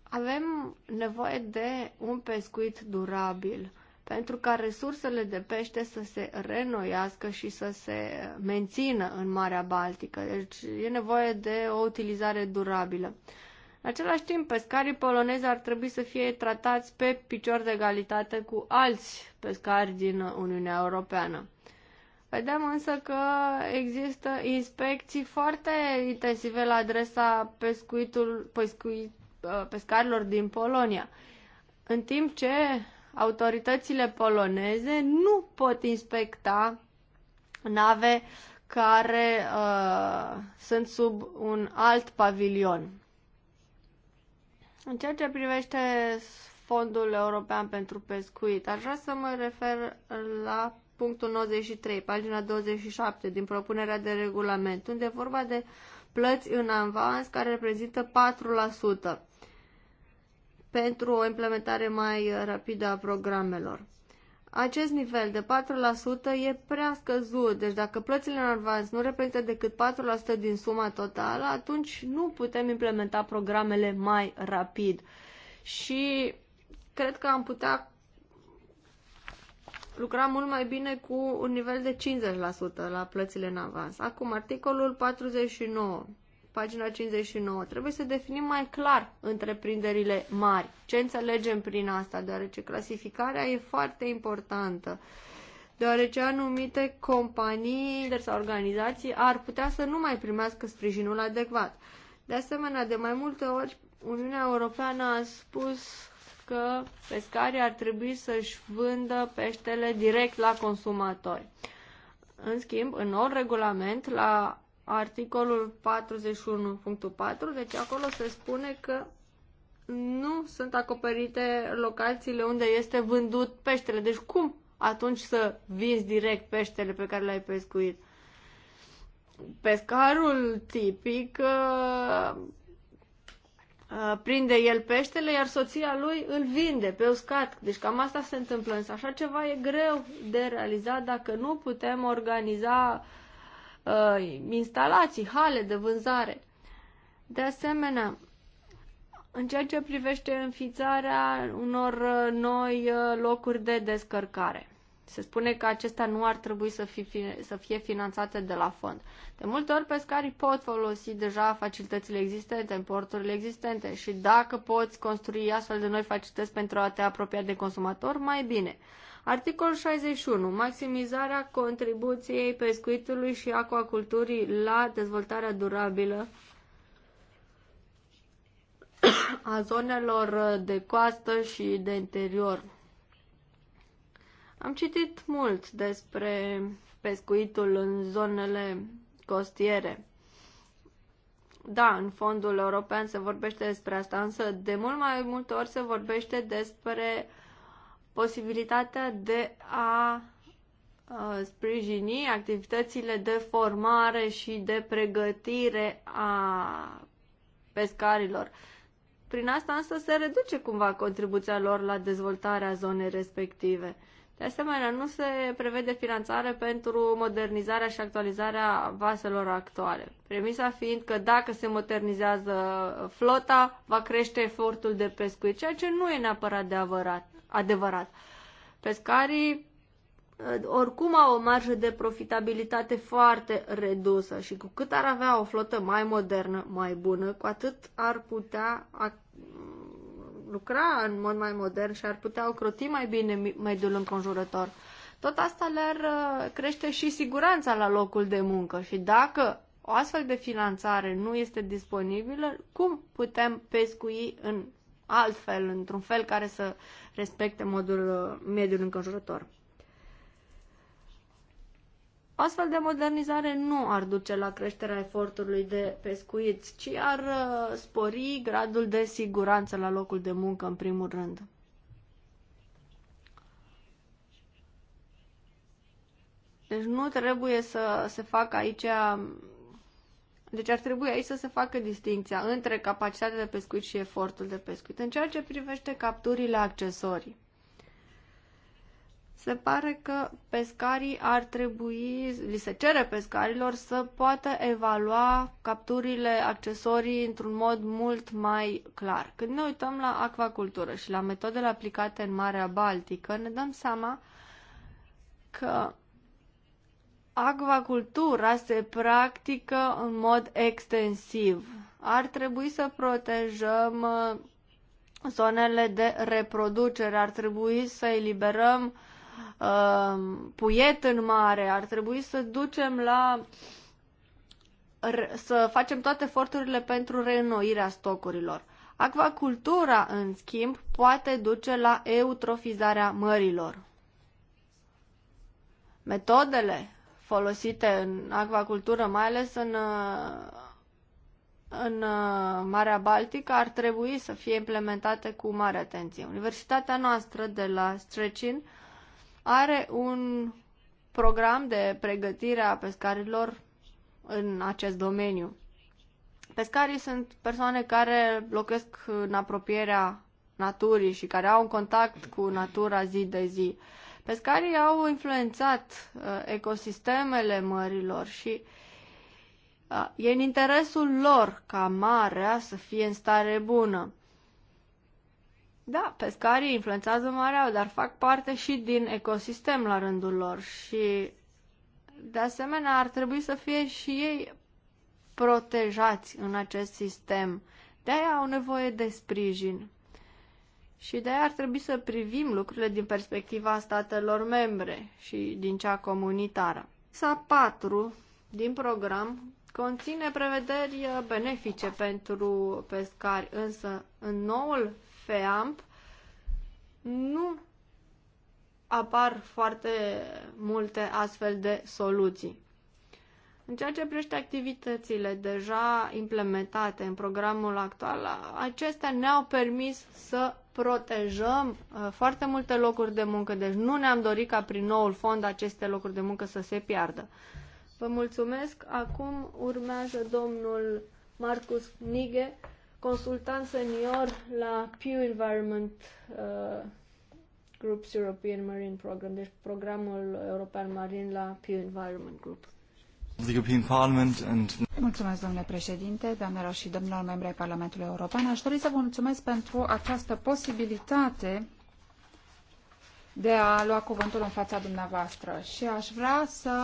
Avem nevoie de un pescuit durabil pentru ca resursele de pește să se renoiască și să se mențină în Marea Baltică. Deci e nevoie de o utilizare durabilă. În același timp, pescarii polonezi ar trebui să fie tratați pe picior de egalitate cu alți pescari din Uniunea Europeană. Vedem însă că există inspecții foarte intensive la adresa pescuitul, pescuit, uh, pescarilor din Polonia. În timp ce autoritățile poloneze nu pot inspecta nave care uh, sunt sub un alt pavilion. În ceea ce privește Fondul European pentru Pescuit, aș vrea să mă refer la punctul 93, pagina 27 din propunerea de regulament, unde e vorba de plăți în avans care reprezintă 4% pentru o implementare mai rapidă a programelor. Acest nivel de 4% e prea scăzut, deci dacă plățile în avans nu reprezintă decât 4% din suma totală, atunci nu putem implementa programele mai rapid. Și cred că am putea lucra mult mai bine cu un nivel de 50% la plățile în avans. Acum, articolul 49 pagina 59. Trebuie să definim mai clar întreprinderile mari. Ce înțelegem prin asta, deoarece clasificarea e foarte importantă deoarece anumite companii sau organizații ar putea să nu mai primească sprijinul adecvat. De asemenea, de mai multe ori, Uniunea Europeană a spus că pescarii ar trebui să-și vândă peștele direct la consumatori. În schimb, în nou regulament, la articolul 41.4, deci acolo se spune că nu sunt acoperite locațiile unde este vândut peștele. Deci cum atunci să vinzi direct peștele pe care l-ai pescuit? Pescarul tipic uh, uh, prinde el peștele, iar soția lui îl vinde pe uscat. Deci cam asta se întâmplă. Însă așa ceva e greu de realizat dacă nu putem organiza uh, uh, instalații, hale de vânzare. De asemenea, în ceea ce privește înființarea unor uh, noi uh, locuri de descărcare. Se spune că acestea nu ar trebui să fie, să fie finanțate de la fond. De multe ori pescarii pot folosi deja facilitățile existente, în porturile existente și dacă poți construi astfel de noi facilități pentru a te apropia de consumator, mai bine. Articolul 61. Maximizarea contribuției pescuitului și aquaculturii la dezvoltarea durabilă a zonelor de coastă și de interior. Am citit mult despre pescuitul în zonele costiere. Da, în fondul european se vorbește despre asta, însă de mult mai multe ori se vorbește despre uh, posibilitatea de a sprijini activitățile de formare și de pregătire a pescarilor. Prin asta însă se reduce cumva contribuția lor la dezvoltarea zonei respective. De asemenea, nu se prevede finanțare pentru modernizarea și actualizarea vaselor actuale. Premisa fiind că dacă se modernizează flota, va crește efortul de pescuit, ceea ce nu e neapărat de avărat adevărat. Pescarii eh, oricum au o marjă de profitabilitate foarte redusă și cu cât ar avea o flotă mai modernă, mai bună, cu atât ar putea lucra în mod mai modern și ar putea ocroti mai bine mediul înconjurător. Tot asta le-ar eh, crește și siguranța la locul de muncă și dacă o astfel de finanțare nu este disponibilă, cum putem pescui în altfel, într-un fel care să uh, respecte modul, uh, mediul înconjurător. Astfel de modernizare nu ar duce la creșterea efortului de pescuit, ci ar uh, spori gradul de siguranță la locul de muncă, în primul rând. Deci nu trebuie să se facă aici deci ar trebui aici să se facă distinția între capacitatea de pescuit și efortul de pescuit. În ceea ce privește capturile accesorii, se pare că pescarii ar trebui, li se cere pescarilor să poată evalua capturile accesorii într-un mod mult mai clar. Când ne uităm la acvacultură și la metodele aplicate în Marea Baltică, ne dăm seama că Acvacultura se practică în mod extensiv. Ar trebui să protejăm uh, zonele de reproducere, ar trebui să eliberăm uh, puiet în mare, ar trebui să ducem la să facem toate eforturile pentru reînnoirea stocurilor. Acvacultura, în schimb, poate duce la eutrofizarea mărilor. Metodele folosite în acvacultură, mai ales în, în Marea Baltică, ar trebui să fie implementate cu mare atenție. Universitatea noastră de la Strecin are un program de pregătire a pescarilor în acest domeniu. Pescarii sunt persoane care locuiesc în apropierea naturii și care au un contact cu natura zi de zi. Uh, Pescarii au influențat uh, ecosistemele mărilor și uh, e în interesul lor ca marea să fie în stare bună. Da, pescarii influențează marea, dar fac parte și din ecosistem la rândul lor și de asemenea ar trebui să fie și ei protejați în acest sistem. De aia au nevoie de sprijin. Și de aia ar trebui să privim lucrurile din perspectiva statelor membre și din cea comunitară. Sa 4 din program conține prevederi uh, benefice pentru pescari, însă în noul FEAMP nu apar foarte multe astfel de soluții. În ceea ce privește activitățile deja implementate în programul actual, acestea ne-au permis să protejăm uh, foarte multe locuri de muncă, deci nu ne-am dorit ca prin noul fond aceste locuri de muncă să se piardă. Vă mulțumesc. Acum urmează domnul Marcus Nige, consultant senior la Pew Environment uh, Group's European Marine Program, deci programul european marin la Pew Environment Group. Mulțumesc, domnule președinte, doamnelor și domnilor membri ai Parlamentului European. Aș dori să vă mulțumesc pentru această posibilitate de a lua cuvântul în fața dumneavoastră și aș vrea să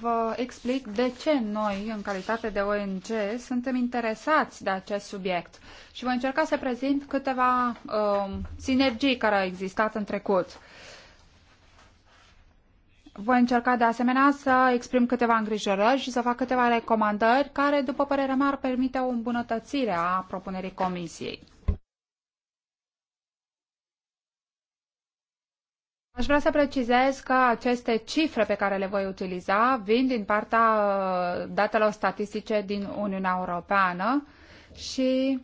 vă explic de ce noi, în calitate de ONG, suntem interesați de acest subiect și voi încerca să prezint câteva uh, sinergii care au existat în trecut. Voi încerca de asemenea să exprim câteva îngrijorări și să fac câteva recomandări care, după părerea mea, ar permite o îmbunătățire a propunerii Comisiei. Aș vrea să precizez că aceste cifre pe care le voi utiliza vin din partea uh, datelor statistice din Uniunea Europeană și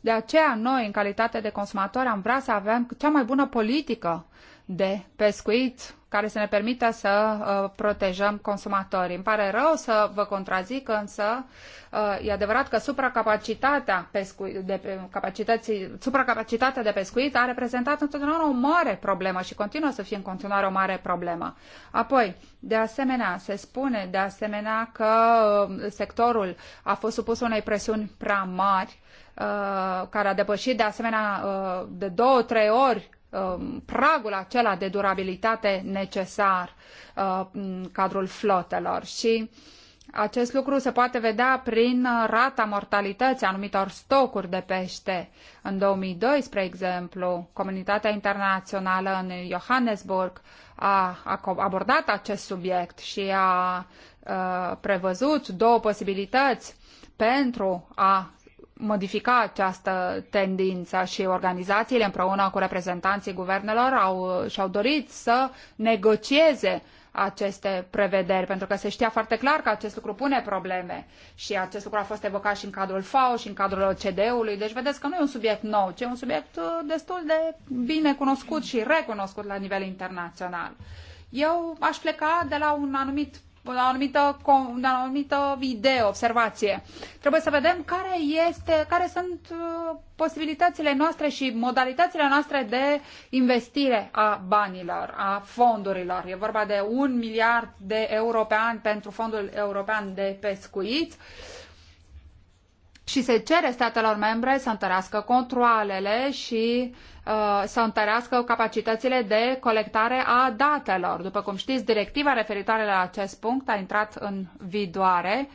de aceea noi, în calitate de consumatori, am vrea să avem cea mai bună politică de pescuit care să ne permită să uh, protejăm consumatorii. Îmi pare rău să vă contrazic, însă uh, e adevărat că supracapacitatea, pescu- de, capacității, supracapacitatea de pescuit a reprezentat întotdeauna o mare problemă și continuă să fie în continuare o mare problemă. Apoi, de asemenea, se spune de asemenea că uh, sectorul a fost supus unei presiuni prea mari care a depășit de asemenea de două, trei ori Um, pragul acela de durabilitate necesar uh, în cadrul flotelor și acest lucru se poate vedea prin uh, rata mortalității anumitor stocuri de pește. În 2002, spre exemplu, comunitatea internațională în Johannesburg a, abordat acest subiect și a, a uh, prevăzut două posibilități pentru a modifica această tendință și organizațiile împreună cu reprezentanții guvernelor au, și-au dorit să negocieze aceste prevederi, pentru că se știa foarte clar că acest lucru pune probleme și acest lucru a fost evocat și în cadrul FAO și în cadrul OCDE-ului, deci vedeți că nu e un subiect nou, ci un subiect uh, destul de bine cunoscut și recunoscut la nivel internațional. Eu aș pleca de la un anumit un anumită, un anumită idee, observație. Trebuie să vedem care, este, care sunt uh, posibilitățile noastre și modalitățile noastre de investire a banilor, a fondurilor. E vorba de un miliard de euro pe an pentru fondul european de pescuit. Uh, și se cere statelor membre să întărească controalele și uh, să întărească capacitățile de colectare a datelor. După cum știți, directiva referitoare la acest punct a intrat în vigoare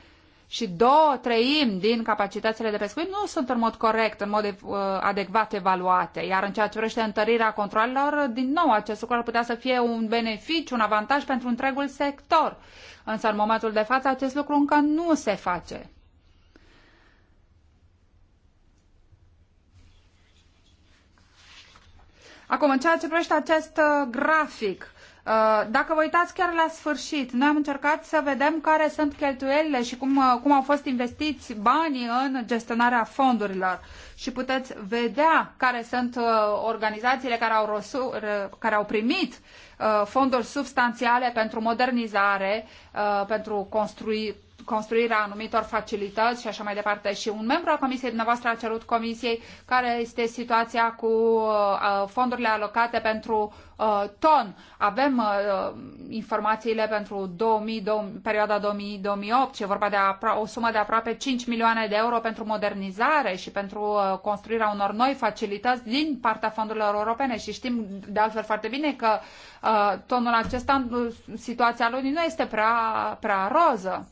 și două treimi din capacitățile de pescuit nu sunt în mod corect, în mod uh, adecvat evaluate. Iar în ceea ce privește întărirea controalelor, din nou acest lucru ar putea să fie un beneficiu, un avantaj pentru întregul sector. Însă în momentul de față acest lucru încă nu se face. Acum, în ceea ce privește acest uh, grafic, uh, dacă vă uitați chiar la sfârșit, noi am încercat să vedem care sunt cheltuielile și cum, uh, cum au fost investiți banii în gestionarea fondurilor și puteți vedea care sunt organizațiile care au, rosu, care au primit fonduri substanțiale pentru modernizare, pentru construi, construirea anumitor facilități și așa mai departe. Și un membru al comisiei dumneavoastră a cerut comisiei care este situația cu uh, uh, fondurile alocate pentru uh, ton. Avem informațiile pentru 2000, perioada 2000-2008 și e vorba de o sumă de aproape 5 milioane de euro pentru modernizare și pentru construirea unor noi facilități din partea fondurilor europene și știm de altfel foarte bine că tonul acesta, situația lui nu este prea, prea roză.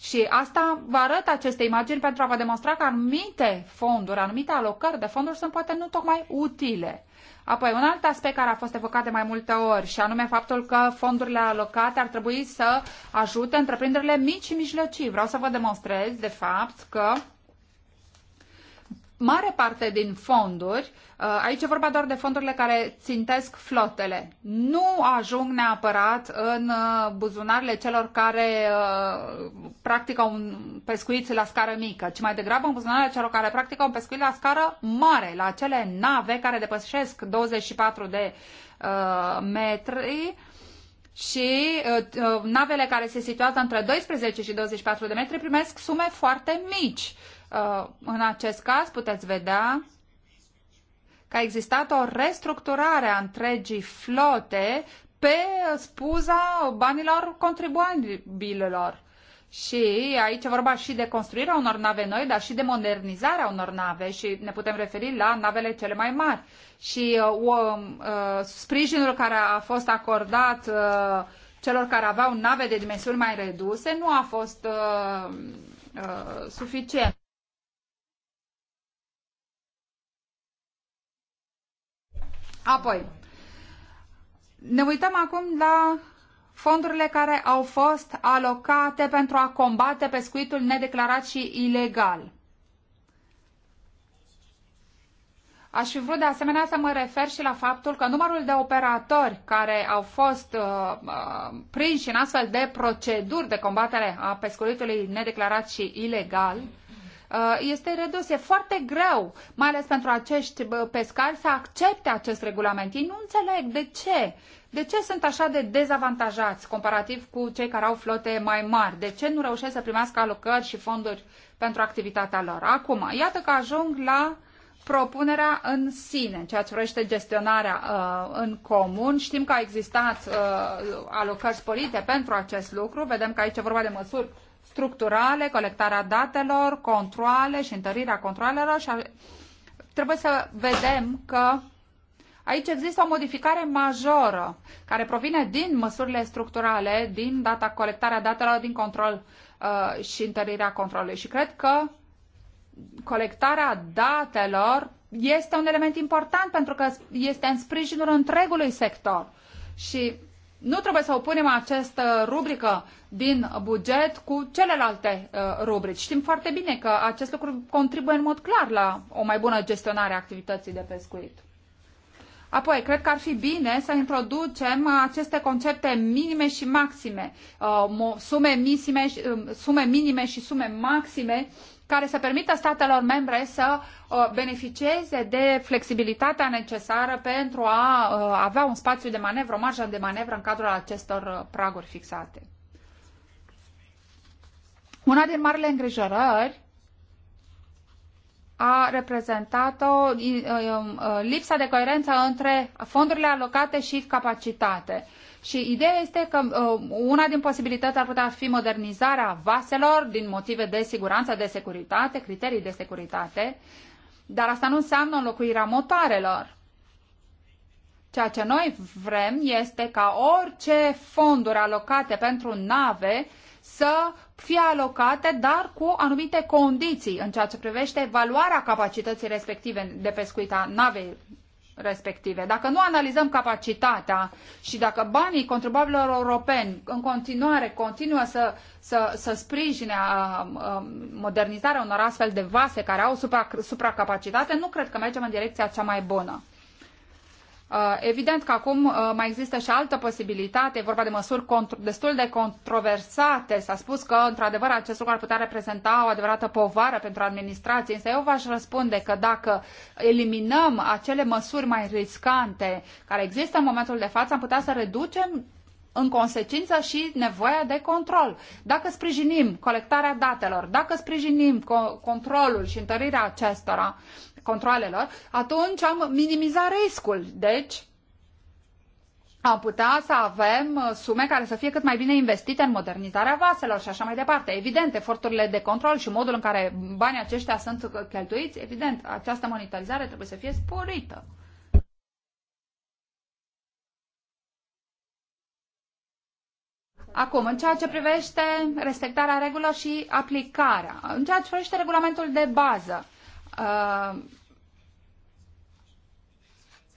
Și asta vă arăt aceste imagini pentru a vă demonstra că anumite fonduri, anumite alocări de fonduri sunt poate nu tocmai utile. Apoi, un alt aspect care a fost evocat de mai multe ori și anume faptul că fondurile alocate ar trebui să ajute întreprinderile mici și mijlocii. Vreau să vă demonstrez, de fapt, că mare parte din fonduri, uh, aici e vorba doar de fondurile care țintesc flotele, nu ajung neapărat în uh, buzunarele celor care uh, practică un pescuit la scară mică, ci mai degrabă în buzunarele celor care practică un pescuit la scară mare, la acele nave care depășesc 24 de metri, și uh, navele care se situează între 12 și 24 de metri primesc sume foarte mici. Uh, în acest caz puteți vedea că a existat o restructurare a întregii flote pe spuza banilor contribuabililor. Și aici e vorba și de construirea unor nave noi, dar și de modernizarea unor nave și ne putem referi la navele cele mai mari. Și uh, uh, sprijinul care a fost acordat uh, celor care aveau nave de dimensiuni mai reduse nu a fost uh, uh, suficient. Apoi, ne uităm acum la fondurile care au fost alocate pentru a combate pescuitul nedeclarat și ilegal. Aș fi vrut de asemenea să mă refer și la faptul că numărul de operatori care au fost uh, uh, prinși în astfel de proceduri de combatere a pescuitului nedeclarat și ilegal uh, Uh, este redus. E foarte greu, mai ales pentru acești pescari, să accepte acest regulament. Ei nu înțeleg de ce. De ce sunt așa de dezavantajați comparativ cu cei care au flote mai mari? De ce nu reușesc să primească alocări și fonduri pentru activitatea lor? Acum, iată că ajung la propunerea în sine, ceea ce vrește gestionarea uh, în comun. Știm că au existat uh, alocări sporite pentru acest lucru. Vedem că aici e vorba de măsuri structurale, colectarea datelor, controle și întărirea controlelor și trebuie să vedem că Aici există o modificare majoră care provine din măsurile structurale, din data colectarea datelor din control uh, și întărirea controlului. Și cred că colectarea datelor este un element important pentru că este în sprijinul întregului sector. Și nu trebuie să opunem această rubrică din buget cu celelalte uh, rubrici. Știm foarte bine că acest lucru contribuie în mod clar la o mai bună gestionare a activității de pescuit. Apoi, cred că ar fi bine să introducem aceste concepte minime și maxime, uh, sume, misime, um, sume minime și sume maxime, care să permită statelor membre să uh, beneficieze de flexibilitatea necesară pentru a avea un spațiu de manevră, o marjă de manevră în cadrul acestor praguri fixate. Una din marile îngrijorări a reprezentat-o um, uh, lipsa de coerență între fondurile alocate și capacitate. Și ideea este că uh, una din posibilități ar putea fi modernizarea vaselor din motive de siguranță, de securitate, criterii de securitate, dar asta nu înseamnă înlocuirea motoarelor. Ceea ce noi vrem este ca orice fonduri alocate pentru nave să fie alocate, dar cu anumite condiții în ceea ce privește valoarea capacității respective de pescuit a navei respective. Dacă nu analizăm capacitatea și dacă banii contribuabililor europeni în continuare continuă să, să, să sprijine a, uh, a, uh, modernizarea unor astfel de vase care au supra, supracapacitate, nu cred că mergem în direcția cea mai bună. Uh, evident că acum uh, mai există și altă posibilitate, e vorba de măsuri destul de controversate. S-a spus că, într-adevăr, acest lucru ar putea reprezenta o adevărată povară pentru administrație, însă eu v-aș răspunde că dacă eliminăm acele măsuri mai riscante care există în momentul de față, am putea să reducem în consecință și nevoia de control. Dacă sprijinim colectarea datelor, dacă sprijinim controlul și întărirea acestora, controlelor, atunci am minimizat riscul. Deci, am putea să avem uh, sume care să fie cât mai bine investite în modernizarea vaselor și așa mai departe. Evident, eforturile de control și modul în care banii aceștia sunt cheltuiți, evident, această monitorizare trebuie să fie sporită. Acum, în ceea ce privește respectarea regulilor și aplicarea, în ceea ce privește regulamentul de bază, uh,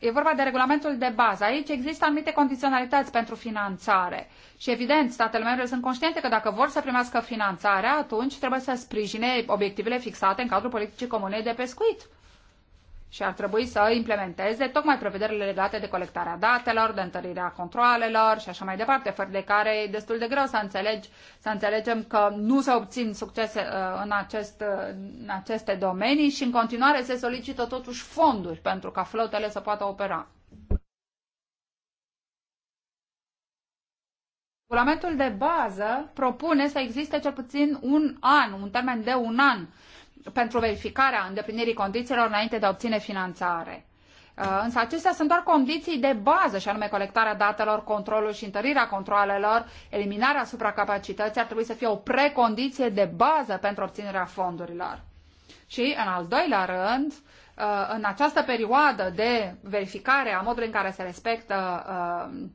E vorba de regulamentul de bază. Aici există anumite condiționalități pentru finanțare. Și evident, statele membre sunt conștiente că dacă vor să primească finanțarea, atunci trebuie să sprijine obiectivele fixate în cadrul politicii comune de pescuit și ar trebui să implementeze tocmai prevederile legate de colectarea datelor, de întărirea controalelor și așa mai departe, fără de care e destul de greu să, înțelegi, să înțelegem că nu se obțin succese uh, în, acest, uh, în aceste domenii și în continuare se solicită totuși fonduri pentru ca flotele să poată opera. Regulamentul de bază propune să existe cel puțin un an, un termen de un an pentru verificarea îndeplinirii condițiilor înainte de a obține finanțare. Uh, însă acestea sunt doar condiții de bază, și anume colectarea datelor, controlul și întărirea controlelor, eliminarea supracapacității ar trebui să fie o precondiție de bază pentru obținerea fondurilor. Și, în al doilea rând, uh, în această perioadă de verificare a modului în care se respectă uh,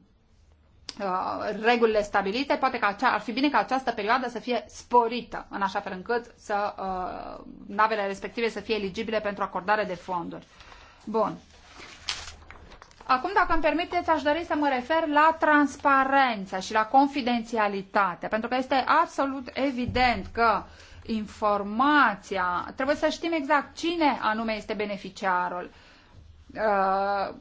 Uh, regulile stabilite, poate că acea, ar fi bine ca această perioadă să fie sporită, în așa fel încât să uh, navele respective să fie eligibile pentru acordare de fonduri. Bun. Acum, dacă îmi permiteți, aș dori să mă refer la transparență și la confidențialitate, pentru că este absolut evident că informația, trebuie să știm exact cine anume este beneficiarul, uh, Uh,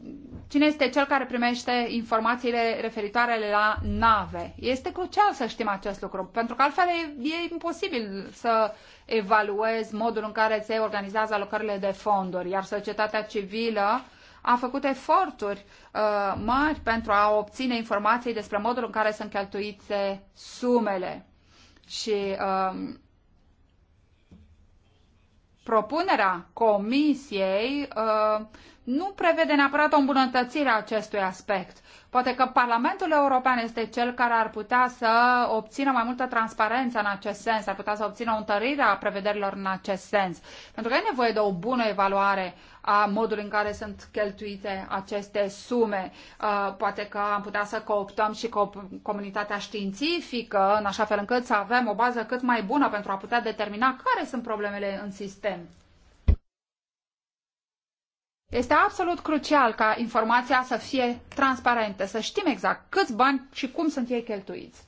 cine este cel care primește informațiile referitoare la nave. Este crucial să știm acest lucru, pentru că altfel e, e imposibil să evaluezi modul în care se organizează alocările de fonduri, iar societatea civilă a făcut eforturi uh, mari pentru a obține informații despre modul în care sunt cheltuite sumele. Și uh, propunerea comisiei uh, nu prevede neapărat o îmbunătățire a acestui aspect. Poate că Parlamentul European este cel care ar putea să obțină mai multă transparență în acest sens, ar putea să obțină o întărire a prevederilor în acest sens. Pentru că e nevoie de o bună evaluare a modului în care sunt cheltuite aceste sume. Uh, poate că am putea să cooptăm și cu comunitatea științifică, în așa fel încât să avem o bază cât mai bună pentru a putea determina care sunt problemele în sistem. Este absolut crucial ca informația să fie transparentă, să știm exact câți bani și cum sunt ei cheltuiți.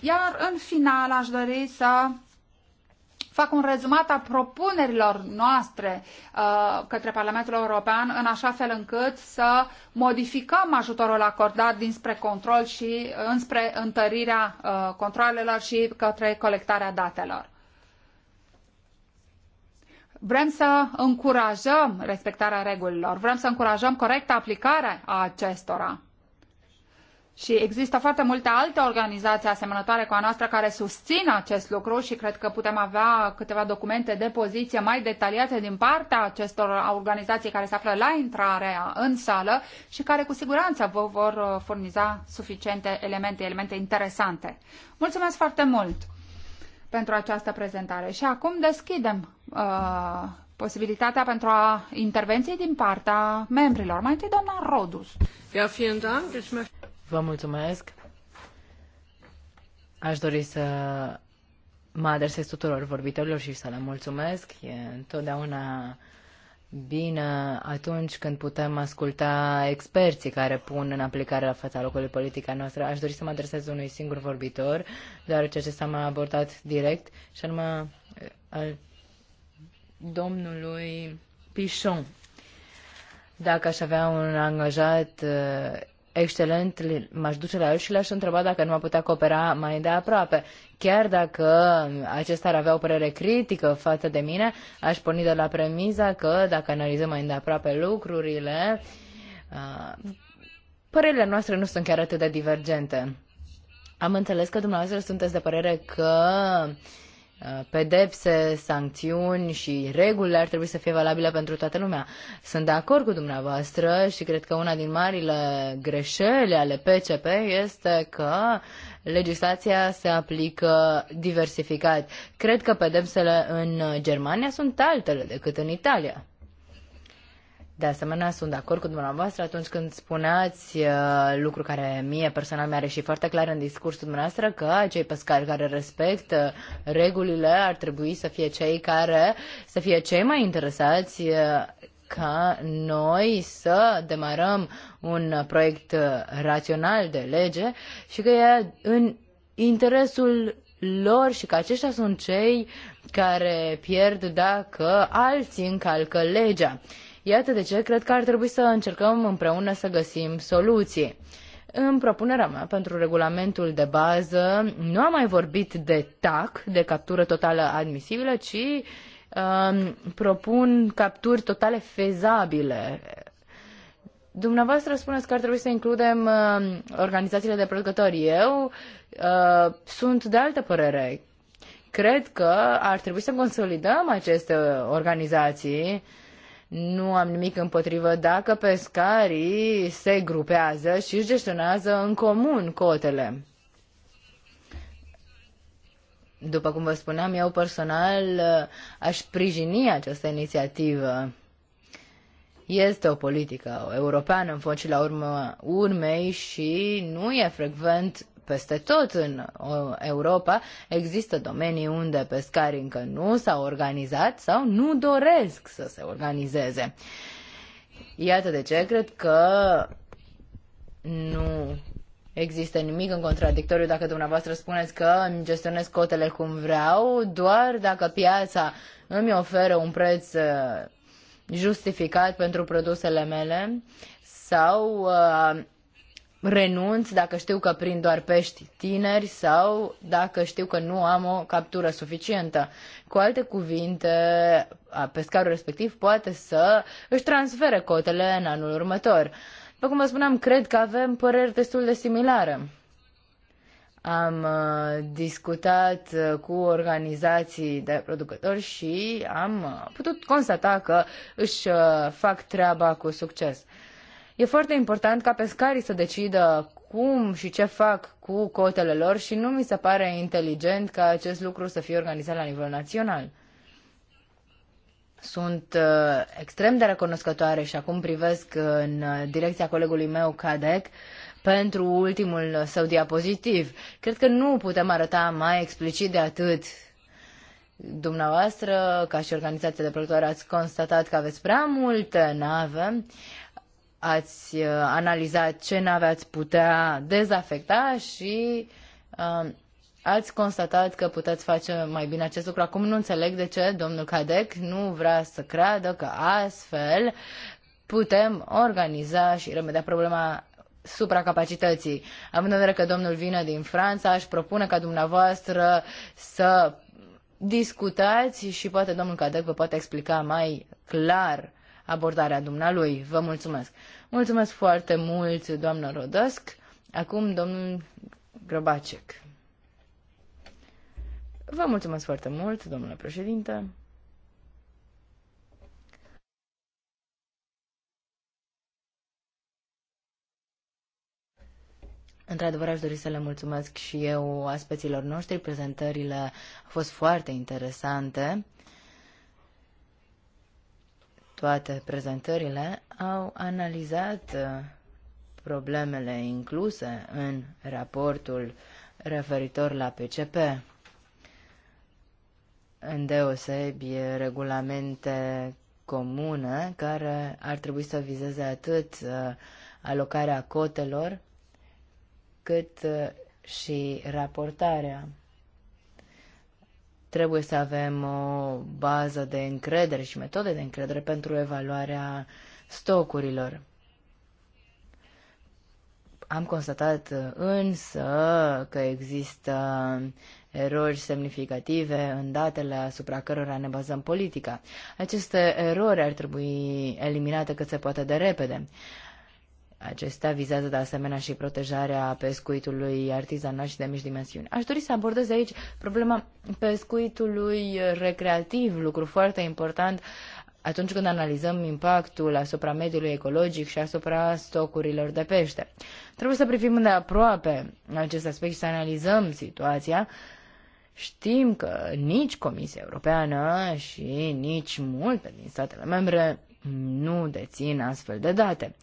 Iar în final aș dori să fac un rezumat a propunerilor noastre uh, către Parlamentul European în așa fel încât să modificăm ajutorul acordat dinspre control și înspre întărirea uh, controlelor și către colectarea datelor. Vrem să încurajăm respectarea regulilor, vrem să încurajăm corecta aplicare a acestora. Și există foarte multe alte organizații asemănătoare cu a noastră care susțin acest lucru și cred că putem avea câteva documente de poziție mai detaliate din partea acestor organizații care se află la intrarea în sală și care cu siguranță vă vor furniza suficiente elemente, elemente interesante. Mulțumesc foarte mult! pentru această prezentare. Și acum deschidem uh, posibilitatea pentru a intervenție din partea membrilor. Mai întâi, doamna Rodus. Ja, vielen Dank. Ich Vă mulțumesc. Aș dori să mă adresez tuturor vorbitorilor și să le mulțumesc. E întotdeauna bine atunci când putem asculta experții care pun în aplicare la fața locului politica noastră. Aș dori să mă adresez unui singur vorbitor, deoarece acesta m-a abordat direct, și anume eh, al domnului Pichon. Dacă aș avea un angajat eh, excelent, m-aș duce la el și l-aș întreba dacă nu am putea coopera mai de aproape. Chiar dacă acesta ar avea o părere critică față de mine, aș porni de la premiza că dacă analizăm mai de aproape lucrurile, părerile noastre nu sunt chiar atât de divergente. Am înțeles că dumneavoastră sunteți de părere că uh, pedepse, sancțiuni și regulile ar trebui să fie valabile pentru toată lumea. Sunt de acord cu dumneavoastră și cred că una din marile greșeli ale PCP este că legislația se aplică diversificat. Cred că pedepsele în Germania sunt altele decât în Italia. De asemenea, sunt de acord cu dumneavoastră atunci când spuneați uh, lucru care mie personal mi-a reșit foarte clar în discursul dumneavoastră că cei pescari care respectă regulile ar trebui să fie cei care să fie cei mai interesați uh, ca noi să demarăm un proiect rațional de lege și că e în interesul lor și că aceștia sunt cei care pierd dacă alții încalcă legea. Iată de ce cred că ar trebui să încercăm împreună să găsim soluții. În propunerea mea pentru regulamentul de bază nu am mai vorbit de TAC, de captură totală admisibilă, ci um, propun capturi totale fezabile, Dumneavoastră spuneți că ar trebui să includem uh, organizațiile de producători. Eu uh, sunt de altă părere. Cred că ar trebui să consolidăm aceste organizații nu am nimic împotrivă dacă pescarii se grupează și gestionează în comun cotele. După cum vă spuneam, eu personal uh, aș sprijini această inițiativă. Este o politică europeană în fond și la urmă urmei și nu e frecvent peste tot în uh, Europa există domenii unde pescarii încă nu s-au organizat sau nu doresc să se organizeze. Iată de ce cred că nu există nimic în contradictoriu dacă dumneavoastră spuneți că îmi gestionez cotele cum vreau, doar dacă piața îmi oferă un preț uh, justificat pentru produsele mele sau uh, renunț dacă știu că prind doar pești tineri sau dacă știu că nu am o captură suficientă. Cu alte cuvinte, pescarul respectiv poate să își transfere cotele în anul următor. După cum vă spuneam, cred că avem păreri destul de similare. Am discutat cu organizații de producători și am putut constata că își fac treaba cu succes. E foarte important ca pescarii să decidă cum și ce fac cu cotele lor și nu mi se pare inteligent ca acest lucru să fie organizat la nivel național. Sunt uh, extrem de recunoscătoare și acum privesc în uh, direcția colegului meu, Cadec, pentru ultimul său diapozitiv. Cred că nu putem arăta mai explicit de atât dumneavoastră, ca și organizația de producători, ați constatat că aveți prea multe nave ați uh, analizat ce nave ați putea dezafecta și um, ați constatat că puteți face mai bine acest lucru. Acum nu înțeleg de ce domnul Cadec nu vrea să creadă că astfel putem organiza și remedia problema supracapacității. Având în vedere că domnul vine din Franța, aș propune ca dumneavoastră să discutați și poate domnul Cadec vă poate explica mai clar abordarea dumnealui. Vă mulțumesc. Mulțumesc foarte mult, doamnă Rodăsc. Acum, domnul Grăbacek. Vă mulțumesc foarte mult, domnule președinte. Într-adevăr, aș dori să le mulțumesc și eu aspeților noștri. Prezentările au fost foarte interesante toate prezentările au analizat uh, problemele incluse în raportul referitor la PCP. deosebi regulamente comune care ar trebui să vizeze atât uh, alocarea cotelor cât uh, și raportarea. Trebuie să avem o bază de încredere și metode de încredere pentru evaluarea stocurilor. Am constatat însă că există erori semnificative în datele asupra cărora ne bazăm politica. Aceste erori ar trebui eliminate cât se poate de repede. Acestea vizează de asemenea și protejarea pescuitului artizanal și de mici dimensiuni. Aș dori să abordez aici problema pescuitului recreativ, lucru foarte important atunci când analizăm impactul asupra mediului ecologic și asupra stocurilor de pește. Trebuie să privim de aproape acest aspect și să analizăm situația. Știm că nici Comisia Europeană și nici multe din statele membre nu dețin astfel de date.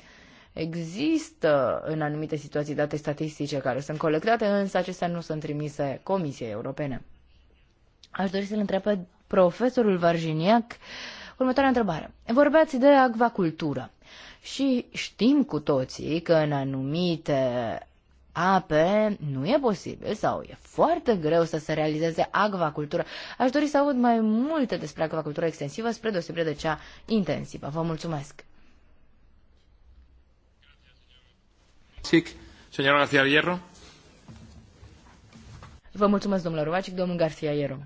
Există în anumite situații date statistice care sunt colectate, însă acestea nu sunt trimise Comisiei Europene. Aș dori să-l întreb pe profesorul Varginiac următoarea întrebare. Vorbeați de acvacultură și știm cu toții că în anumite ape nu e posibil sau e foarte greu să se realizeze acvacultură. Aș dori să aud mai multe despre acvacultură extensivă spre deosebire de cea intensivă. Vă mulțumesc! Sic, señora García Hierro. Vă mulțumesc, domnule Rovacic, domnul García Hierro.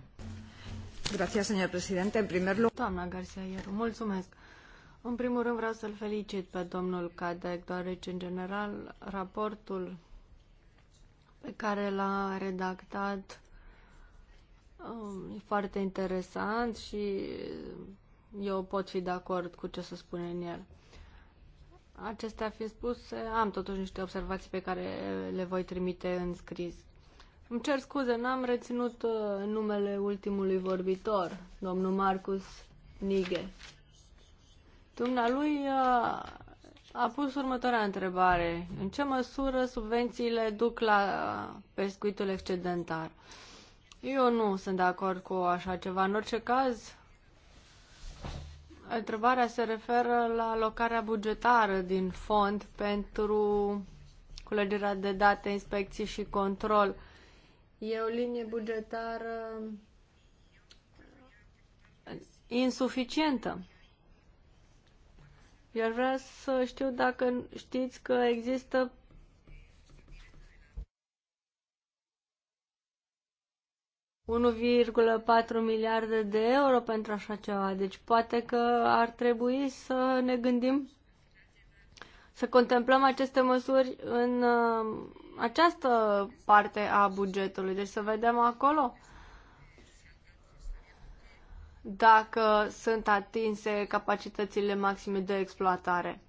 Gracias, señor presidente. En primer lugar... Doamna García Hierro, mulțumesc. În primul rând vreau să-l felicit pe domnul Cadec, deoarece, în general, raportul pe care l-a redactat um, e foarte interesant și eu pot fi de acord cu ce se spune în el. Acestea fiind spus, am totuși niște observații pe care le voi trimite în scris. Îmi cer scuze, n-am reținut uh, numele ultimului vorbitor, domnul Marcus Nige. Dumnealui uh, a pus următoarea întrebare. În ce măsură subvențiile duc la pescuitul excedentar? Eu nu sunt de acord cu așa ceva. În orice caz, Întrebarea se referă la alocarea bugetară din fond pentru culegerea de date, inspecții și control. E o linie bugetară insuficientă. Eu vreau să știu dacă știți că există 1,4 miliarde de euro pentru așa ceva. Deci poate că ar trebui să ne gândim să contemplăm aceste măsuri în uh, această parte a bugetului. Deci să vedem acolo dacă sunt atinse capacitățile maxime de exploatare.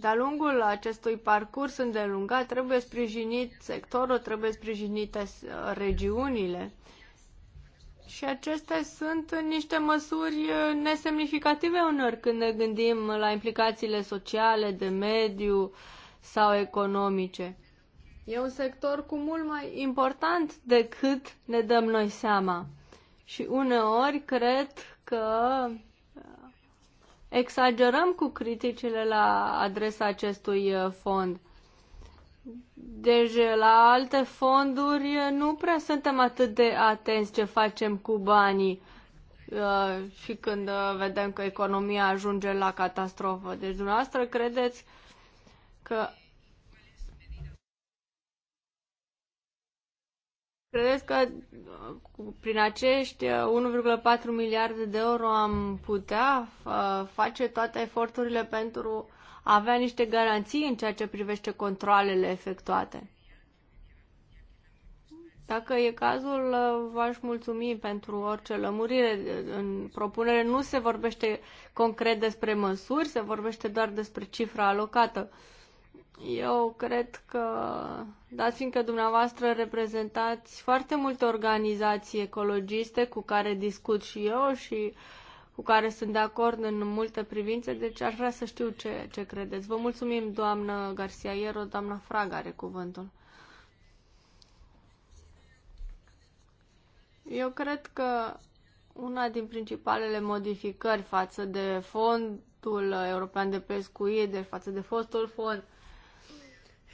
De-a lungul acestui parcurs îndelungat trebuie sprijinit sectorul, trebuie sprijinite uh, regiunile. Și acestea sunt niște măsuri uh, nesemnificative unor când ne gândim la implicațiile sociale, de mediu sau economice. E un sector cu mult mai important decât ne dăm noi seama. Și uneori cred că exagerăm cu criticile la adresa acestui uh, fond. Deci la alte fonduri uh, nu prea suntem atât de atenți ce facem cu banii uh, și când vedem că economia ajunge la catastrofă. Deci dumneavoastră credeți că Credeți că uh, prin acești 1,4 uh, miliarde de euro am putea uh, face toate eforturile pentru a avea niște garanții în ceea ce privește controlele efectuate? Dacă e cazul, v-aș mulțumi pentru orice lămurire. În propunere nu se vorbește concret despre măsuri, se vorbește doar despre cifra alocată. Eu cred că, dat fiindcă dumneavoastră reprezentați foarte multe organizații ecologiste cu care discut și eu și cu care sunt de acord în multe privințe, deci aș vrea să știu ce, ce credeți. Vă mulțumim, doamnă Garcia Iero, doamna Fraga are cuvântul. Eu cred că una din principalele modificări față de fondul european de pescuit, deci față de fostul fond, uh,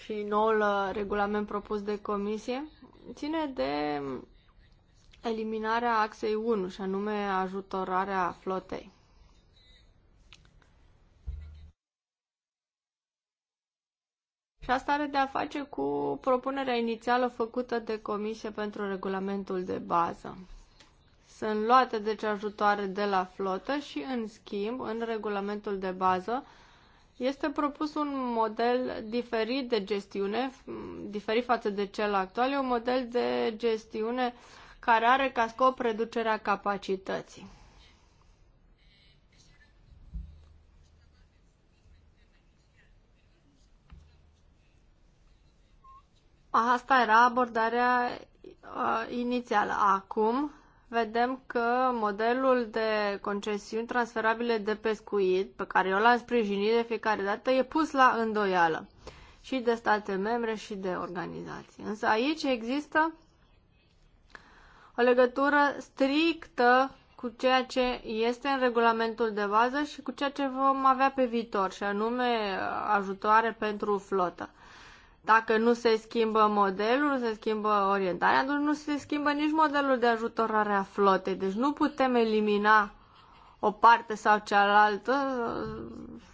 și noul uh, regulament propus de comisie ține de eliminarea axei 1 și anume ajutorarea flotei. Și asta are de a face cu propunerea inițială făcută de Comisie pentru regulamentul de bază. Sunt luate deci ajutoare de la flotă și, în schimb, în regulamentul de bază, este propus un model diferit de gestiune, diferit față de cel actual, e un model de gestiune care are ca scop reducerea capacității. Asta era abordarea uh, inițială. Acum vedem că modelul de concesiuni transferabile de pescuit, pe care eu l-am sprijinit de fiecare dată, e pus la îndoială și de state membre și de organizații. Însă aici există o legătură strictă cu ceea ce este în regulamentul de bază și cu ceea ce vom avea pe viitor, și anume ajutoare pentru flotă. Dacă nu se schimbă modelul, nu se schimbă orientarea, atunci nu se schimbă nici modelul de ajutorare a flotei. Deci nu putem elimina o parte sau cealaltă uh,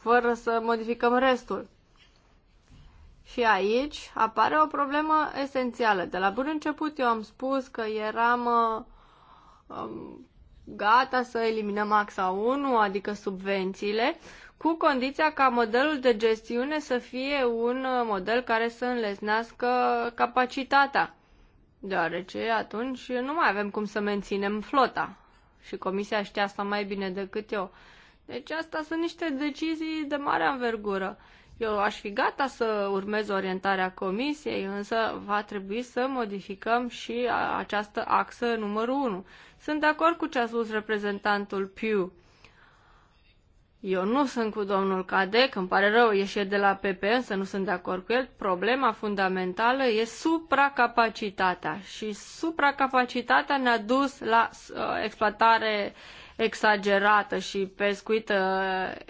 fără să modificăm restul. Și aici apare o problemă esențială. De la bun început eu am spus că eram uh, um, gata să eliminăm axa 1, adică subvențiile, cu condiția ca modelul de gestiune să fie un uh, model care să înlesnească capacitatea, deoarece atunci nu mai avem cum să menținem flota și comisia știe asta mai bine decât eu. Deci asta sunt niște decizii de mare anvergură. Eu aș fi gata să urmez orientarea comisiei, însă va trebui să modificăm și această axă numărul 1. Sunt de acord cu ce a spus reprezentantul Pew eu nu sunt cu domnul Cadec, îmi pare rău, e și de la PP, însă nu sunt de acord cu el. Problema fundamentală e supracapacitatea și supracapacitatea ne-a dus la uh, exploatare exagerată și pescuită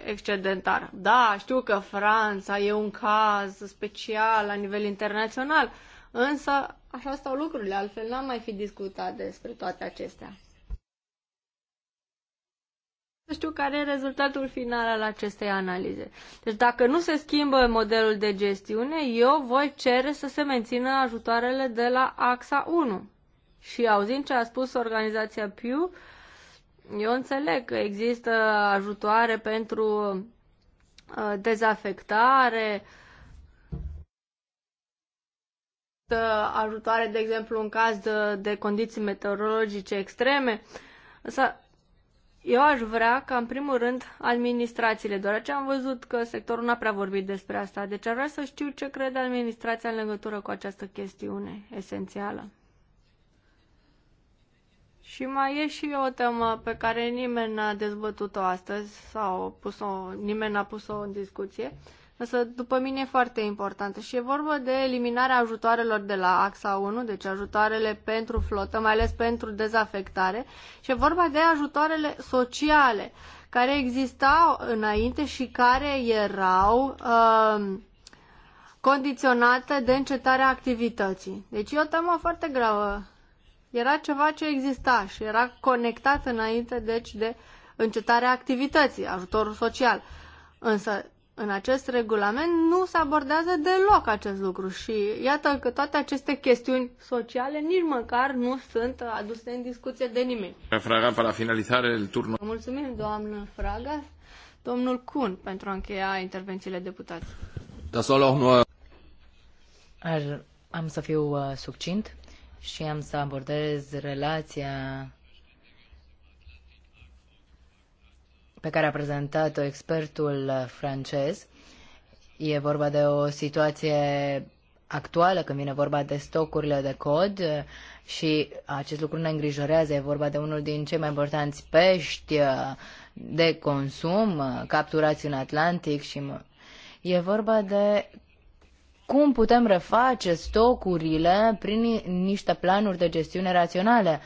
excedentară. Da, știu că Franța e un caz special la nivel internațional, însă așa stau lucrurile, altfel n-am mai fi discutat despre toate acestea știu care e rezultatul final al acestei analize. Deci dacă nu se schimbă modelul de gestiune, eu voi cere să se mențină ajutoarele de la AXA 1. Și auzind ce a spus organizația Pew, eu înțeleg că există ajutoare pentru uh, dezafectare, ajutoare, de exemplu, în caz de, de condiții meteorologice extreme. Însă eu aș vrea ca, în primul rând, administrațiile, doar ce am văzut că sectorul n-a prea vorbit despre asta, deci ar vrea să știu ce crede administrația în legătură cu această chestiune esențială. Și mai e și o temă pe care nimeni n-a dezbătut-o astăzi sau pus-o, nimeni n-a pus-o în discuție. Uh, însă după mine e foarte importantă și e vorba de eliminarea ajutoarelor de la AXA 1, deci ajutoarele pentru flotă, mai ales pentru dezafectare, și e vorba de ajutoarele sociale care existau înainte și care erau uh, condiționate de încetarea activității. Deci e o temă foarte gravă. Era ceva ce exista și era conectat înainte, deci, de încetarea activității, ajutorul social. Însă, în acest regulament nu se abordează deloc acest lucru și iată că toate aceste chestiuni sociale nici măcar nu sunt aduse în discuție de nimeni. Fraga, para finalizar el turno. Mulțumim, doamnă Fraga. Domnul Kun, pentru a încheia intervențiile deputați. Da, nu... Ar, am să fiu uh, succint și am să abordez relația pe care a prezentat-o expertul francez. E vorba de o situație actuală când vine vorba de stocurile de cod și acest lucru ne îngrijorează. E vorba de unul din cei mai importanți pești de consum capturați în Atlantic și e vorba de cum putem reface stocurile prin niște planuri de gestiune raționale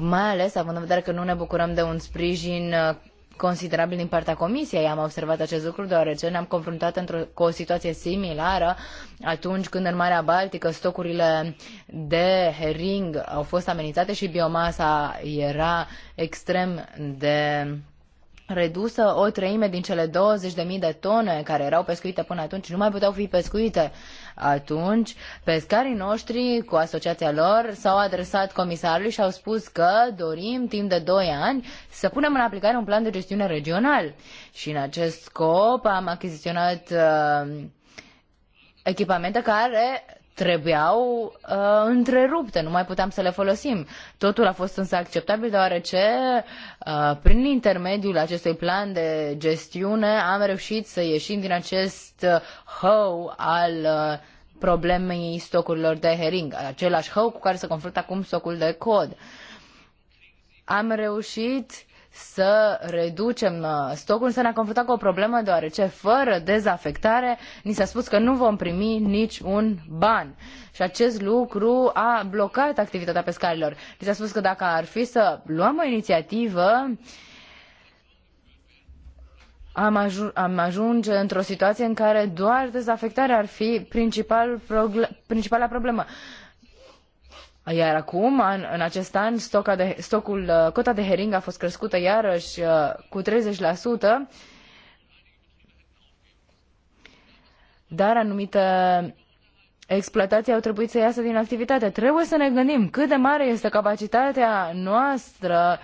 mai ales având în vedere că nu ne bucurăm de un sprijin considerabil din partea Comisiei. Am observat acest lucru deoarece ne-am confruntat într-o, cu o situație similară atunci când în Marea Baltică stocurile de hering au fost amenințate și biomasa era extrem de redusă. O treime din cele 20.000 de tone care erau pescuite până atunci nu mai puteau fi pescuite atunci, pescarii noștri cu asociația lor s-au adresat comisarului și au spus că dorim timp de 2 ani să punem în aplicare un plan de gestiune regional. Și în acest scop am achiziționat uh, echipamente care trebuiau uh, întrerupte, nu mai puteam să le folosim. Totul a fost însă acceptabil deoarece uh, prin intermediul acestui plan de gestiune am reușit să ieșim din acest uh, hău al uh, problemei stocurilor de hering, același hău cu care se confruntă acum stocul de cod. Am reușit să reducem uh, stocul, să ne-a confruntat cu o problemă, deoarece fără dezafectare ni s-a spus că nu vom primi niciun ban. Și acest lucru a blocat activitatea pescarilor. Ni s-a spus că dacă ar fi să luăm o inițiativă, am, ajun- am ajunge într-o situație în care doar dezafectarea ar fi principal proble- principala problemă. Iar acum, an, în acest an, stoca de, stocul, uh, cota de hering a fost crescută iarăși uh, cu 30%, dar anumite exploatații au trebuit să iasă din activitate. Trebuie să ne gândim cât de mare este capacitatea noastră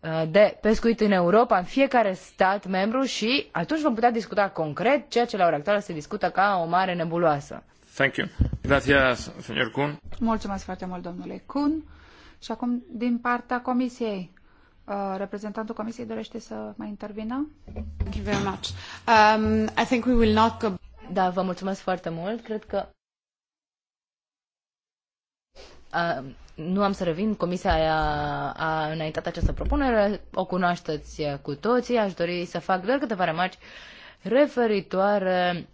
uh, de pescuit în Europa, în fiecare stat membru și atunci vom putea discuta concret ceea ce la ora actuală se discută ca o mare nebuloasă. Mulțumesc foarte mult, domnule Kuhn. Și acum, din partea Comisiei, uh, reprezentantul Comisiei dorește să mai intervină? Thank you very much. Um, I think we will not go... Da, vă mulțumesc foarte mult. Cred că uh, nu am să revin. Comisia a, a înaintat această propunere, o cunoașteți cu toții. Aș dori să fac doar câteva remarci referitoare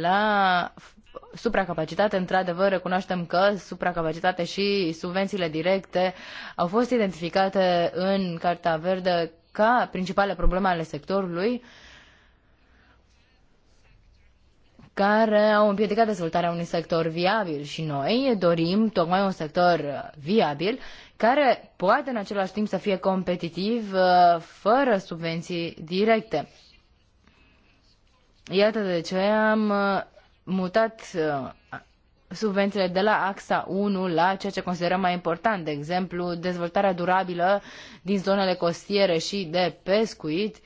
la supracapacitate. Într-adevăr, recunoaștem că supracapacitate și subvențiile directe au fost identificate în Carta Verde ca principale probleme ale sectorului care au împiedicat dezvoltarea unui sector viabil și noi dorim tocmai un sector viabil care poate în același timp să fie competitiv uh, fără subvenții directe. Iată de ce am uh, mutat uh, subvențiile de la axa 1 la ceea ce considerăm mai important, de exemplu, dezvoltarea durabilă din zonele costiere și de pescuit,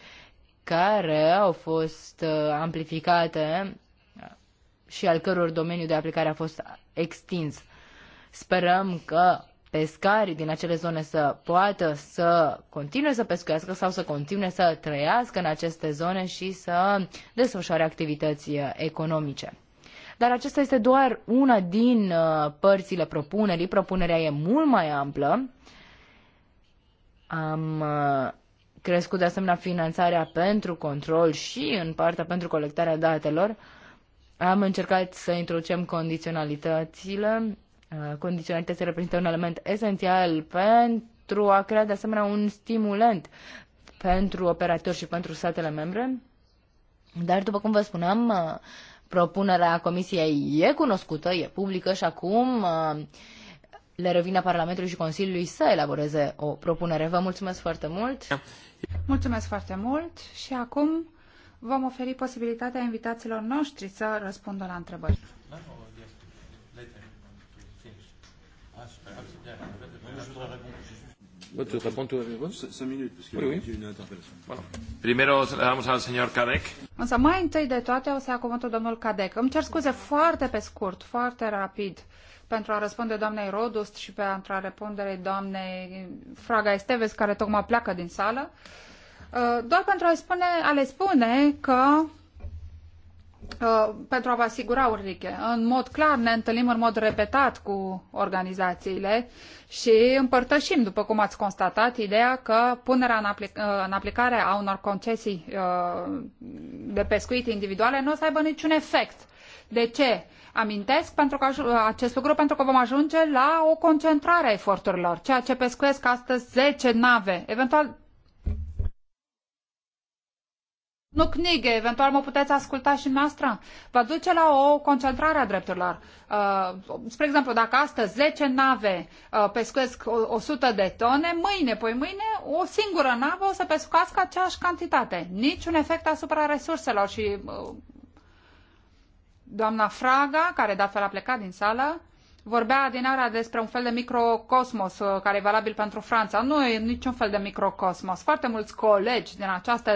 care au fost uh, amplificate și al căror domeniu de aplicare a fost extins. Sperăm că pescarii din acele zone să poată să continue să pescuiască sau să continue să trăiască în aceste zone și să desfășoare activități uh, economice dar acesta este doar una din uh, părțile propunerii. Propunerea e mult mai amplă. Am uh, crescut de asemenea finanțarea pentru control și în partea pentru colectarea datelor. Am încercat să introducem condiționalitățile. Uh, condiționalitățile reprezintă un element esențial pentru a crea de asemenea un stimulant pentru operatori și pentru statele membre. Dar, după cum vă spuneam, Propunerea Comisiei e cunoscută, e publică și acum uh, le revine Parlamentului și Consiliului să elaboreze o propunere. Vă mulțumesc foarte mult! Mulțumesc foarte mult și acum vom oferi posibilitatea invitaților noștri să răspundă la întrebări. Well, to respond to everyone? Cinq minutes, damos al señor Cadec. Însă mai întâi de toate o să ia cuvântul domnul Cadec. Îmi cer scuze foarte pe scurt, foarte rapid, pentru a răspunde doamnei Rodust și pentru a răspunde doamnei Fraga Esteves, care tocmai pleacă din sală. Doar pentru a spune, a le spune că Uh, pentru a vă asigura, Urliche, în mod clar ne întâlnim în mod repetat cu organizațiile și împărtășim, după cum ați constatat, ideea că punerea în, aplic uh, în aplicare a unor concesii uh, de pescuit individuale nu o să aibă niciun efect. De ce? Amintesc pentru că acest lucru pentru că vom ajunge la o concentrare a eforturilor, ceea ce pescuiesc astăzi zece nave, eventual nu Knige, eventual mă puteți asculta și noastră, va duce la o concentrare a drepturilor. Uh, spre exemplu, dacă astăzi 10 nave uh, pescuesc 100 de tone, mâine, poi mâine, o singură navă o să pescuiască aceeași cantitate. Niciun efect asupra resurselor și uh, doamna Fraga, care de altfel a plecat din sală, uh, Vorbea Adinara despre un fel de microcosmos uh, care e valabil pentru Franța. Nu e niciun fel de microcosmos. Foarte mulți colegi din această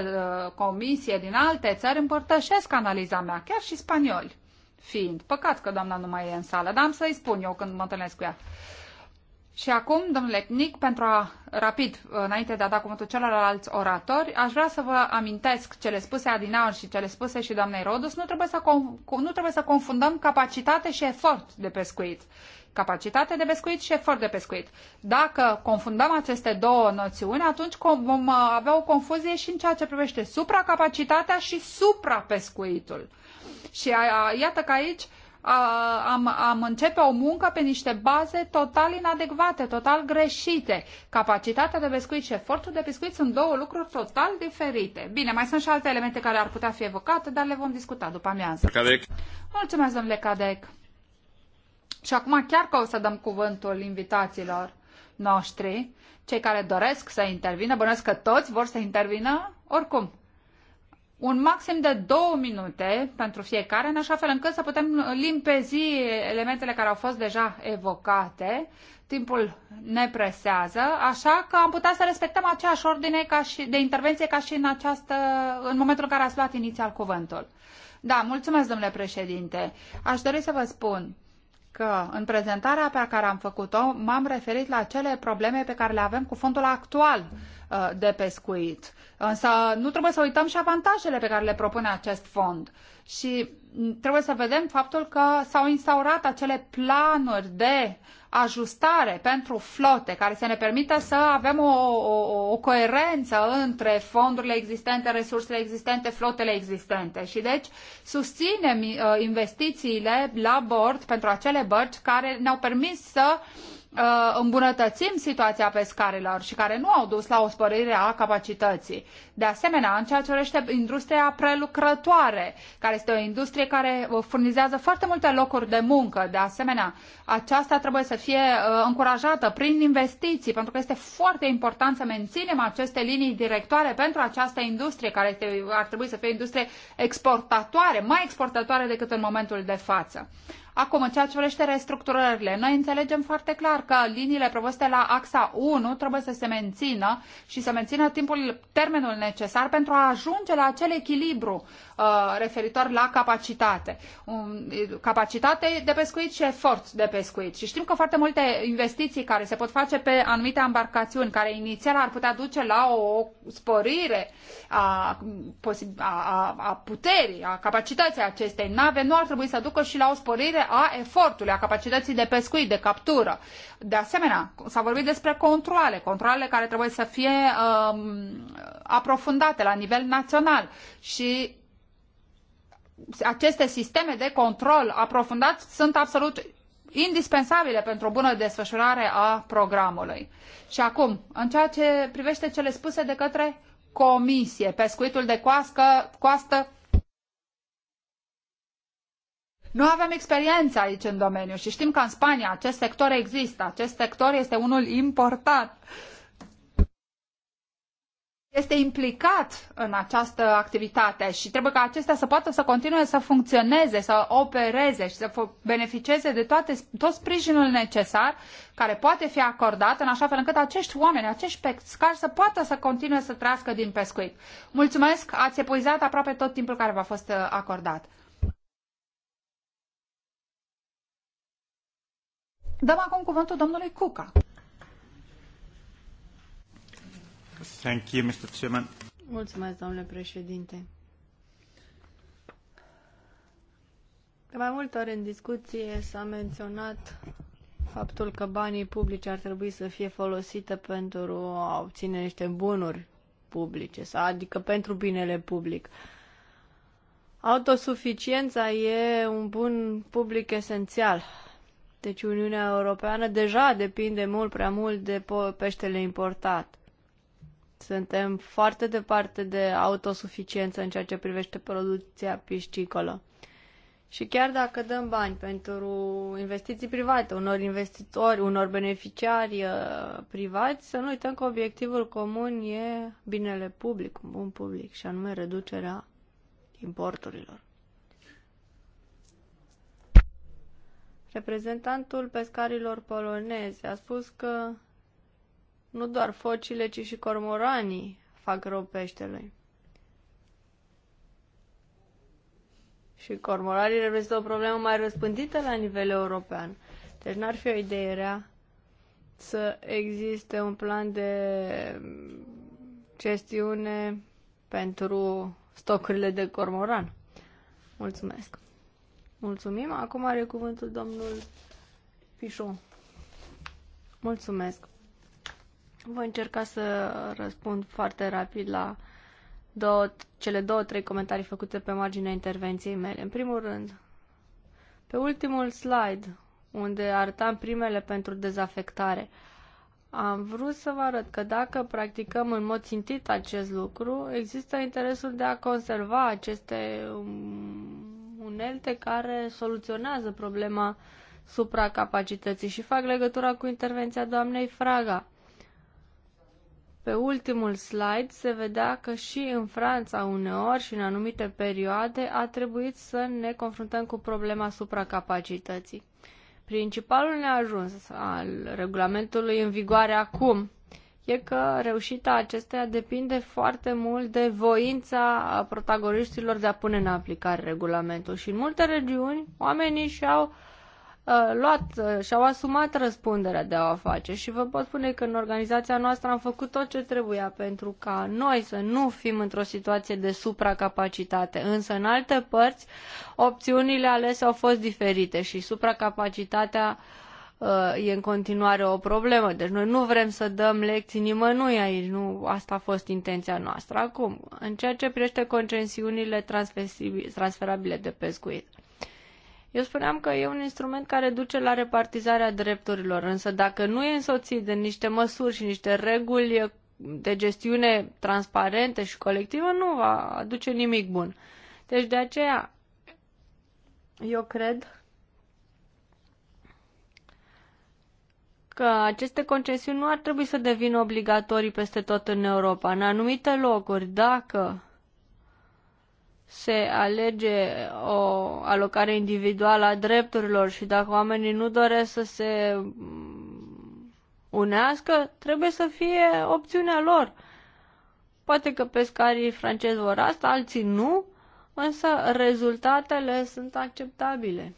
uh, comisie, din alte țări, împărtășesc analiza mea, chiar și spanioli fiind. Păcat că doamna nu mai e în sală, dar am să-i spun eu când mă întâlnesc cu ea. Uh, și acum, domnule Nic, pentru a, rapid, înainte de a da cuvântul celorlalți oratori, aș vrea să vă amintesc cele spuse adinaur și cele spuse și doamnei Rodus. Nu trebuie, să nu trebuie să confundăm capacitate și efort de pescuit. Capacitate de pescuit și efort de pescuit. Dacă confundăm aceste două noțiuni, atunci vom uh, avea o confuzie și în ceea ce privește supracapacitatea și suprapescuitul. Și a, a, iată că aici am, am începe o muncă pe niște baze total inadecvate, total greșite. Capacitatea de pescuit și efortul de pescuit sunt două lucruri total diferite. Bine, mai sunt și alte elemente care ar putea fi evocate, dar le vom discuta după amiază. Cadec. Mulțumesc, domnule Cadec. Și acum chiar că o să dăm cuvântul invitațiilor noștri, cei care doresc să intervină, bănuiesc că toți vor să intervină, oricum, un maxim de două minute pentru fiecare, în așa fel încât să putem limpezi elementele care au fost deja evocate. Timpul ne presează, așa că am putea să respectăm aceeași ordine ca și, de intervenție ca și în, această, în momentul în care ați luat inițial cuvântul. Da, mulțumesc, domnule președinte. Aș dori să vă spun că în prezentarea pe care am făcut-o m-am referit la cele probleme pe care le avem cu fondul actual uh, de pescuit. Însă nu trebuie să uităm și avantajele pe care le propune acest fond. Și trebuie să vedem faptul că s-au instaurat acele planuri de uh, ajustare pentru flote care să ne permită să avem o, o, o coerență între fondurile existente, resursele existente, flotele existente. Și deci susținem uh, investițiile la bord pentru acele bărci care ne-au permis să uh, îmbunătățim situația pescarilor și care nu au dus la o spărire a capacității. De asemenea, în ceea ce urește industria prelucrătoare, care este o industrie care uh, furnizează foarte multe locuri de muncă, de asemenea, aceasta trebuie să fie uh, încurajată prin investiții, pentru că este foarte important să menținem aceste linii directoare pentru această industrie, care este, ar trebui să fie o industrie exportatoare, mai exportatoare decât în momentul de față. Acum, în ceea ce vrește restructurările, noi înțelegem foarte clar că liniile prevăzute la axa 1 trebuie să se mențină și să mențină timpul, termenul necesar pentru a ajunge la acel echilibru Uh, referitor la capacitate. Eh, capacitate de pescuit și efort de pescuit. Și știm că foarte multe investiții care se pot face pe anumite embarcațiuni, care inițial ar putea duce la o sporire a, a, a puterii, a capacității acestei nave, nu ar trebui să ducă și la o sporire a efortului, a capacității de pescuit, de captură. De asemenea, s-a vorbit despre controle, controlele care trebuie să fie um, aprofundate la nivel național și aceste sisteme de control aprofundat sunt absolut indispensabile pentru o bună desfășurare a programului. Și acum, în ceea ce privește cele spuse de către comisie, pescuitul de coască, coastă, nu avem experiență aici în domeniu și știm că în Spania acest sector există, acest sector este unul important este implicat în această activitate și trebuie ca acesta să poată să continue să funcționeze, să opereze și să beneficieze de toate, tot sprijinul necesar care poate fi acordat în așa fel încât acești oameni, acești pescari să poată să continue să trăiască din pescuit. Mulțumesc, ați epuizat aproape tot timpul care v-a fost uh, acordat. Dăm acum cuvântul domnului Cuca. Thank you, Mr. Chairman. Mulțumesc, domnule președinte. De mai multe ori în discuție s-a menționat faptul că banii publici ar trebui să fie folosite pentru a obține niște bunuri publice, adică pentru binele public. Autosuficiența e un bun public esențial. Deci Uniunea Europeană deja depinde mult prea mult de peștele importat. Suntem foarte departe de autosuficiență în ceea ce privește producția piscicolă. Și chiar dacă dăm bani pentru investiții private, unor investitori, unor beneficiari uh, privați, să nu uităm că obiectivul comun e binele public, un bun public, și anume reducerea importurilor. Reprezentantul pescarilor polonezi a spus că nu doar focile, ci și cormoranii fac rău peștelui. Și cormoranii reprezintă o problemă mai răspândită la nivel european. Deci n-ar fi o idee rea să existe un plan de gestiune pentru stocurile de cormoran. Mulțumesc. Mulțumim. Acum are cuvântul domnul Pișon. Mulțumesc. Voi încerca să răspund foarte rapid la două, cele două, trei comentarii făcute pe marginea intervenției mele. În primul rând, pe ultimul slide, unde arătam primele pentru dezafectare, am vrut să vă arăt că dacă practicăm în mod țintit acest lucru, există interesul de a conserva aceste um, unelte care soluționează problema supracapacității și fac legătura cu intervenția doamnei Fraga. Pe ultimul slide se vedea că și în Franța uneori și în anumite perioade a trebuit să ne confruntăm cu problema supracapacității. Principalul neajuns al regulamentului în vigoare acum e că reușita acesteia depinde foarte mult de voința protagoniștilor de a pune în aplicare regulamentul și în multe regiuni oamenii și-au Uh, luat uh, și-au asumat răspunderea de a o face și vă pot spune că în organizația noastră am făcut tot ce trebuia pentru ca noi să nu fim într-o situație de supracapacitate. Însă în alte părți opțiunile alese au fost diferite și supracapacitatea uh, e în continuare o problemă. Deci noi nu vrem să dăm lecții nimănui aici, nu asta a fost intenția noastră. Acum, în ceea ce privește concesiunile transferabile de pescuit. Eu spuneam că e un instrument care duce la repartizarea drepturilor, însă dacă nu e însoțit de niște măsuri și niște reguli de gestiune transparente și colectivă, nu va aduce nimic bun. Deci de aceea, eu cred că aceste concesiuni nu ar trebui să devină obligatorii peste tot în Europa. În anumite locuri, dacă se alege o alocare individuală a drepturilor și dacă oamenii nu doresc să se unească, trebuie să fie opțiunea lor. Poate că pescarii francezi vor asta, alții nu, însă rezultatele sunt acceptabile.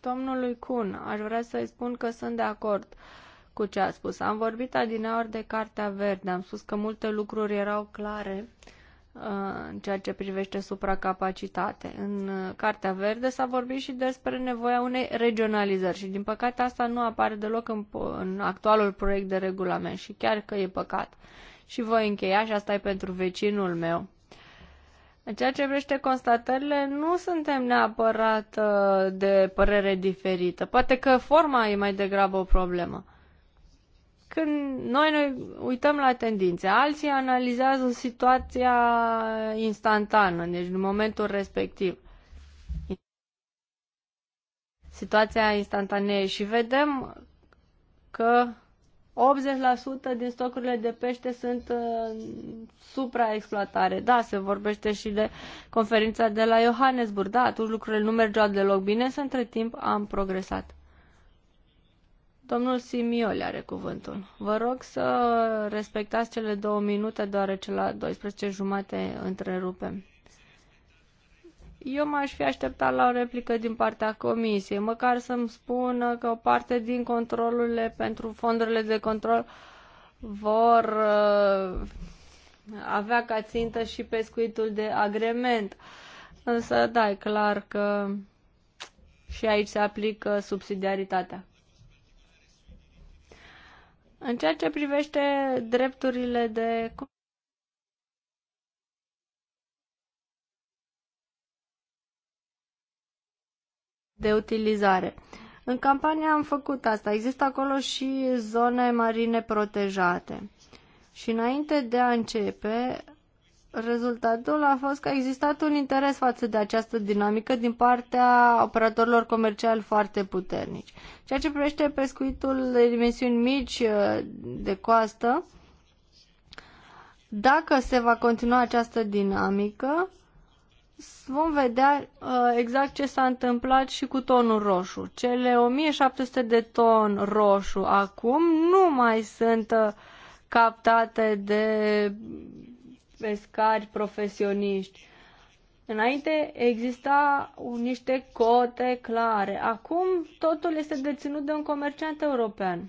Domnului Kun, aș vrea să-i spun că sunt de acord cu ce a spus. Am vorbit adineori de Cartea Verde, am spus că multe lucruri erau clare Uh, în ceea ce privește supracapacitate. În uh, Cartea Verde s-a vorbit și despre nevoia unei regionalizări și, din păcate, asta nu apare deloc în, în actualul proiect de regulament și chiar că e păcat. Și voi încheia și asta e pentru vecinul meu. În ceea ce privește constatările, nu suntem neapărat uh, de părere diferită. Poate că forma e mai degrabă o problemă. Când noi ne uităm la tendințe, alții analizează situația instantană, deci în momentul respectiv situația instantanee și vedem că 80% din stocurile de pește sunt în supraexploatare. Da, se vorbește și de conferința de la Johannesburg. Da, atunci lucrurile nu mergeau deloc bine, să între timp am progresat. Domnul Simiole are cuvântul. Vă rog să respectați cele două minute, deoarece la 12 jumate întrerupem. Eu m-aș fi așteptat la o replică din partea comisiei, măcar să-mi spună că o parte din controlurile pentru fondurile de control vor uh, avea ca țintă și pescuitul de agrement. Însă, da, e clar că și aici se aplică subsidiaritatea. În ceea ce privește drepturile de de utilizare. În campania am făcut asta. Există acolo și zone marine protejate. Și înainte de a începe, Rezultatul a fost că a existat un interes față de această dinamică din partea operatorilor comerciali foarte puternici. Ceea ce privește pescuitul de dimensiuni mici uh, de coastă, dacă se va continua această dinamică, vom vedea uh, exact ce s-a întâmplat și cu tonul roșu. Cele 1700 de ton roșu acum nu mai sunt uh, captate de pescari profesioniști. Înainte exista niște cote clare. Acum totul este deținut de un comerciant european.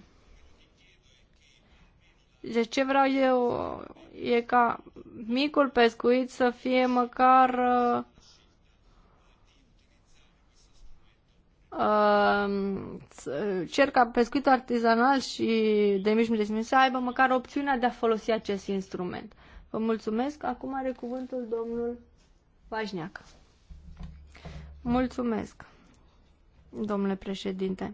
Deci ce vreau eu e ca micul pescuit să fie măcar uh, uh cer ca pescuit artizanal și de mici să aibă măcar opțiunea de a folosi acest instrument. Uh, Vă mulțumesc. Acum are cuvântul domnul Vașneac. Mulțumesc, domnule președinte.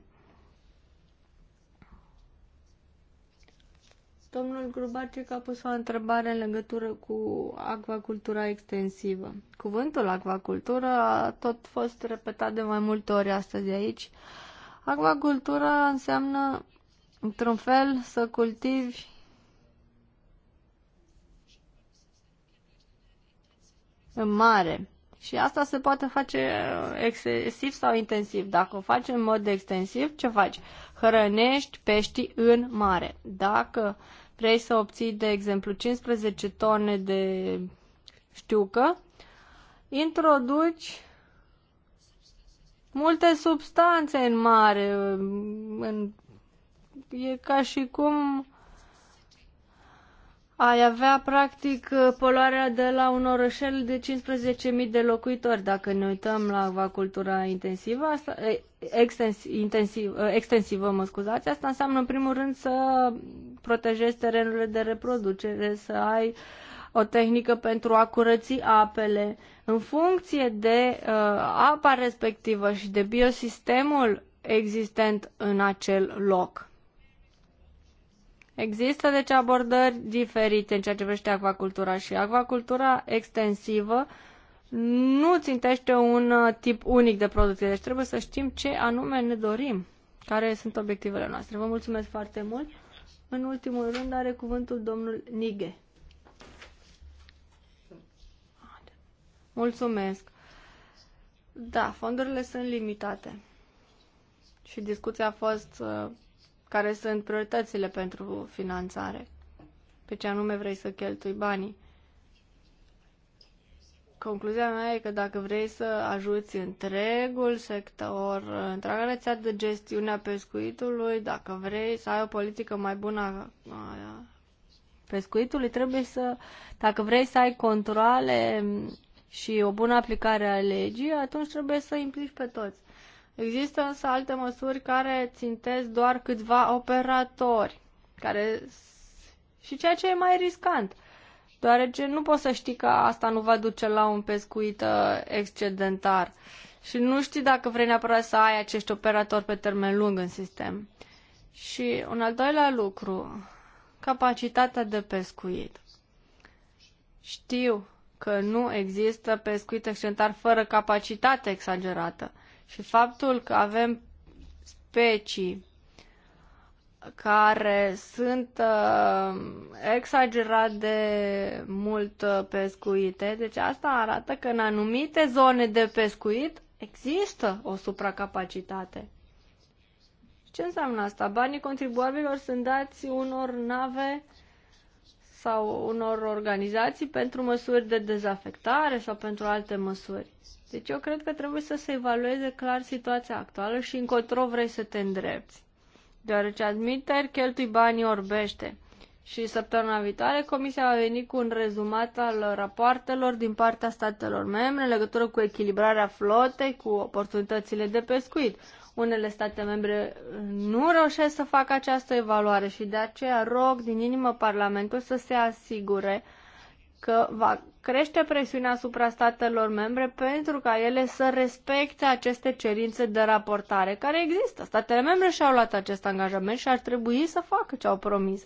Domnul Grubacic a pus o întrebare în legătură cu acvacultura extensivă. Cuvântul acvacultură a tot fost repetat de mai multe ori astăzi aici. Acvacultura înseamnă, într-un fel, să cultivi mare. Și asta se poate face excesiv sau intensiv. Dacă o faci în mod extensiv, ce faci? Hrănești peștii în mare. Dacă vrei să obții, de exemplu, 15 tone de știucă, introduci multe substanțe în mare. E ca și cum ai avea practic uh, poluarea de la un orășel de 15.000 de locuitori. Dacă ne uităm la acvacultura intensivă, asta, extens, intensiv, uh, extensivă, mă scuzați, asta înseamnă în primul rând să protejezi terenurile de reproducere, să ai o tehnică pentru a curăți apele în funcție de uh, apa respectivă și de biosistemul existent în acel loc. Există deci abordări diferite în ceea ce privește acvacultura și acvacultura extensivă nu țintește un uh, tip unic de producție, deci trebuie să știm ce anume ne dorim, care sunt obiectivele noastre. Vă mulțumesc foarte mult. În ultimul rând are cuvântul domnul Nige. Mulțumesc. Da, fondurile sunt limitate. Și discuția a fost uh, care sunt prioritățile pentru finanțare, pe ce anume vrei să cheltui banii. Concluzia mea e că dacă vrei să ajuți întregul sector, întreaga rețea de gestiune a pescuitului, dacă vrei să ai o politică mai bună a pescuitului, trebuie să, dacă vrei să ai controle și o bună aplicare a legii, atunci trebuie să implici pe toți. Există însă alte măsuri care țintesc doar câțiva operatori, care și ceea ce e mai riscant, deoarece nu poți să știi că asta nu va duce la un pescuit uh, excedentar și nu știi dacă vrei neapărat să ai acești operatori pe termen lung în sistem. Și un al doilea lucru, capacitatea de pescuit. Știu că nu există pescuit excedentar fără capacitate exagerată. Și faptul că avem specii care sunt uh, exagerat de mult uh, pescuite. Deci asta arată că în anumite zone de pescuit există o supracapacitate. Ce înseamnă asta? Banii contribuabilor sunt dați unor nave uh, sau unor organizații pentru măsuri de dezafectare sau pentru alte măsuri. Deci eu cred că trebuie să se evalueze clar situația actuală și încotro vrei să te îndrepți. Deoarece admiteri cheltui banii orbește. Și săptămâna viitoare Comisia va veni cu un rezumat al rapoartelor din partea statelor membre în legătură cu echilibrarea flotei, cu oportunitățile de pescuit. Unele state membre nu reușesc să facă această evaluare și de aceea rog din inimă Parlamentul să se asigure că va crește presiunea asupra statelor membre pentru ca ele să respecte aceste cerințe de raportare care există. Statele membre și-au luat acest angajament și ar trebui să facă ce au promis.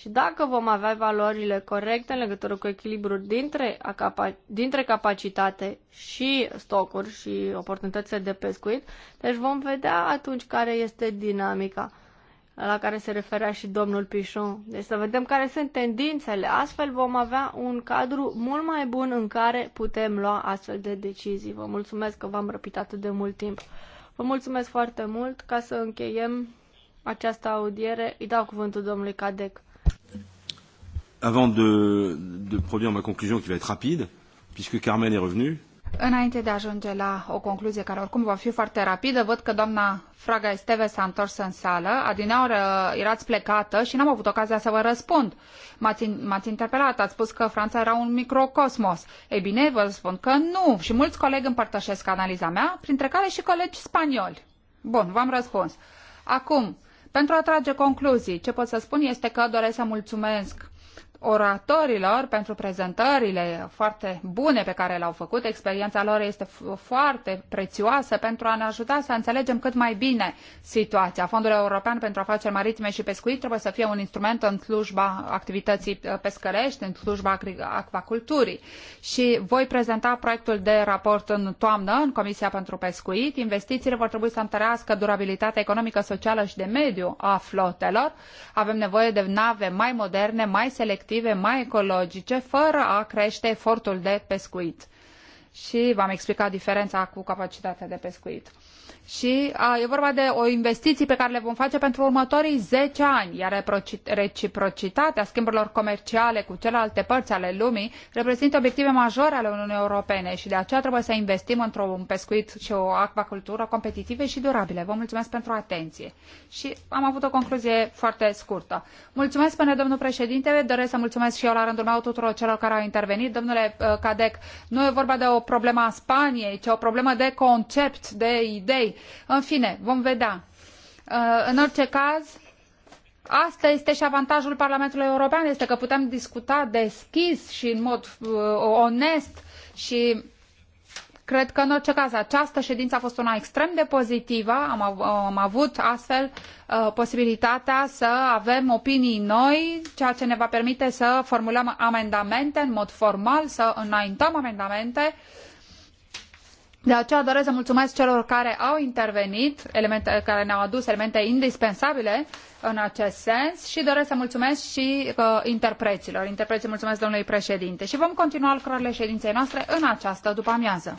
Și dacă vom avea valorile corecte în legătură cu echilibrul dintre, dintre capacitate și stocuri și oportunitățile de pescuit, deci vom vedea atunci care este dinamica la care se referea și domnul Pișon. Deci să vedem care sunt tendințele. Astfel vom avea un cadru mult mai bun în care putem lua astfel de decizii. Vă mulțumesc că v-am răpit atât de mult timp. Vă mulțumesc foarte mult. Ca să încheiem această audiere, îi dau cuvântul domnului Cadec. Avant de, de produire ma conclusion qui va être rapide, puisque Carmen est revenue. Înainte de a ajunge la o concluzie care oricum va fi foarte rapidă, văd că doamna Fraga Esteve s-a întors în sală. Adineaur uh, erați plecată și n-am avut ocazia să vă răspund. M-ați, interpelat, ați spus că Franța era un microcosmos. Ei bine, vă spun că nu și mulți colegi împărtășesc analiza mea, printre care și colegi spanioli. Bun, v-am răspuns. Acum, pentru a trage concluzii, ce pot să spun este că doresc să mulțumesc oratorilor pentru prezentările foarte bune pe care le-au făcut. Experiența lor este foarte prețioasă pentru a ne ajuta să înțelegem cât mai bine situația. Fondul European pentru Afaceri Maritime și Pescuit trebuie să fie un instrument în slujba activității uh, pescărești, în slujba acvaculturii. Și voi prezenta proiectul de raport în toamnă în Comisia pentru Pescuit. Investițiile vor trebui să întărească durabilitatea economică, socială și de mediu a flotelor. Avem nevoie de nave mai moderne, mai selective obiective mai ecologice fără a crește efortul de pescuit. Și v-am explicat diferența cu capacitatea de pescuit și a, e vorba de o investiție pe care le vom face pentru următorii 10 ani, iar reciprocitatea schimburilor comerciale cu celelalte părți ale lumii reprezintă obiective majore ale Uniunii Europene și de aceea trebuie să investim într-un pescuit și o acvacultură competitive și durabile. Vă mulțumesc pentru atenție. Și am avut o concluzie foarte scurtă. Mulțumesc, până domnul președinte, doresc să mulțumesc și eu la rândul meu tuturor celor care au intervenit. Domnule uh, Cadec, nu e vorba de o problemă a Spaniei, ci o problemă de concept, de idei în fine, vom vedea. Uh, în orice caz, Asta este și avantajul Parlamentului European, este că putem discuta deschis și în mod uh, onest și cred că în orice caz această ședință a fost una extrem de pozitivă, am, am avut astfel uh, posibilitatea să avem opinii noi, ceea ce ne va permite să formulăm amendamente în mod formal, să înaintăm amendamente uh, de aceea doresc să mulțumesc celor care au intervenit, elemente, care ne-au adus elemente indispensabile în acest sens și doresc să mulțumesc și uh, interpreților. Interpreții mulțumesc domnului președinte și vom continua lucrările ședinței noastre în această după amiază.